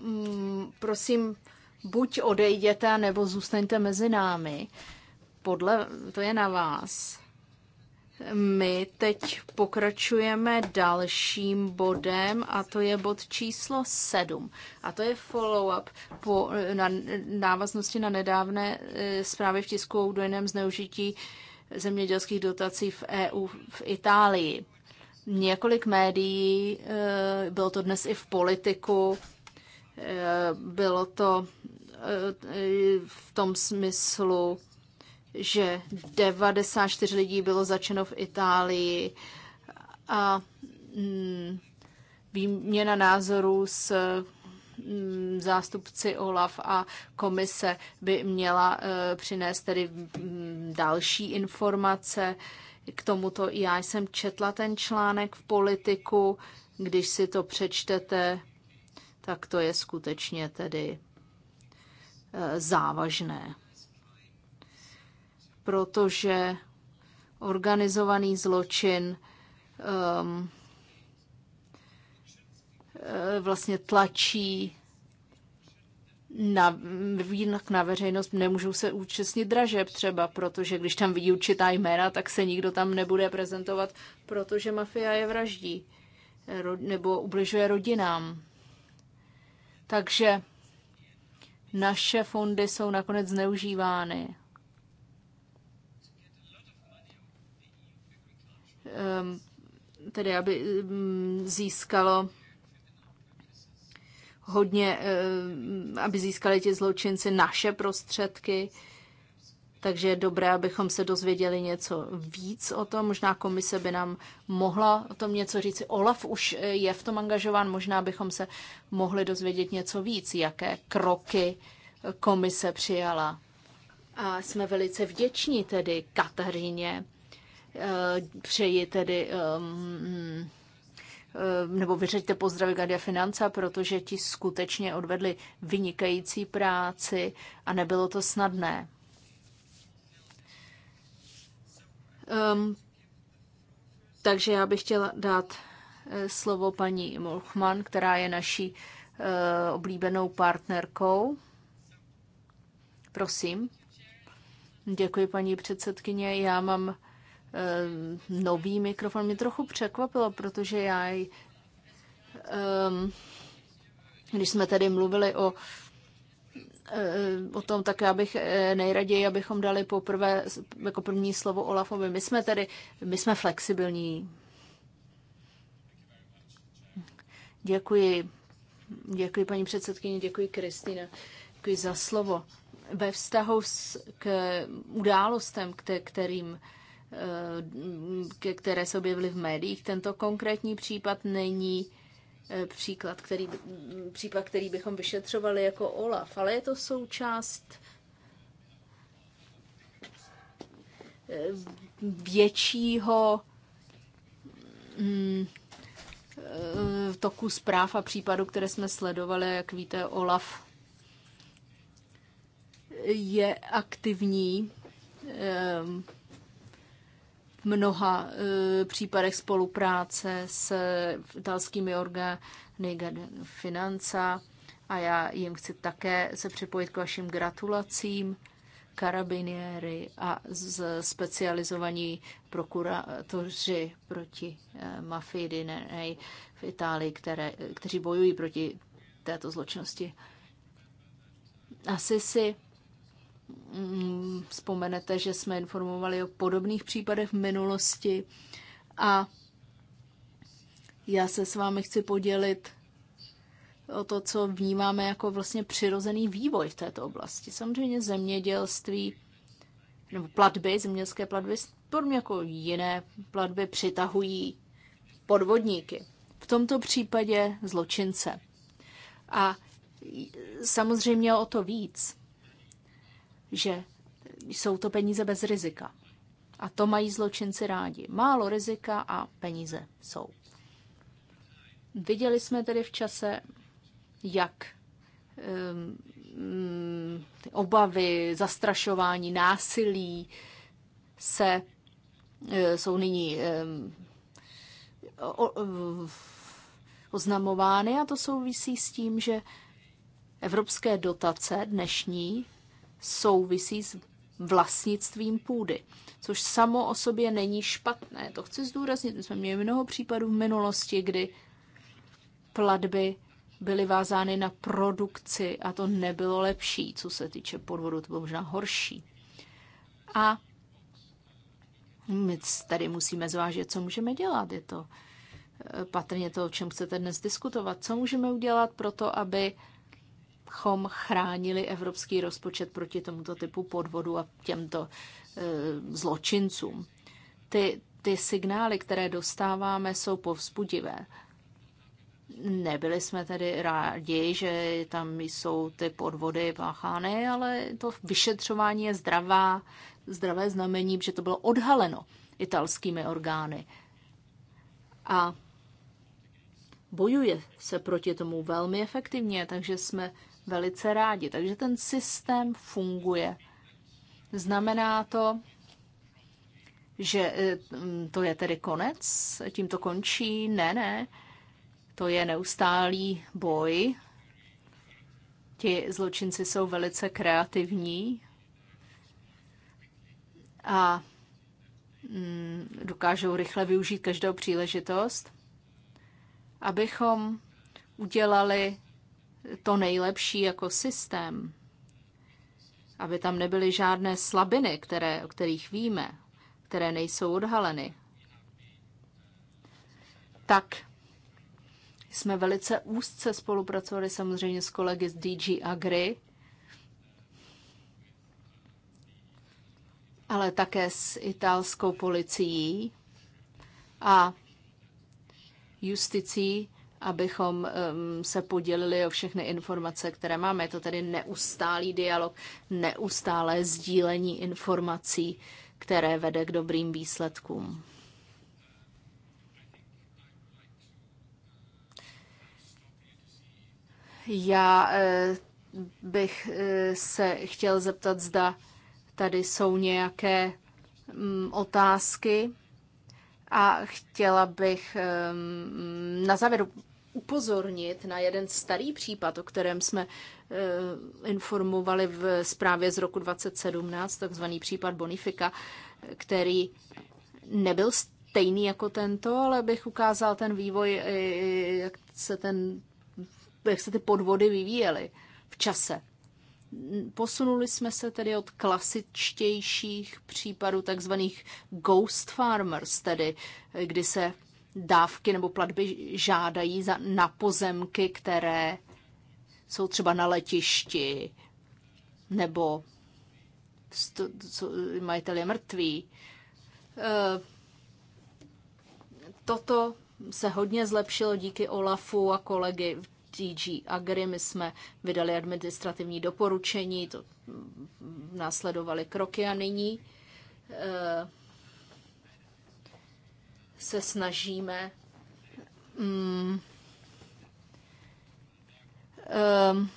mm, prosím, buď odejděte, nebo zůstaňte mezi námi. Podle, to je na vás. My teď pokračujeme dalším bodem a to je bod číslo 7. A to je follow-up po, na návaznosti na nedávné eh, zprávy v tisku o údajném zneužití zemědělských dotací v EU v Itálii. Několik médií, eh, bylo to dnes i v politiku, eh, bylo to eh, v tom smyslu, že 94 lidí bylo začeno v Itálii a hm, výměna názorů s Mm, zástupci OLAF a komise by měla eh, přinést tedy mm, další informace k tomuto. Já jsem četla ten článek v politiku, když si to přečtete, tak to je skutečně tedy eh, závažné. Protože organizovaný zločin um, vlastně tlačí na, jinak na veřejnost nemůžou se účastnit dražeb třeba, protože když tam vidí určitá jména, tak se nikdo tam nebude prezentovat, protože mafia je vraždí ro, nebo ubližuje rodinám. Takže naše fondy jsou nakonec zneužívány. Um, tedy, aby um, získalo hodně, eh, aby získali ti zločinci naše prostředky. Takže je dobré, abychom se dozvěděli něco víc o tom. Možná komise by nám mohla o tom něco říct. Olaf už eh, je v tom angažován, možná bychom se mohli dozvědět něco víc, jaké kroky komise přijala. A jsme velice vděční tedy Kateřině. Eh, přeji tedy um, Eh, nebo vyřeďte pozdravy Gadia Financa, protože ti skutečně odvedli vynikající práci a nebylo to snadné. Um, takže já bych chtěla dát eh, slovo paní Molchman, která je naší uh, oblíbenou partnerkou. Prosím. Děkuji, paní předsedkyně. Já mám Ehm, nový mikrofon. Mě trochu překvapilo, protože já, ehm, když jsme tady mluvili o eh, o tom, tak já bych eh, nejraději, abychom dali poprvé jako první slovo Olafovi. My jsme tedy, my jsme flexibilní. Děkuji. Děkuji paní předsedkyně, děkuji Kristýna. Děkuji za slovo. Ve vztahu s, k událostem, kterým které se objevily v médiích. Tento konkrétní případ není eh, příklad, který, případ, který bychom vyšetřovali jako OLAF, ale je to součást eh, většího mm, eh, toku zpráv a případů, které jsme sledovali. Jak víte, OLAF je aktivní mnoha eh, případech spolupráce s eh, italskými orgány Financa a já jim chci také se připojit k vašim gratulacím karabiniéry a z specializovaní prokuratoři proti eh, mafii v Itálii, které, kteří bojují proti této zločnosti. Asi si Mm, vzpomenete, že jsme informovali o podobných případech v minulosti a já se s vámi chci podělit o to, co vnímáme jako vlastně přirozený vývoj v této oblasti. Samozřejmě zemědělství nebo platby, zemědělské platby, podobně jako jiné platby, přitahují podvodníky. V tomto případě zločince. A samozřejmě o to víc že jsou to peníze bez rizika. A to mají zločinci rádi. Málo rizika a peníze jsou. Viděli jsme tedy v čase, jak um, ty obavy, zastrašování, násilí se uh, jsou nyní um, o, oznamovány a to souvisí s tím, že evropské dotace dnešní souvisí s vlastnictvím půdy, což samo o sobě není špatné. To chci zdůraznit. My jsme měli mnoho případů v minulosti, kdy platby byly vázány na produkci a to nebylo lepší, co se týče podvodu, to bylo možná horší. A my tady musíme zvážit, co můžeme dělat. Je to eh, patrně to, o čem chcete dnes diskutovat. Co můžeme udělat pro to, aby chom chránili evropský rozpočet proti tomuto typu podvodu a těmto e, zločincům. Ty, ty signály, které dostáváme, jsou povzbudivé. Nebyli jsme tedy rádi, že tam jsou ty podvody páchány, ale to vyšetřování je zdravá, zdravé znamení, že to bylo odhaleno italskými orgány. A bojuje se proti tomu velmi efektivně, takže jsme velice rádi. Takže ten systém funguje. Znamená to, že e, to je tedy konec, tím to končí? Ne, ne. To je neustálý boj. Ti zločinci jsou velice kreativní a mm, dokážou rychle využít každou příležitost, abychom udělali to nejlepší jako systém, aby tam nebyly žádné slabiny, které, o kterých víme, které nejsou odhaleny, tak jsme velice úzce spolupracovali samozřejmě s kolegy z DG Agri, ale také s italskou policií a justicí abychom se podělili o všechny informace, které máme. Je to tedy neustálý dialog, neustálé sdílení informací, které vede k dobrým výsledkům. Já eh, bych eh, se chtěl zeptat, zda tady jsou nějaké mm, otázky a chtěla bych na závěru upozornit na jeden starý případ, o kterém jsme eh, informovali v zprávě z roku 2017, takzvaný případ Bonifika, který nebyl stejný jako tento, ale bych ukázal ten vývoj, eh, eh, jak se, ten, jak se ty podvody vyvíjely v čase. Posunuli jsme se tedy od klasičtějších případů takzvaných ghost farmers, tedy kdy se dávky nebo platby žádají za, na pozemky, které jsou třeba na letišti nebo sto, co, majitel je mrtvý. Eh, toto se hodně zlepšilo díky Olafu a kolegy v DG Agri. My jsme vydali administrativní doporučení, to mm, následovaly kroky a nyní eh, se snažíme mm, um,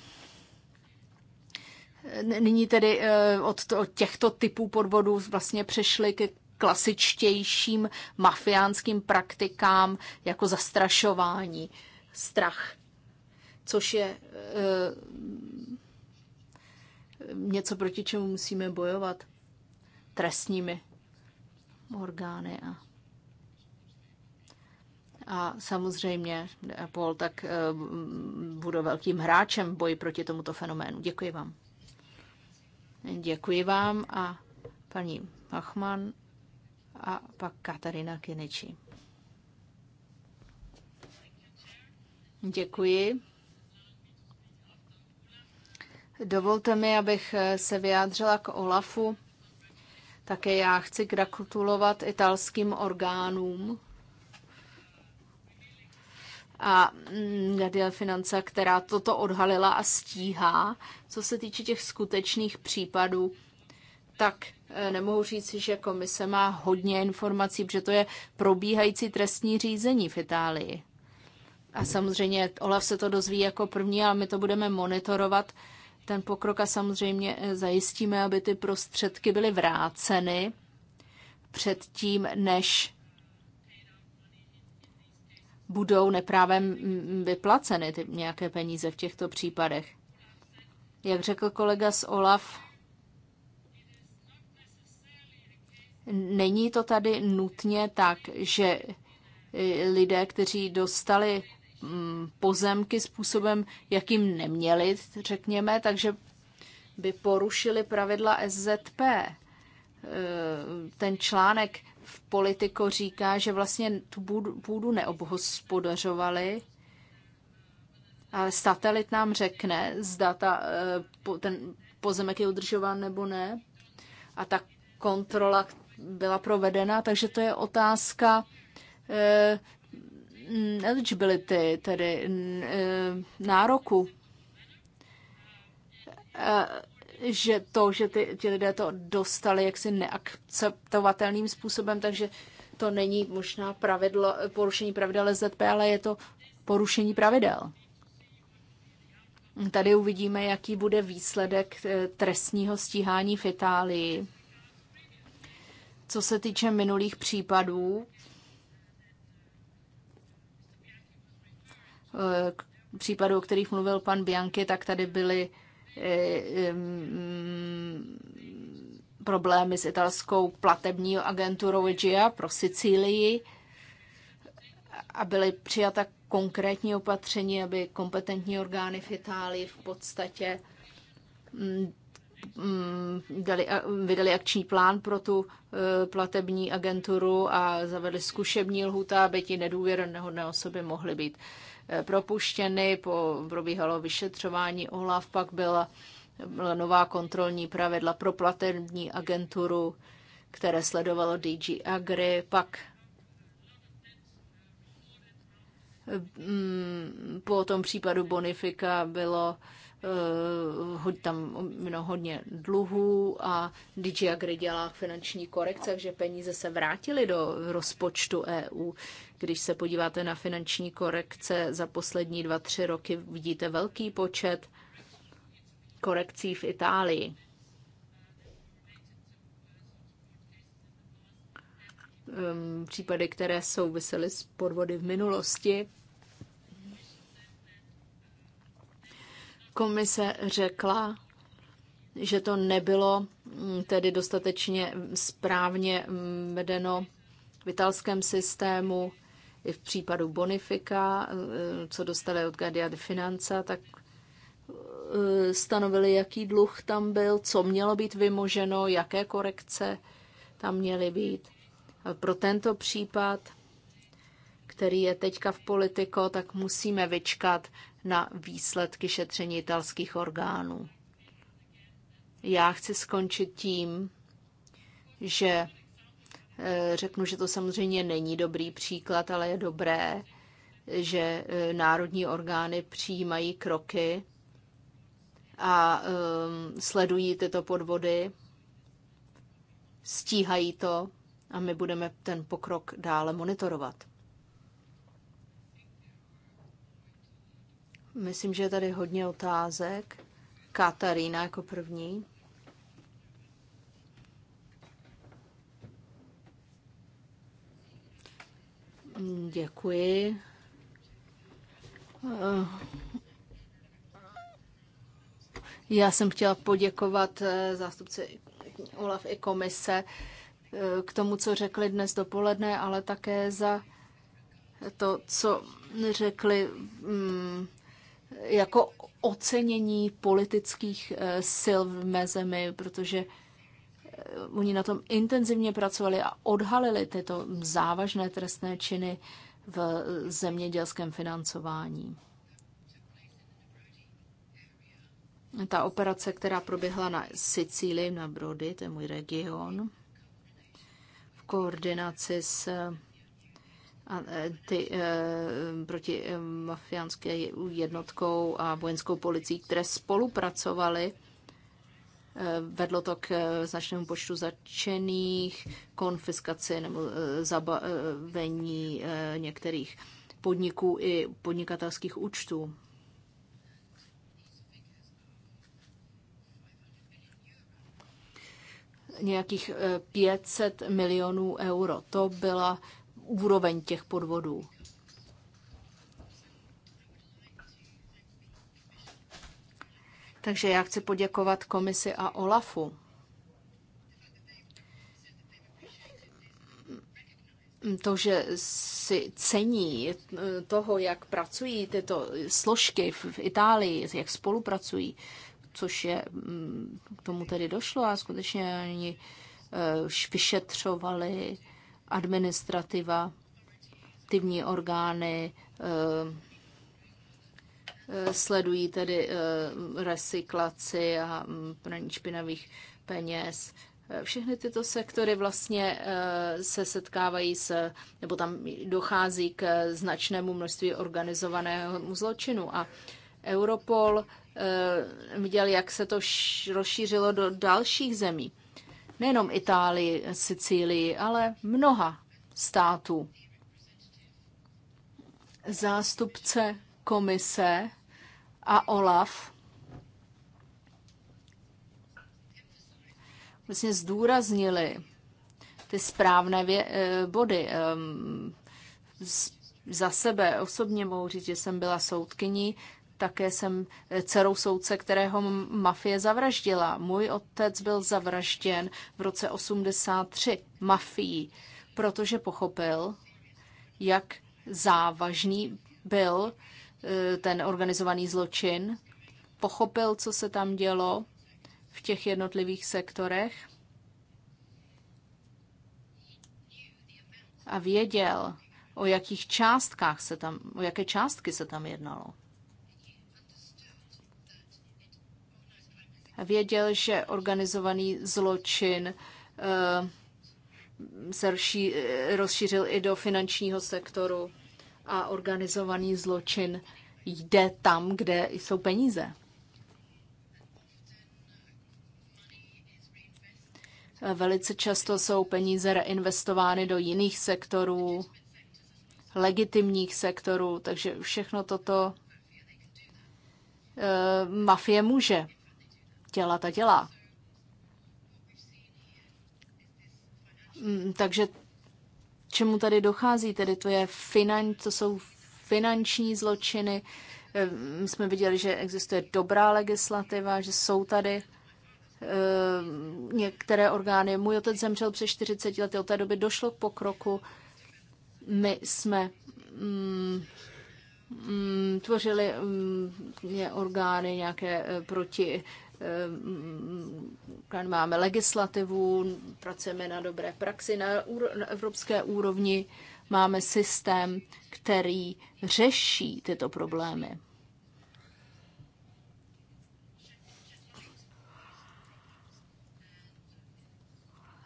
Nyní tedy eh, od, od těchto typů podvodů vlastně přešli k klasičtějším mafiánským praktikám jako zastrašování, strach, což je eh, něco, proti čemu musíme bojovat trestními orgány a a samozřejmě eh, Paul tak eh, bude velkým hráčem v boji proti tomuto fenoménu. Děkuji vám. Děkuji vám a paní Machman a pak Katarina Kiniči. Děkuji. Dovolte mi, abych eh, se vyjádřila k Olafu. Také já chci gratulovat italským orgánům a Gadiel mm, Financa, která toto odhalila a stíhá. Co se týče těch skutečných případů, tak eh, nemohu říct, že komise má hodně informací, protože to je probíhající trestní řízení v Itálii. A samozřejmě Olaf se to dozví jako první, ale my to budeme monitorovat, ten pokrok a samozřejmě eh, zajistíme, aby ty prostředky byly vráceny předtím, než budou neprávem vyplaceny ty nějaké peníze v těchto případech. Jak řekl kolega z OLAF, není to tady nutně tak, že e, lidé, kteří dostali mm, pozemky způsobem, jakým neměli, řekněme, takže by porušili pravidla SZP. E, ten článek v politiko říká, že vlastně tu půdu, neobhospodařovali, ale satelit nám řekne, zda ta, eh, ten pozemek je udržován nebo ne. A ta kontrola byla provedena, takže to je otázka eh, eligibility, tedy eh, nároku že to, že ty, ti lidé to dostali jaksi neakceptovatelným způsobem, takže to není možná pravidlo, porušení pravidel ZP, ale je to porušení pravidel. Tady uvidíme, jaký bude výsledek eh, trestního stíhání v Itálii. Co se týče minulých případů, eh, případů, o kterých mluvil pan Bianchi, tak tady byly Eh, problémy s italskou platební agenturou GIA pro Sicílii a byly přijata konkrétní opatření, aby kompetentní orgány v Itálii v podstatě mm, mm, dali, vydali akční plán pro tu eh, platební agenturu a zavedli zkušební lhuta, aby ti nedůvěrné osoby mohly být Eh, propuštěny, po, probíhalo vyšetřování OLAF, pak byla, byla nová kontrolní pravidla pro platební agenturu, které sledovalo DG Agri, pak eh, mm, po tom případu Bonifika bylo Eh, tam mnoho hodně dluhů a DG Agri dělá finanční korekce, takže peníze se vrátily do rozpočtu EU. Když se podíváte na finanční korekce za poslední dva, tři roky, vidíte velký počet korekcí v Itálii. Případy, které souvisely s podvody v minulosti, Komise řekla, že to nebylo mm, tedy dostatečně správně mm, vedeno v italském systému, i v případu Bonifika, mm, co dostali od Guardia de Finanza, tak stanovili, jaký dluh tam byl, co mělo být vymoženo, jaké korekce tam měly být. Pro tento případ který je teďka v politiko, tak musíme vyčkat na výsledky šetření italských orgánů. Já chci skončit tím, že eh, řeknu, že to samozřejmě není dobrý příklad, ale je dobré, že eh, národní orgány přijímají kroky a ehm, sledují tyto podvody, stíhají to a my budeme ten pokrok dále monitorovat. Myslím, že je tady hodně otázek. Katarína jako první. Děkuji. Já jsem chtěla poděkovat eh, zástupci Olaf i komise eh, k tomu, co řekli dnes dopoledne, ale také za to, co řekli mm, jako ocenění politických eh, sil v zemi, protože eh, oni na tom intenzivně pracovali a odhalili tyto závažné trestné činy v zemědělském financování. Ta operace, která proběhla na Sicílii, na Brody, to je můj region, v koordinaci s a e, ty e, proti e, mafiánské jednotkou a vojenskou policií, které spolupracovaly. E, vedlo to k e, značnému počtu začených, konfiskaci nebo e, zabavení e, některých podniků i podnikatelských účtů. Nějakých 500 milionů euro. To byla úroveň těch podvodů. Takže já chci poděkovat komisi a OLAFu. To, že si cení toho, jak pracují tyto složky v Itálii, jak spolupracují, což je, mm, k tomu tedy došlo a skutečně ani eh, vyšetřovali administrativa, aktivní orgány eh, eh, sledují tedy eh, recyklaci a mm, praní špinavých peněz. Všechny tyto sektory vlastně se setkávají s, nebo tam dochází k značnému množství organizovaného zločinu. A Europol viděl, jak se to rozšířilo do dalších zemí nejenom Itálii, Sicílii, ale mnoha států. Zástupce komise a OLAF vlastně zdůraznili ty správné vě- eh, body. Ehm, za sebe osobně mohu říct, že jsem byla soudkyní také jsem dcerou soudce, kterého mafie zavraždila. Můj otec byl zavražděn v roce 83 mafií, protože pochopil, jak závažný byl e, ten organizovaný zločin, pochopil, co se tam dělo v těch jednotlivých sektorech a věděl, o jakých částkách se tam, o jaké částky se tam jednalo. věděl, že organizovaný zločin eh, se eh, rozšířil i do finančního sektoru a organizovaný zločin jde tam, kde jsou peníze. Velice často jsou peníze reinvestovány do jiných sektorů, legitimních sektorů, takže všechno toto eh, mafie může těla ta dělá. Mm, takže čemu tady dochází? Tedy to, je finan, to jsou finanční zločiny. My ehm, jsme viděli, že existuje dobrá legislativa, že jsou tady ehm, některé orgány. Můj otec zemřel před 40 lety, od té doby došlo k pokroku. My jsme mm, mm, tvořili mm, orgány nějaké eh, proti Ehm, mm, máme legislativu, pracujeme na dobré praxi na, na evropské úrovni, máme systém, který řeší tyto problémy.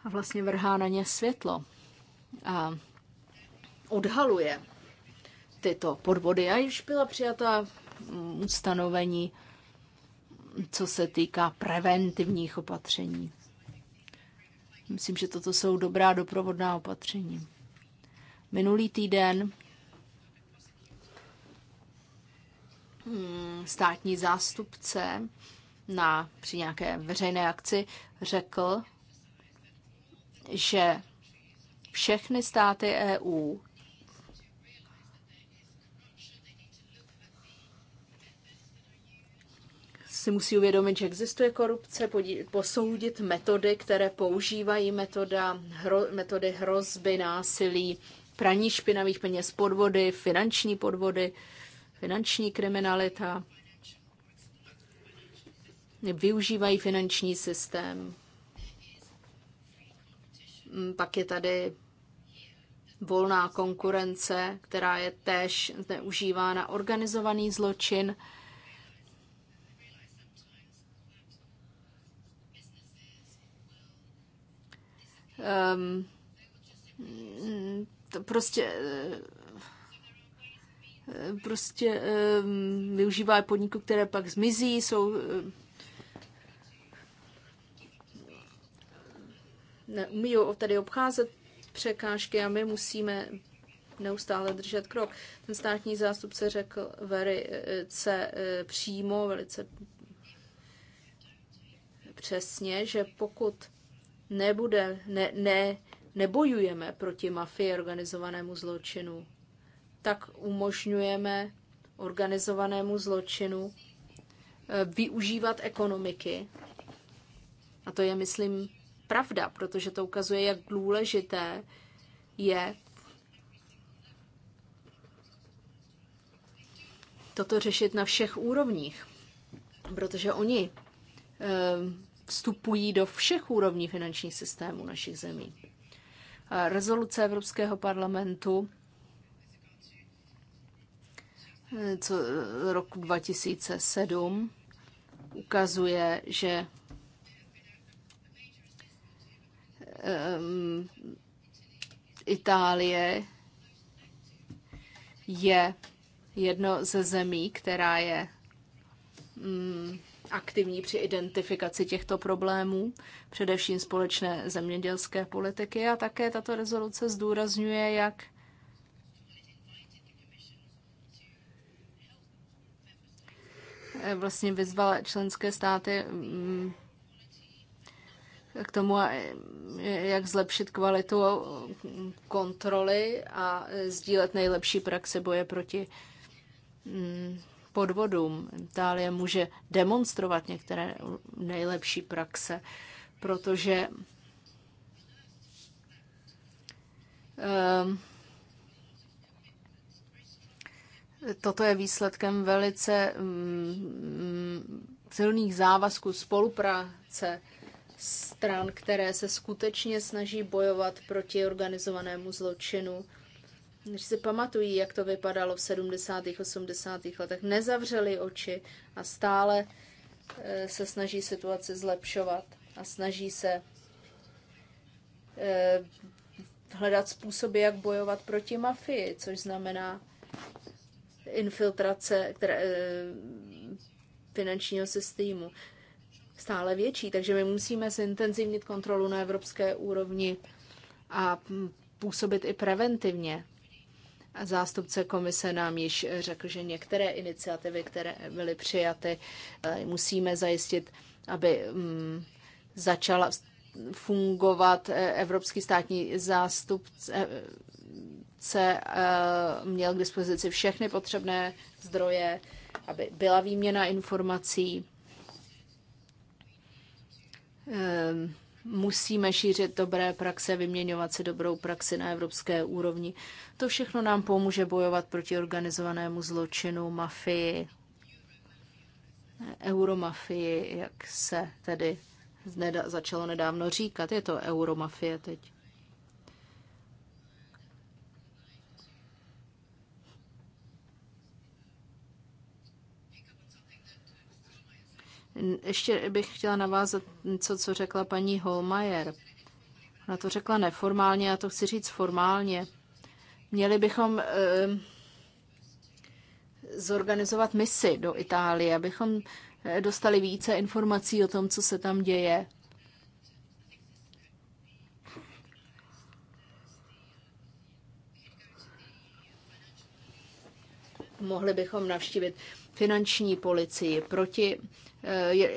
A vlastně vrhá na ně světlo a odhaluje tyto podvody. A již byla přijata mm, ustanovení co se týká preventivních opatření. Myslím, že toto jsou dobrá doprovodná opatření. Minulý týden hmm, státní zástupce na, při nějaké veřejné akci řekl, že všechny státy EU si musí uvědomit, že existuje korupce, posoudit metody, které používají metoda, hro, metody hrozby, násilí, praní špinavých peněz, podvody, finanční podvody, finanční kriminalita. Využívají finanční systém. Mm, pak je tady volná konkurence, která je též zneužívána organizovaný zločin Um, to prostě eh, prostě um, ehm, využívá podniků, které pak zmizí, jsou um, neumí tady obcházet překážky a my musíme neustále držet krok. Ten státní zástupce řekl velice eh, přímo, velice přesně, že pokud nebude, ne, ne, nebojujeme proti mafii organizovanému zločinu, tak umožňujeme organizovanému zločinu eh, využívat ekonomiky. A to je, myslím, pravda, protože to ukazuje, jak důležité je toto řešit na všech úrovních, protože oni eh, vstupují do všech úrovní finančních systémů našich zemí. A rezoluce Evropského parlamentu eh, co, eh, roku 2007 ukazuje, že um, Itálie je jedno ze zemí, která je um, aktivní při identifikaci těchto problémů, především společné zemědělské politiky. A také tato rezoluce zdůrazňuje, jak vlastně vyzvala členské státy mm, k tomu, jak zlepšit kvalitu kontroly a sdílet nejlepší praxe boje proti mm, podvodům. Itálie může demonstrovat některé nejlepší praxe, protože um, toto je výsledkem velice um, silných závazků spolupráce stran, které se skutečně snaží bojovat proti organizovanému zločinu když si pamatují, jak to vypadalo v 70. a 80. letech, nezavřeli oči a stále eh, se snaží situaci zlepšovat a snaží se eh, hledat způsoby, jak bojovat proti mafii, což znamená infiltrace které, eh, finančního systému stále větší, takže my musíme zintenzivnit kontrolu na evropské úrovni a mm, působit i preventivně Zástupce komise nám již řekl, že některé iniciativy, které byly přijaty, eh, musíme zajistit, aby mm, začala fungovat eh, evropský státní zástupce, eh, měl k dispozici všechny potřebné zdroje, aby byla výměna informací ehm, musíme šířit dobré praxe, vyměňovat si dobrou praxi na evropské úrovni. To všechno nám pomůže bojovat proti organizovanému zločinu, mafii, euromafii, jak se tedy začalo nedávno říkat. Je to euromafie teď. Ještě bych chtěla navázat něco, co řekla paní Holmajer. Ona to řekla neformálně, já to chci říct formálně. Měli bychom eh, zorganizovat misi do Itálie, abychom eh, dostali více informací o tom, co se tam děje. Mohli bychom navštívit finanční policii, proti eh,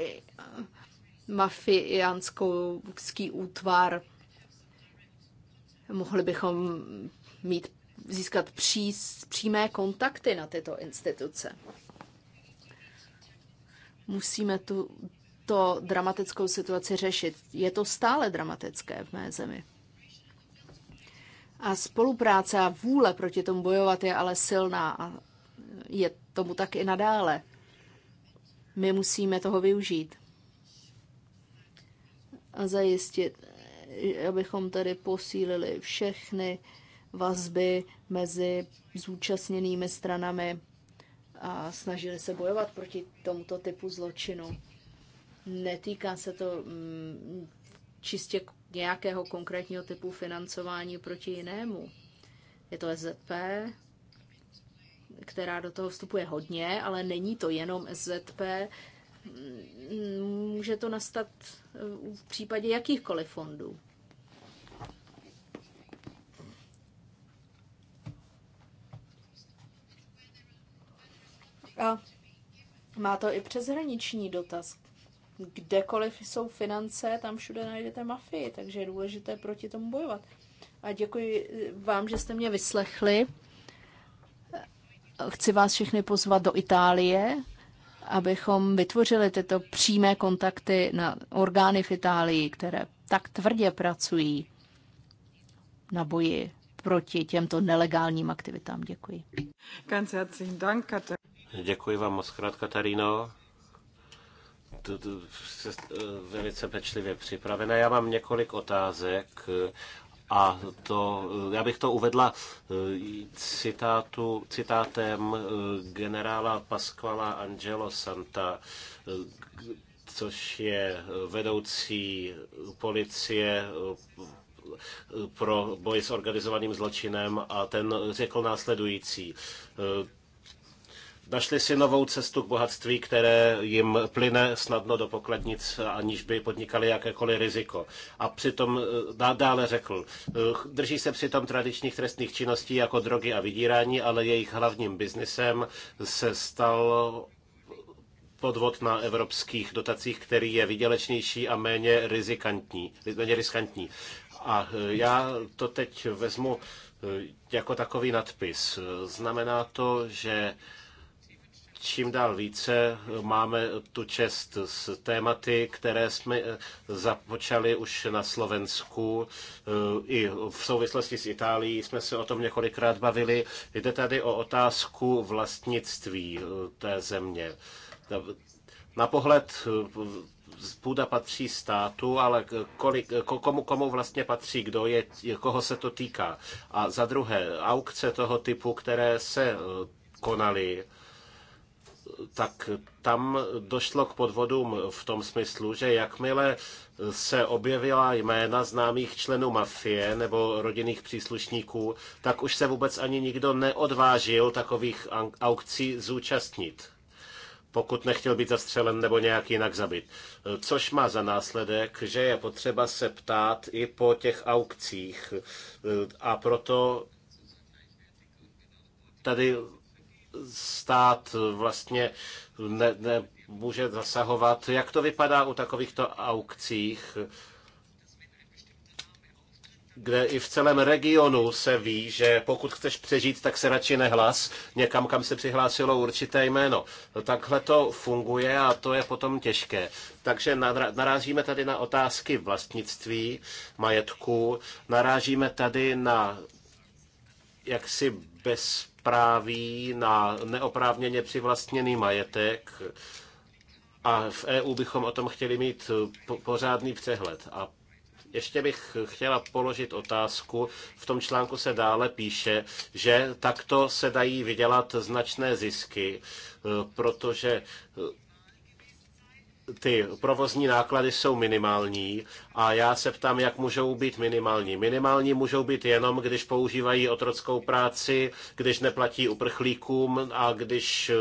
mafiánský útvar. Mohli bychom mít, získat pří, přímé kontakty na tyto instituce. Musíme tu to dramatickou situaci řešit. Je to stále dramatické v mé zemi. A spolupráce a vůle proti tomu bojovat je ale silná a je tomu tak i nadále. My musíme toho využít a zajistit, abychom tady posílili všechny vazby mezi zúčastněnými stranami a snažili se bojovat proti tomuto typu zločinu. Netýká se to mm, čistě nějakého konkrétního typu financování proti jinému. Je to SZP, která do toho vstupuje hodně, ale není to jenom SZP. Může to nastat v případě jakýchkoliv fondů. A má to i přeshraniční dotaz. Kdekoliv jsou finance, tam všude najdete mafii, takže je důležité proti tomu bojovat. A děkuji vám, že jste mě vyslechli. Chci vás všechny pozvat do Itálie, abychom vytvořili tyto přímé kontakty na orgány v Itálii, které tak tvrdě pracují na boji proti těmto nelegálním aktivitám. Děkuji. Děkuji vám moc krát, Kataríno. Eh, velice pečlivě připravené. Já mám několik otázek a to, já bych to uvedla eh, citátu, citátem eh, generála Pasquala Angelo Santa, eh, což je vedoucí policie pro boj s organizovaným zločinem a ten řekl následující. Našli si novou cestu k bohatství, které jim plyne snadno do pokladnic, aniž by podnikali jakékoliv riziko. A přitom eh, dále řekl, eh, drží se přitom tradičních trestných činností jako drogy a vydírání, ale jejich hlavním biznesem se stal podvod na evropských dotacích, který je vydělečnější a méně, rizikantní, méně riskantní. A eh, já to teď vezmu jako takový nadpis. Znamená to, že čím dál více máme tu čest s tématy, které jsme eh, započali už na Slovensku. Eh, I v souvislosti s Itálií jsme se o tom několikrát bavili. Jde tady o otázku vlastnictví eh, té země. Na pohled půda patří státu, ale kolik, komu, komu vlastně patří, kdo je, koho se to týká. A za druhé, aukce toho typu, které se konaly, tak tam došlo k podvodům v tom smyslu, že jakmile se objevila jména známých členů mafie nebo rodinných příslušníků, tak už se vůbec ani nikdo neodvážil takových aukcí zúčastnit pokud nechtěl být zastřelen nebo nějak jinak zabit. Což má za následek, že je potřeba se ptát i po těch aukcích. A proto tady stát vlastně ne, ne, může zasahovat. Jak to vypadá u takovýchto aukcích, kde i v celém regionu se ví, že pokud chceš přežít, tak se radši nehlas někam, kam se přihlásilo určité jméno. No, takhle to funguje a to je potom těžké. Takže narážíme tady na otázky vlastnictví, majetku, narážíme tady na jaksi bez práví na neoprávněně přivlastněný majetek. A v EU bychom o tom chtěli mít pořádný přehled. A ještě bych chtěla položit otázku. V tom článku se dále píše, že takto se dají vydělat značné zisky, eh, protože eh, ty provozní náklady jsou minimální a já se ptám, jak můžou být minimální. Minimální můžou být jenom, když používají otrockou práci, když neplatí uprchlíkům a když eh,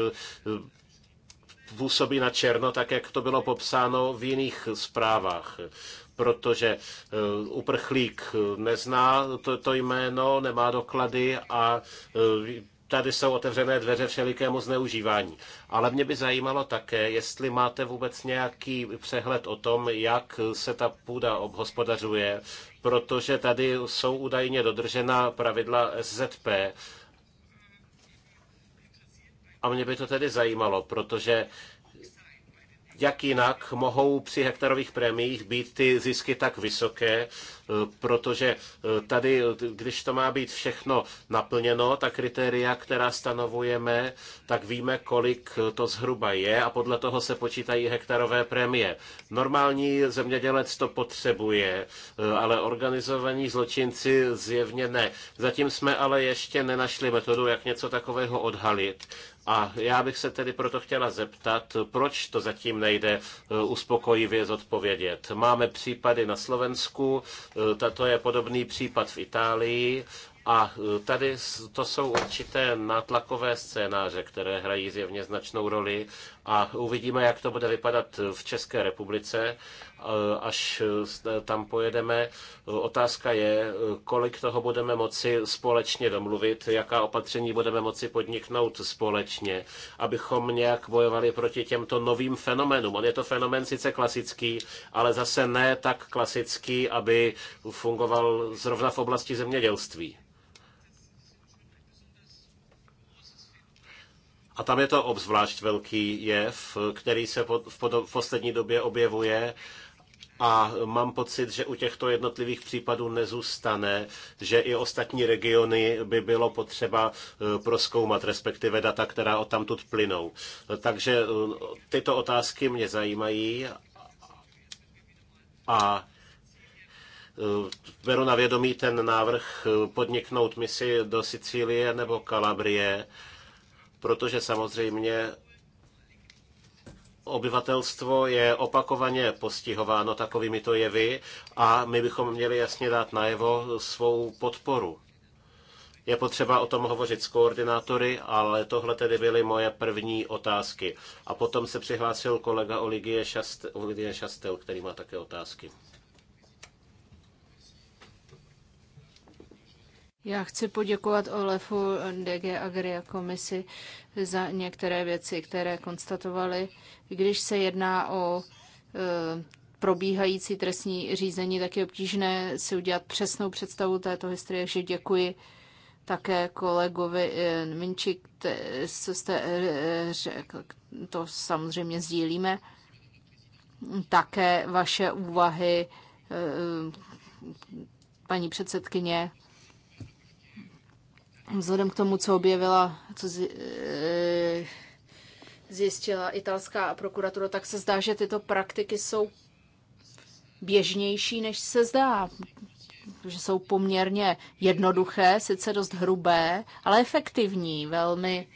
působí na černo, tak jak to bylo popsáno v jiných zprávách protože eh, uprchlík nezná to, to jméno, nemá doklady a eh, tady jsou otevřené dveře všelikému zneužívání. Ale mě by zajímalo také, jestli máte vůbec nějaký přehled o tom, jak se ta půda obhospodařuje, protože tady jsou údajně dodržena pravidla SZP. A mě by to tedy zajímalo, protože jak jinak mohou při hektarových prémiích být ty zisky tak vysoké, e, protože e, tady, když to má být všechno naplněno, ta kritéria, která stanovujeme, tak víme, kolik to zhruba je a podle toho se počítají hektarové prémie. Normální zemědělec to potřebuje, e, ale organizovaní zločinci zjevně ne. Zatím jsme ale ještě nenašli metodu, jak něco takového odhalit a já bych se tedy proto chtěla zeptat, proč to zatím nejde eh, uspokojivě zodpovědět. Máme případy na Slovensku, eh, tato je podobný případ v Itálii a eh, tady to jsou určité nátlakové scénáře, které hrají zjevně značnou roli a uvidíme, jak to bude vypadat v České republice, eh, až eh, tam pojedeme. Otázka je, eh, kolik toho budeme moci společně domluvit, jaká opatření budeme moci podniknout společně, abychom nějak bojovali proti těmto novým fenoménům. On je to fenomén sice klasický, ale zase ne tak klasický, aby fungoval zrovna v oblasti zemědělství. a tam je to obzvlášť velký jev, který se v poslední době objevuje a mám pocit, že u těchto jednotlivých případů nezůstane, že i ostatní regiony by bylo potřeba eh, proskoumat, respektive data, která od tamtud plynou. Takže eh, tyto otázky mě zajímají a eh, beru na vědomí ten návrh podniknout misi do Sicílie nebo Kalabrie protože samozřejmě obyvatelstvo je opakovaně postihováno takovými to jevy a my bychom měli jasně dát najevo svou podporu. Je potřeba o tom hovořit s koordinátory, ale tohle tedy byly moje první otázky. A potom se přihlásil kolega Oligie Šastel, Oligie Šastel který má také otázky. Já chci poděkovat Olefu DG Agri a komisi za některé věci, které konstatovali. Když se jedná o e, probíhající trestní řízení, tak je obtížné si udělat přesnou představu této historie, takže děkuji také kolegovi e, Minči, co jste e, řekl, to samozřejmě sdílíme. Také vaše úvahy, paní předsedkyně, Vzhledem k tomu, co objevila, co eh, zjistila italská prokuratura, tak se zdá, že tyto praktiky jsou běžnější, než se zdá. Že jsou poměrně jednoduché, sice dost hrubé, ale efektivní, velmi,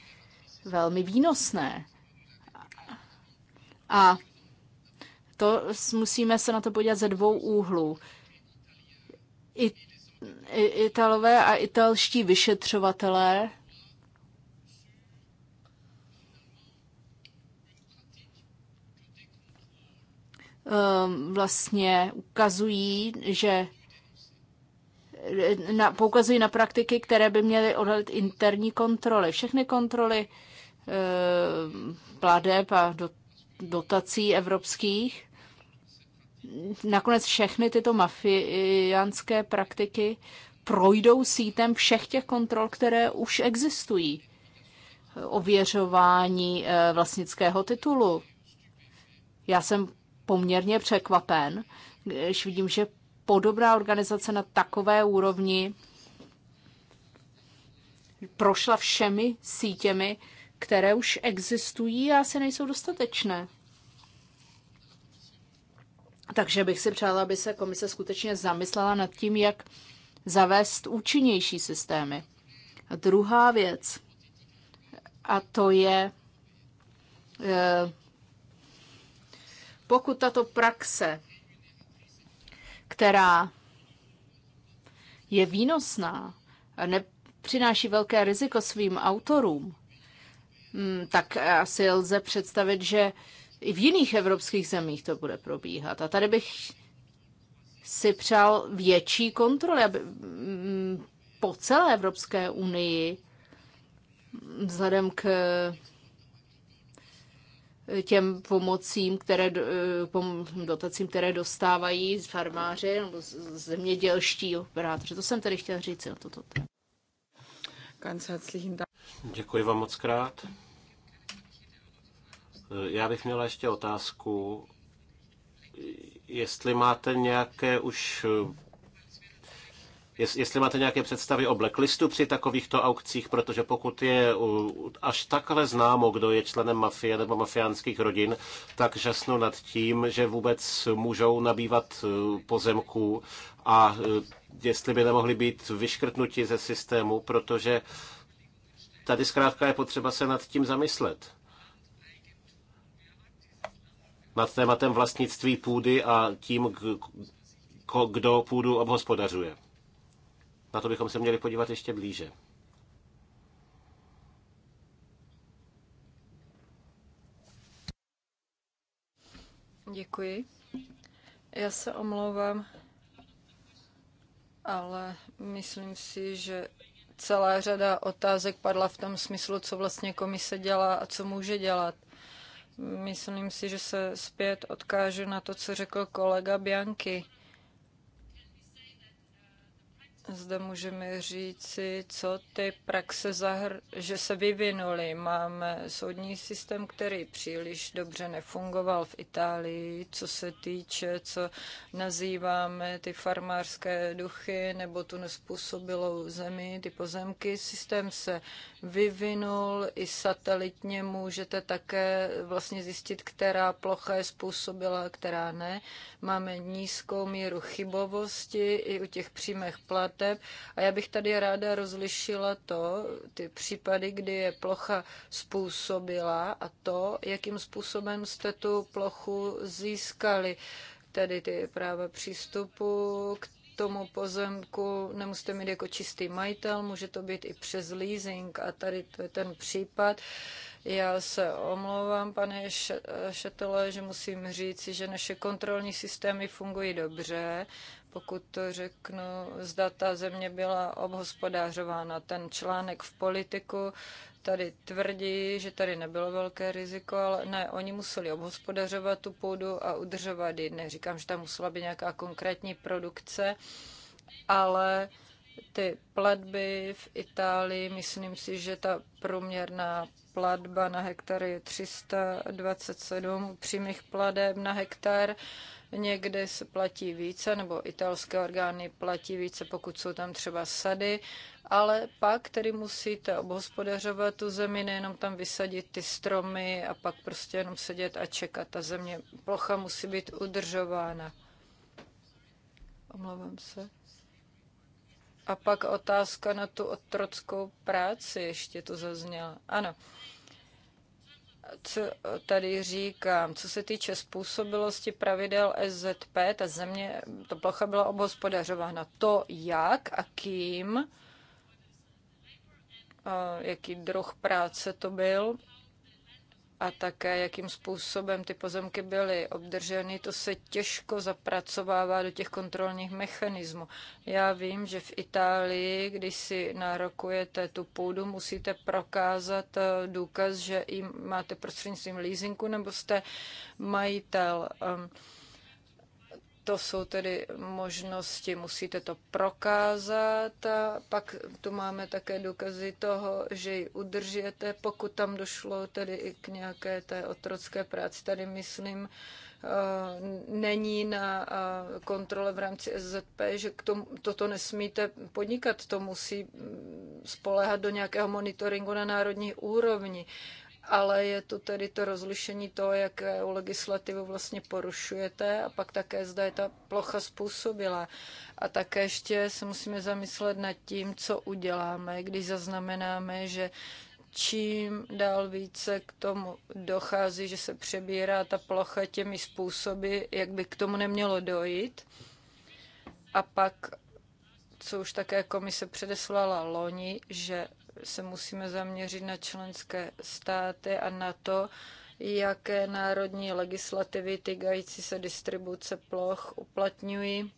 velmi výnosné. A to musíme se na to podívat ze dvou úhlů. I Italové a italští vyšetřovatelé um, vlastně ukazují, že na, poukazují na praktiky, které by měly odhalit interní kontroly. Všechny kontroly e, pladeb a do, dotací evropských nakonec všechny tyto mafiánské praktiky projdou sítem všech těch kontrol, které už existují. Ověřování eh, vlastnického titulu. Já jsem poměrně překvapen, když vidím, že podobná organizace na takové úrovni prošla všemi sítěmi, které už existují a asi nejsou dostatečné. Takže bych si přála, aby se komise skutečně zamyslela nad tím, jak zavést účinnější systémy. A druhá věc, a to je, e, pokud tato praxe, která je výnosná a nepřináší velké riziko svým autorům, mm, tak asi lze představit, že i v jiných evropských zemích to bude probíhat. A tady bych si přál větší kontroly aby, mm, po celé Evropské unii vzhledem k eh, těm pomocím, které, eh, dotacím, které dostávají z farmáři nebo zemědělští operátoři. To jsem tedy chtěl říct To toto Děkuji vám moc krát. Eh, já bych měl ještě otázku, jestli máte nějaké už eh, jestli máte nějaké představy o blacklistu při takovýchto aukcích, protože pokud je až takhle známo, kdo je členem mafie nebo mafiánských rodin, tak žasnu nad tím, že vůbec můžou nabývat eh, pozemků a jestli by nemohli být vyškrtnuti ze systému, protože tady zkrátka je potřeba se nad tím zamyslet nad tématem vlastnictví půdy a tím, kdo půdu obhospodařuje. Na to bychom se měli podívat ještě blíže. Děkuji. Já se omlouvám, ale myslím si, že celá řada otázek padla v tom smyslu, co vlastně komise dělá a co může dělat. Myslím si, že se zpět odkážu na to, co řekl kolega Bianchi. Zde můžeme říci, co ty praxe, zahr- že se vyvinuly. Máme soudní systém, který příliš dobře nefungoval v Itálii, co se týče, co nazýváme ty farmářské duchy nebo tu nespůsobilou zemi, ty pozemky. Systém se vyvinul, i satelitně můžete také vlastně zjistit, která plocha je způsobila, která ne. Máme nízkou míru chybovosti i u těch přímých plat plateb. A já bych tady ráda rozlišila to, ty případy, kdy je plocha způsobila a to, jakým způsobem jste tu plochu získali. Tedy ty práva přístupu k tomu pozemku nemusíte mít jako čistý majitel, může to být i přes leasing a tady to je ten případ. Já se omlouvám, pane Šetele, že musím říct, že naše kontrolní systémy fungují dobře pokud to řeknu, zda ta země byla obhospodářována. Ten článek v politiku tady tvrdí, že tady nebylo velké riziko, ale ne, oni museli obhospodařovat tu půdu a udržovat ji. Neříkám, že tam musela být nějaká konkrétní produkce, ale ty platby v Itálii, myslím si, že ta průměrná platba na hektar je 327 přímých pladeb na hektar. Někdy se platí více, nebo italské orgány platí více, pokud jsou tam třeba sady, ale pak tedy musíte obhospodařovat tu zemi, nejenom tam vysadit ty stromy a pak prostě jenom sedět a čekat. Ta země, plocha musí být udržována. Omlouvám se. A pak otázka na tu otrockou práci, ještě to zazněla. Ano. Co tady říkám, co se týče způsobilosti pravidel SZP, ta země, ta plocha byla obhospodařována. To jak a kým, a jaký druh práce to byl, a také jakým způsobem ty pozemky byly obdrženy, to se těžko zapracovává do těch kontrolních mechanismů. Já vím, že v Itálii, když si nárokujete tu půdu, musíte prokázat eh, důkaz, že jim máte prostřednictvím leasingu nebo jste majitel. Um, to jsou tedy možnosti, musíte to prokázat a pak tu máme také důkazy toho, že ji udržíte, pokud tam došlo tedy i k nějaké té otrocké práci. Tady myslím, eh, není na eh, kontrole v rámci SZP, že k tomu, toto nesmíte podnikat, to musí mm, spolehat do nějakého monitoringu na národní úrovni ale je tu tedy to rozlišení toho, jakou legislativu vlastně porušujete a pak také zda je ta plocha způsobila. A také ještě se musíme zamyslet nad tím, co uděláme, když zaznamenáme, že čím dál více k tomu dochází, že se přebírá ta plocha těmi způsoby, jak by k tomu nemělo dojít. A pak, co už také komise předeslala loni, že se musíme zaměřit na členské státy a na to, jaké národní legislativy týkající se distribuce ploch uplatňují,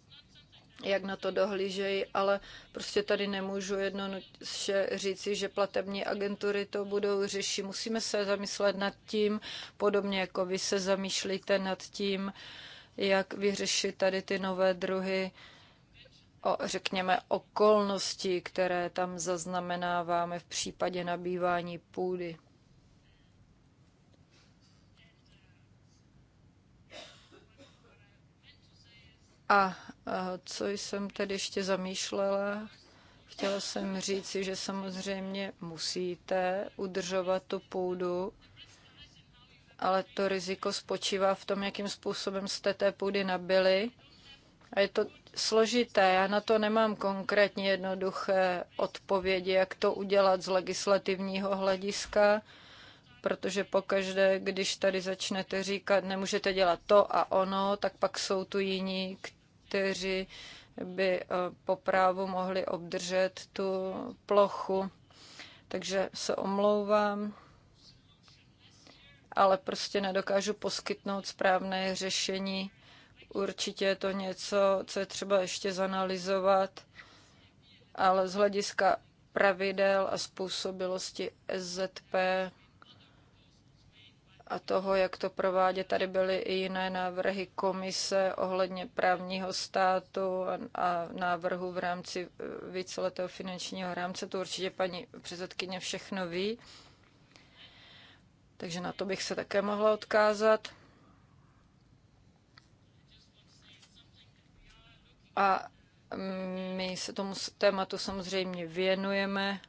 jak na to dohlížejí, ale prostě tady nemůžu jednoduše říci, že platební agentury to budou řešit. Musíme se zamyslet nad tím, podobně jako vy se zamýšlíte nad tím, jak vyřešit tady ty nové druhy o, řekněme, okolnosti, které tam zaznamenáváme v případě nabývání půdy. A e, co jsem tedy ještě zamýšlela, chtěla jsem říci, že samozřejmě musíte udržovat tu půdu, ale to riziko spočívá v tom, jakým způsobem jste té půdy nabili. A je to složité. Já na to nemám konkrétně jednoduché odpovědi, jak to udělat z legislativního hlediska, protože pokaždé, když tady začnete říkat, nemůžete dělat to a ono, tak pak jsou tu jiní, kteří by eh, po právu mohli obdržet tu plochu. Takže se omlouvám, ale prostě nedokážu poskytnout správné řešení Určitě je to něco, co je třeba ještě zanalizovat, ale z hlediska pravidel a způsobilosti SZP a toho, jak to provádět. Tady byly i jiné návrhy komise ohledně právního státu a návrhu v rámci eh, víceletého finančního rámce. To určitě paní předsedkyně všechno ví. Takže na to bych se také mohla odkázat. A mm, my se tomu tématu samozřejmě věnujeme.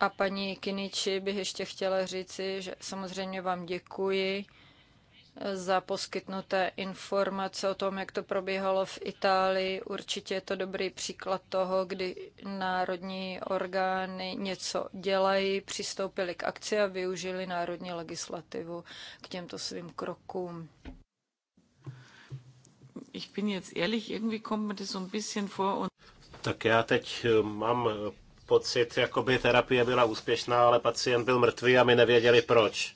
A paní Kiniči bych ještě chtěla říci, že samozřejmě vám děkuji eh, za poskytnuté informace o tom, jak to probíhalo v Itálii. Určitě je to dobrý příklad toho, kdy národní orgány něco dělají, přistoupili k akci a využili národní legislativu k těmto svým krokům ich bin jetzt ehrlich, irgendwie kommt mir das so ein bisschen vor. Und tak já teď eh, mám eh, pocit, jako by terapie byla úspěšná, ale pacient byl mrtvý a my nevěděli proč.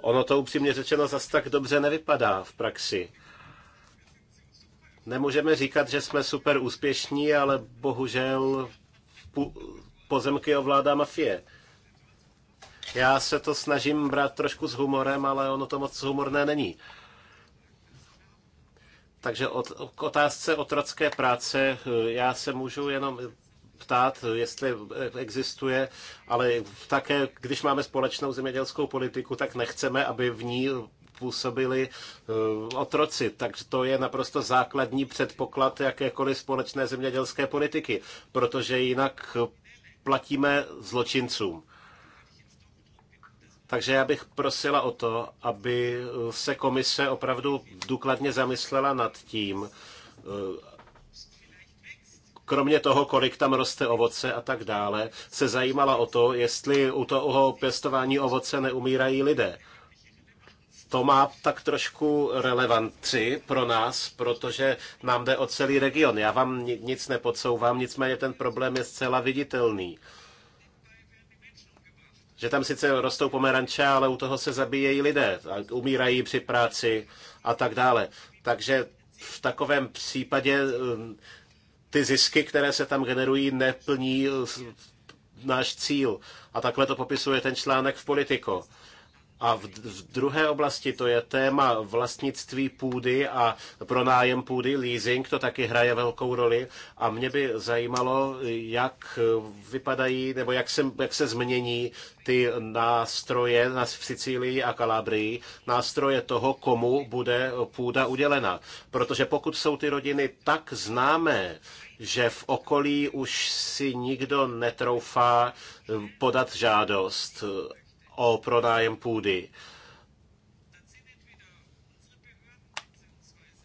Ono to upřímně řečeno zas tak dobře nevypadá v praxi. Nemůžeme říkat, že jsme super úspěšní, ale bohužel pozemky ovládá mafie. Já se to snažím brát trošku s humorem, ale ono to moc humorné není. Takže od, k otázce otrocké práce eh, já se můžu jenom ptát, jestli existuje, ale také, když máme společnou zemědělskou politiku, tak nechceme, aby v ní působili eh, otroci. Takže to je naprosto základní předpoklad jakékoliv společné zemědělské politiky, protože jinak platíme zločincům. Takže já bych prosila o to, aby eh, se komise opravdu důkladně zamyslela nad tím, eh, kromě toho, kolik tam roste ovoce a tak dále, se zajímala o to, jestli u toho pěstování ovoce neumírají lidé. To má tak trošku relevanci pro nás, protože nám jde o celý region. Já vám nic nepodsouvám, nicméně ten problém je zcela viditelný že tam sice rostou pomeranče, ale u toho se zabíjejí lidé, umírají při práci a tak dále. Takže v takovém případě um, ty zisky, které se tam generují, neplní náš cíl. A takhle to popisuje ten článek v Politico. A v, v druhé oblasti to je téma vlastnictví půdy a pronájem půdy, leasing, to taky hraje velkou roli. A mě by zajímalo, jak vypadají, nebo jak se, jak se změní ty nástroje v Sicílii a Kalábrii, nástroje toho, komu bude půda udělena. Protože pokud jsou ty rodiny tak známé, že v okolí už si nikdo netroufá podat žádost o pronájem půdy,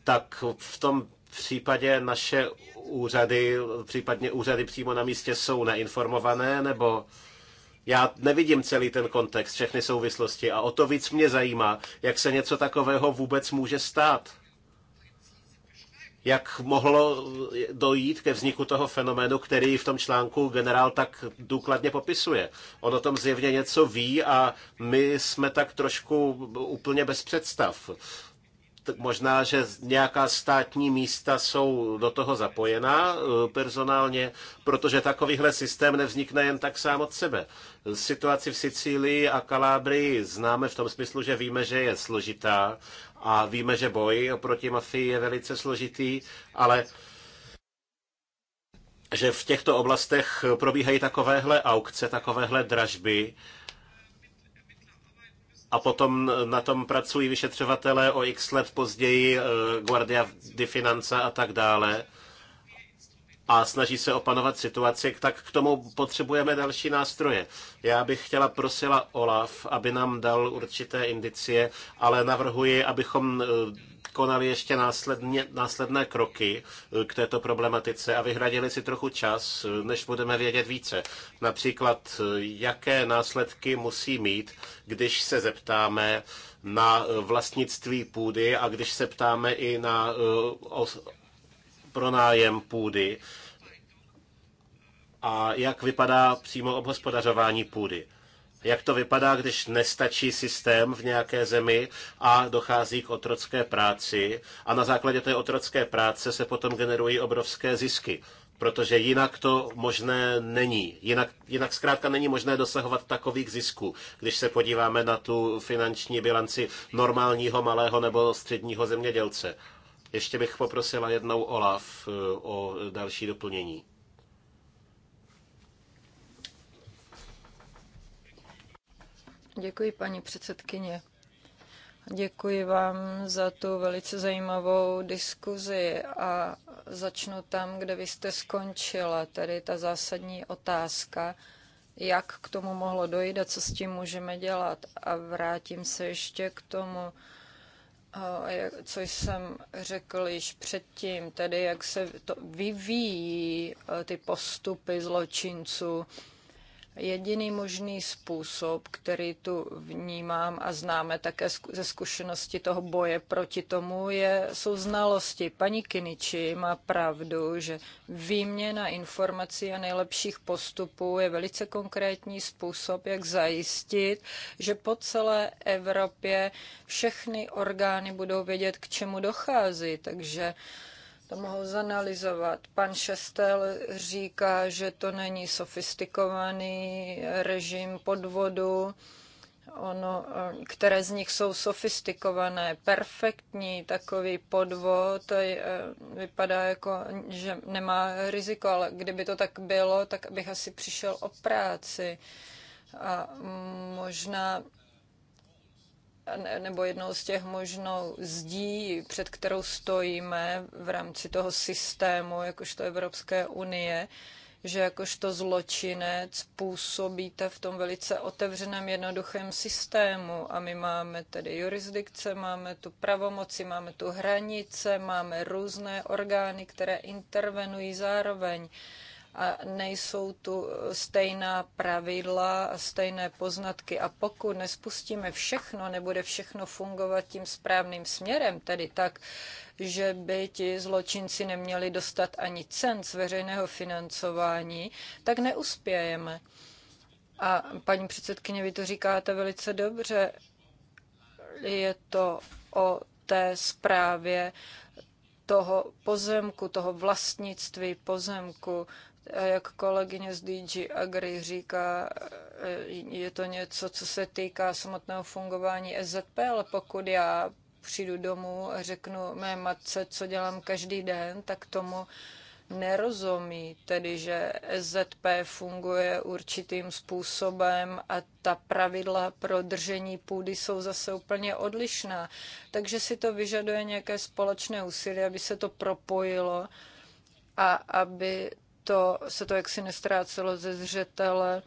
tak v tom případě naše úřady, případně úřady přímo na místě jsou neinformované, nebo já nevidím celý ten kontext, všechny souvislosti a o to víc mě zajímá, jak se něco takového vůbec může stát jak mohlo dojít ke vzniku toho fenoménu, který v tom článku generál tak důkladně popisuje. On o tom zjevně něco ví a my jsme tak trošku úplně bez představ. Možná, že nějaká státní místa jsou do toho zapojená eh, personálně, protože takovýhle systém nevznikne jen tak sám od sebe. Situaci v Sicílii a Kalábrii známe v tom smyslu, že víme, že je složitá a víme, že boj proti mafii je velice složitý, ale že v těchto oblastech probíhají takovéhle aukce, takovéhle dražby, a potom na tom pracují vyšetřovatelé o x let později, eh, Guardia di Finanza a tak dále a snaží se opanovat situaci, tak k tomu potřebujeme další nástroje. Já bych chtěla prosila Olaf, aby nám dal určité indicie, ale navrhuji, abychom e, konali ještě následně, následné kroky e, k této problematice a vyhradili si trochu čas, e, než budeme vědět více. Například, jaké následky musí mít, když se zeptáme na vlastnictví půdy a když se ptáme i na pronájem půdy a jak vypadá přímo obhospodařování půdy. Jak to vypadá, když nestačí systém v nějaké zemi a dochází k otrocké práci a na základě té otrocké práce se potom generují obrovské zisky, protože jinak to možné není. Jinak, jinak zkrátka není možné dosahovat takových zisků, když se podíváme na tu finanční bilanci normálního malého nebo středního zemědělce. Ještě bych poprosila jednou Olaf eh, o další doplnění. Děkuji, paní předsedkyně. Děkuji vám za tu velice zajímavou diskuzi a začnu tam, kde vy jste skončila, tedy ta zásadní otázka, jak k tomu mohlo dojít a co s tím můžeme dělat. A vrátím se ještě k tomu, co jsem řekl již předtím, tedy jak se to vyvíjí eh, ty postupy zločinců, Jediný možný způsob, který tu vnímám a známe také ze zkušenosti toho boje proti tomu, je, jsou znalosti. Paní Kiniči má pravdu, že výměna informací a nejlepších postupů je velice konkrétní způsob, jak zajistit, že po celé Evropě všechny orgány budou vědět, k čemu dochází. Takže to mohou zanalizovat. Pan Šestel říká, že to není sofistikovaný režim podvodu, ono, které z nich jsou sofistikované, perfektní takový podvod, eh, vypadá jako, že nemá riziko, ale kdyby to tak bylo, tak bych asi přišel o práci. A možná nebo jednou z těch možnou zdí, před kterou stojíme v rámci toho systému, jakožto Evropské unie, že jakožto zločinec působíte v tom velice otevřeném, jednoduchém systému. A my máme tedy jurisdikce, máme tu pravomoci, máme tu hranice, máme různé orgány, které intervenují zároveň nejsou tu stejná pravidla a stejné poznatky. A pokud nespustíme všechno, nebude všechno fungovat tím správným směrem, tedy tak, že by ti zločinci neměli dostat ani cen z veřejného financování, tak neuspějeme. A paní předsedkyně, vy to říkáte velice dobře. Je to o té zprávě toho pozemku, toho vlastnictví pozemku jak kolegyně z DG Agri říká, e, je to něco, co se týká samotného fungování SZP, ale pokud já přijdu domů a řeknu mé matce, co dělám každý den, tak tomu nerozumí, tedy že SZP funguje určitým způsobem a ta pravidla pro držení půdy jsou zase úplně odlišná. Takže si to vyžaduje nějaké společné úsilí, aby se to propojilo a aby to, se to jaksi nestrácelo ze zřetele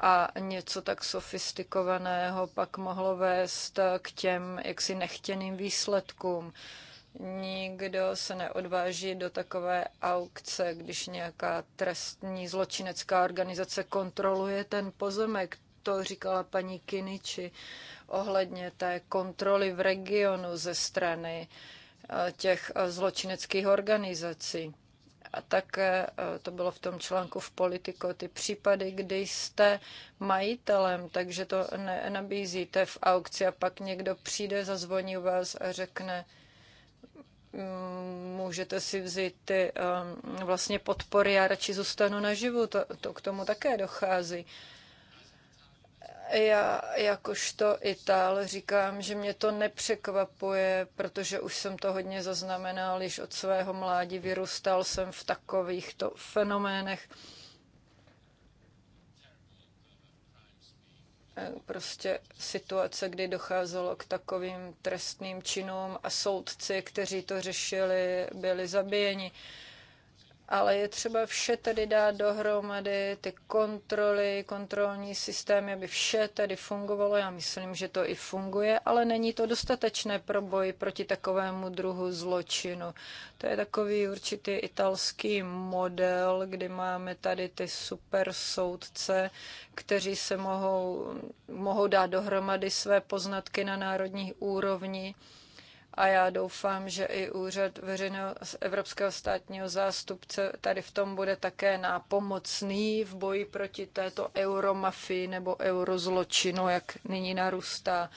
a něco tak sofistikovaného pak mohlo vést k těm jaksi nechtěným výsledkům. Nikdo se neodváží do takové aukce, když nějaká trestní zločinecká organizace kontroluje ten pozemek. To říkala paní Kiniči ohledně té kontroly v regionu ze strany eh, těch eh, zločineckých organizací a také eh, to bylo v tom článku v Politico, ty případy, kdy jste majitelem, takže to nabízíte v aukci a pak někdo přijde, zazvoní u vás a řekne, můžete si vzít ty um, vlastně podpory, já radši zůstanu naživu, to, to k tomu také dochází. Já jakožto Itál říkám, že mě to nepřekvapuje, protože už jsem to hodně zaznamenal, již od svého mládí vyrůstal jsem v takovýchto fenoménech. prostě situace, kdy docházelo k takovým trestným činům a soudci, kteří to řešili, byli zabijeni ale je třeba vše tady dát dohromady, ty kontroly, kontrolní systémy, aby vše tady fungovalo. Já myslím, že to i funguje, ale není to dostatečné pro boj proti takovému druhu zločinu. To je takový určitý italský model, kdy máme tady ty super soudce, kteří se mohou, mohou dát dohromady své poznatky na národní úrovni a já doufám, že i úřad veřejného evropského státního zástupce tady v tom bude také nápomocný v boji proti této euromafii nebo eurozločinu, jak nyní narůstá.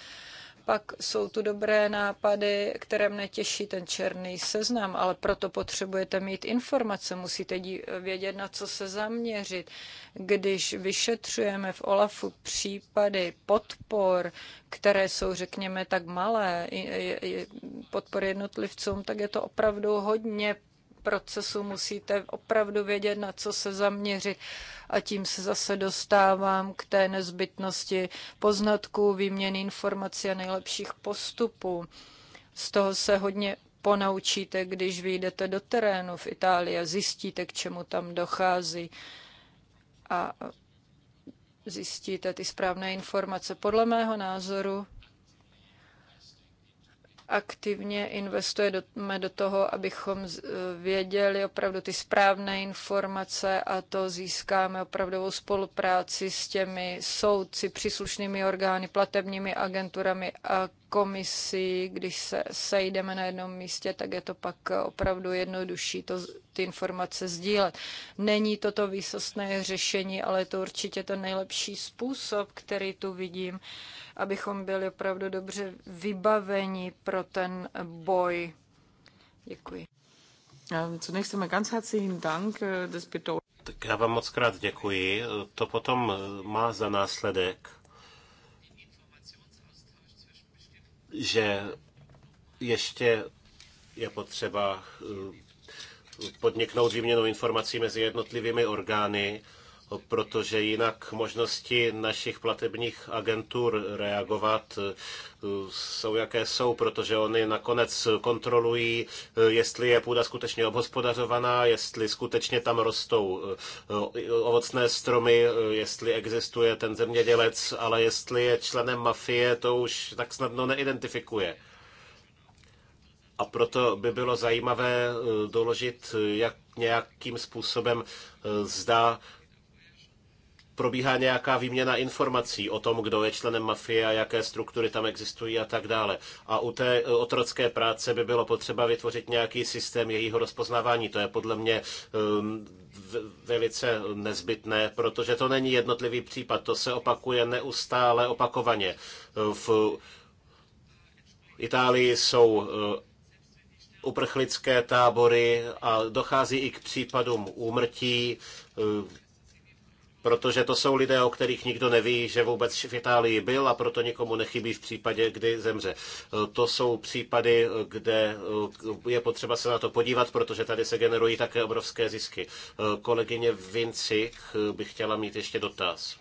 Pak jsou tu dobré nápady, které mne těší ten černý seznam, ale proto potřebujete mít informace, musíte vědět, na co se zaměřit. Když vyšetřujeme v OLAFu případy podpor, které jsou, řekněme, tak malé, podpor jednotlivcům, tak je to opravdu hodně procesu musíte opravdu vědět, na co se zaměřit. A tím se zase dostávám k té nezbytnosti poznatků, výměny informací a nejlepších postupů. Z toho se hodně ponaučíte, když vyjdete do terénu v Itálii a zjistíte, k čemu tam dochází. A zjistíte ty správné informace. Podle mého názoru aktivně investujeme do toho, abychom eh, věděli opravdu ty správné informace a to získáme opravdovou spolupráci s těmi soudci, příslušnými orgány, platebními agenturami a komisí, když se sejdeme na jednom místě, tak je to pak opravdu jednodušší to, ty informace sdílet. Není to to výsostné řešení, ale je to určitě ten nejlepší způsob, který tu vidím, abychom byli opravdu dobře vybaveni pro ten boj. Děkuji. Um, zunächst einmal ganz herzlichen Dank. Äh, das bedeutet... Tak já vám moc krát děkuji. To potom äh, má za následek, že ještě je potřeba eh, podniknout výměnu informací mezi jednotlivými orgány protože jinak možnosti našich platebních agentur reagovat eh, jsou jaké jsou, protože oni nakonec kontrolují, eh, jestli je půda skutečně obhospodařovaná, jestli skutečně tam rostou eh, ovocné stromy, jestli existuje ten zemědělec, ale jestli je členem mafie, to už tak snadno neidentifikuje. A proto by bylo zajímavé doložit, jak nějakým způsobem zda probíhá nějaká výměna informací o tom, kdo je členem mafie a jaké struktury tam existují a tak dále. A u té eh, otrocké práce by bylo potřeba vytvořit nějaký systém jejího rozpoznávání. To je podle mě ehm, velice nezbytné, protože to není jednotlivý případ. To se opakuje neustále opakovaně. Eh, v Itálii jsou eh, uprchlické tábory a dochází i k případům úmrtí protože to jsou lidé, o kterých nikdo neví, že vůbec v Itálii byl a proto nikomu nechybí v případě, kdy zemře. E, to jsou případy, kde e, je potřeba se na to podívat, protože tady se generují také obrovské zisky. E, kolegyně Vinci by chtěla mít ještě dotaz.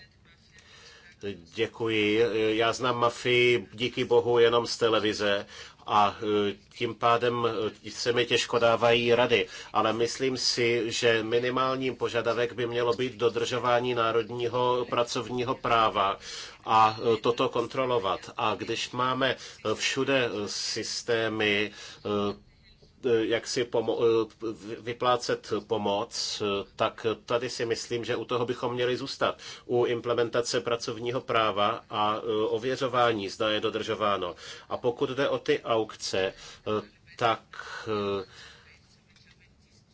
Děkuji. Já znám mafii díky bohu jenom z televize a e, tím pádem e, se mi těžko dávají rady. Ale myslím si, že minimálním požadavek by mělo být dodržování národního pracovního práva a e, toto kontrolovat. A když máme všude systémy, Eh, jak si pomo- eh, vyplácet pomoc, eh, tak tady si myslím, že u toho bychom měli zůstat. U implementace pracovního práva a ověřování, zda je dodržováno. A pokud jde o ty aukce, tak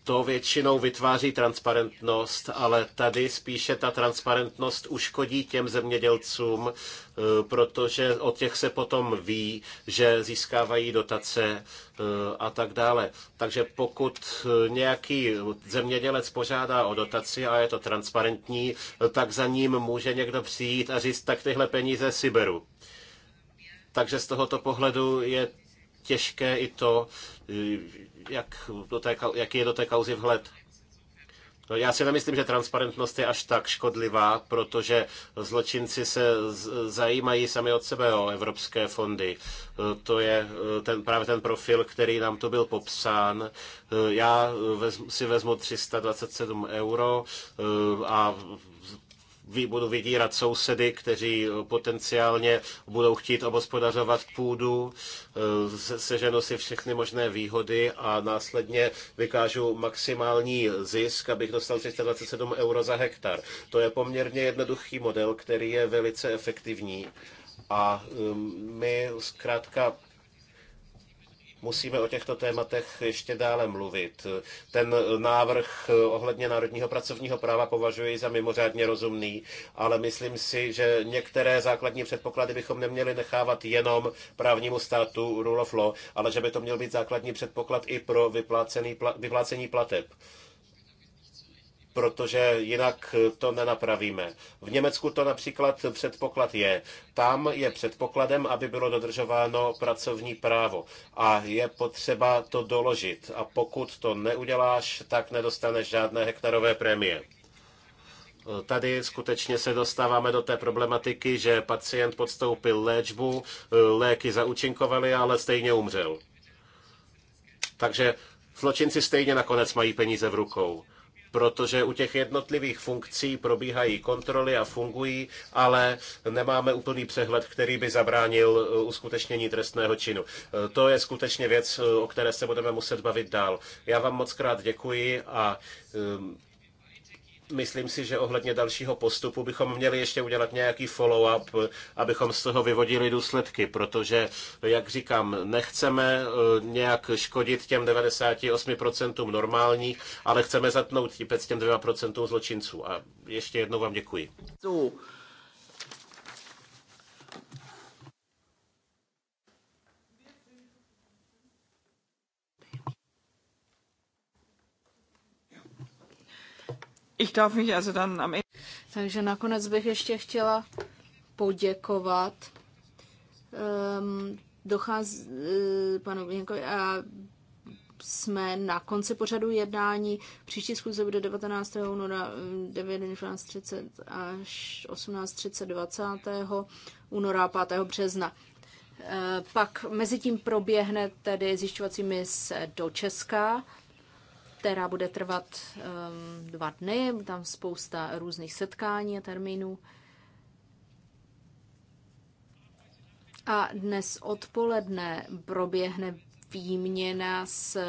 to většinou vytváří transparentnost, ale tady spíše ta transparentnost uškodí těm zemědělcům, eh, protože od těch se potom ví, že získávají dotace eh, a tak dále. Takže pokud eh, nějaký zemědělec požádá o dotaci a je to transparentní, tak za ním může někdo přijít a říct, tak tyhle peníze si beru. Takže z tohoto pohledu je těžké i to, eh, jak, do té, jaký je do té kauzy vhled. No, já si nemyslím, že transparentnost je až tak škodlivá, protože zločinci se zajímají sami od sebe o evropské fondy. Eh, to je eh, ten, právě ten profil, který nám tu byl popsán. Já vezmu, si vezmu 327 euro a budu vydírat sousedy, kteří eh, potenciálně budou chtít obospodařovat půdu, eh, seženu si všechny možné výhody a následně vykážu maximální zisk, abych dostal 327 euro za hektar. To je poměrně jednoduchý model, který je velice efektivní. A ehm, my zkrátka musíme o těchto tématech ještě dále mluvit. Ten návrh ohledně národního pracovního práva považuji za mimořádně rozumný, ale myslím si, že některé základní předpoklady bychom neměli nechávat jenom právnímu státu rule of law, ale že by to měl být základní předpoklad i pro vyplácený, vyplácení plateb protože jinak to nenapravíme. V Německu to například předpoklad je. Tam je předpokladem, aby bylo dodržováno pracovní právo a je potřeba to doložit. A pokud to neuděláš, tak nedostaneš žádné hektarové prémie. Tady skutečně se dostáváme do té problematiky, že pacient podstoupil léčbu, léky zaúčinkovaly, ale stejně umřel. Takže zločinci stejně nakonec mají peníze v rukou protože u těch jednotlivých funkcí probíhají kontroly a fungují, ale nemáme úplný přehled, který by zabránil e, uskutečnění trestného činu. E, to je skutečně věc, e, o které se budeme muset bavit dál. Já vám moc krát děkuji a myslím si, že ohledně dalšího postupu bychom měli ještě udělat nějaký follow-up, abychom z toho vyvodili důsledky, protože, jak říkám, nechceme eh, nějak škodit těm 98% normálních, ale chceme zatnout típec těm 2% zločinců. A ještě jednou vám děkuji. Ich darf mich also dann am Takže nakonec bych ještě chtěla poděkovat um, ehm, dochází uh, eh, panu Běnkovi a jsme na konci pořadu jednání. Příští schůze bude 19. února 19.30 eh, až 18.30 20. února 5. března. Eh, pak mezi tím proběhne tedy zjišťovací mise do Česka která bude trvat ehm, dva dny, tam spousta různých setkání a termínů. A dnes odpoledne proběhne výměna s eh,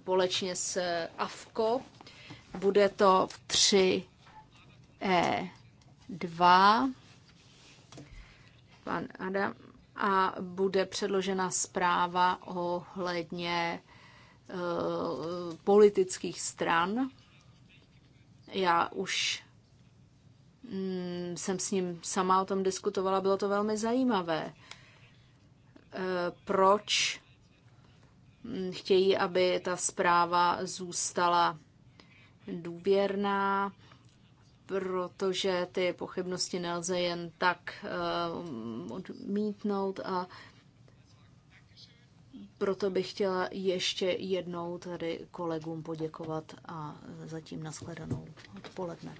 společně s eh, AFKO. Bude to v 3E2. Pan Adam. A bude předložena zpráva ohledně Eh, politických stran. Já už mm, jsem s ním sama o tom diskutovala, bylo to velmi zajímavé. Eh, proč mm, chtějí, aby ta zpráva zůstala důvěrná, protože ty pochybnosti nelze jen tak eh, odmítnout a proto bych chtěla ještě jednou tady kolegům poděkovat a zatím nashledanou odpoledne.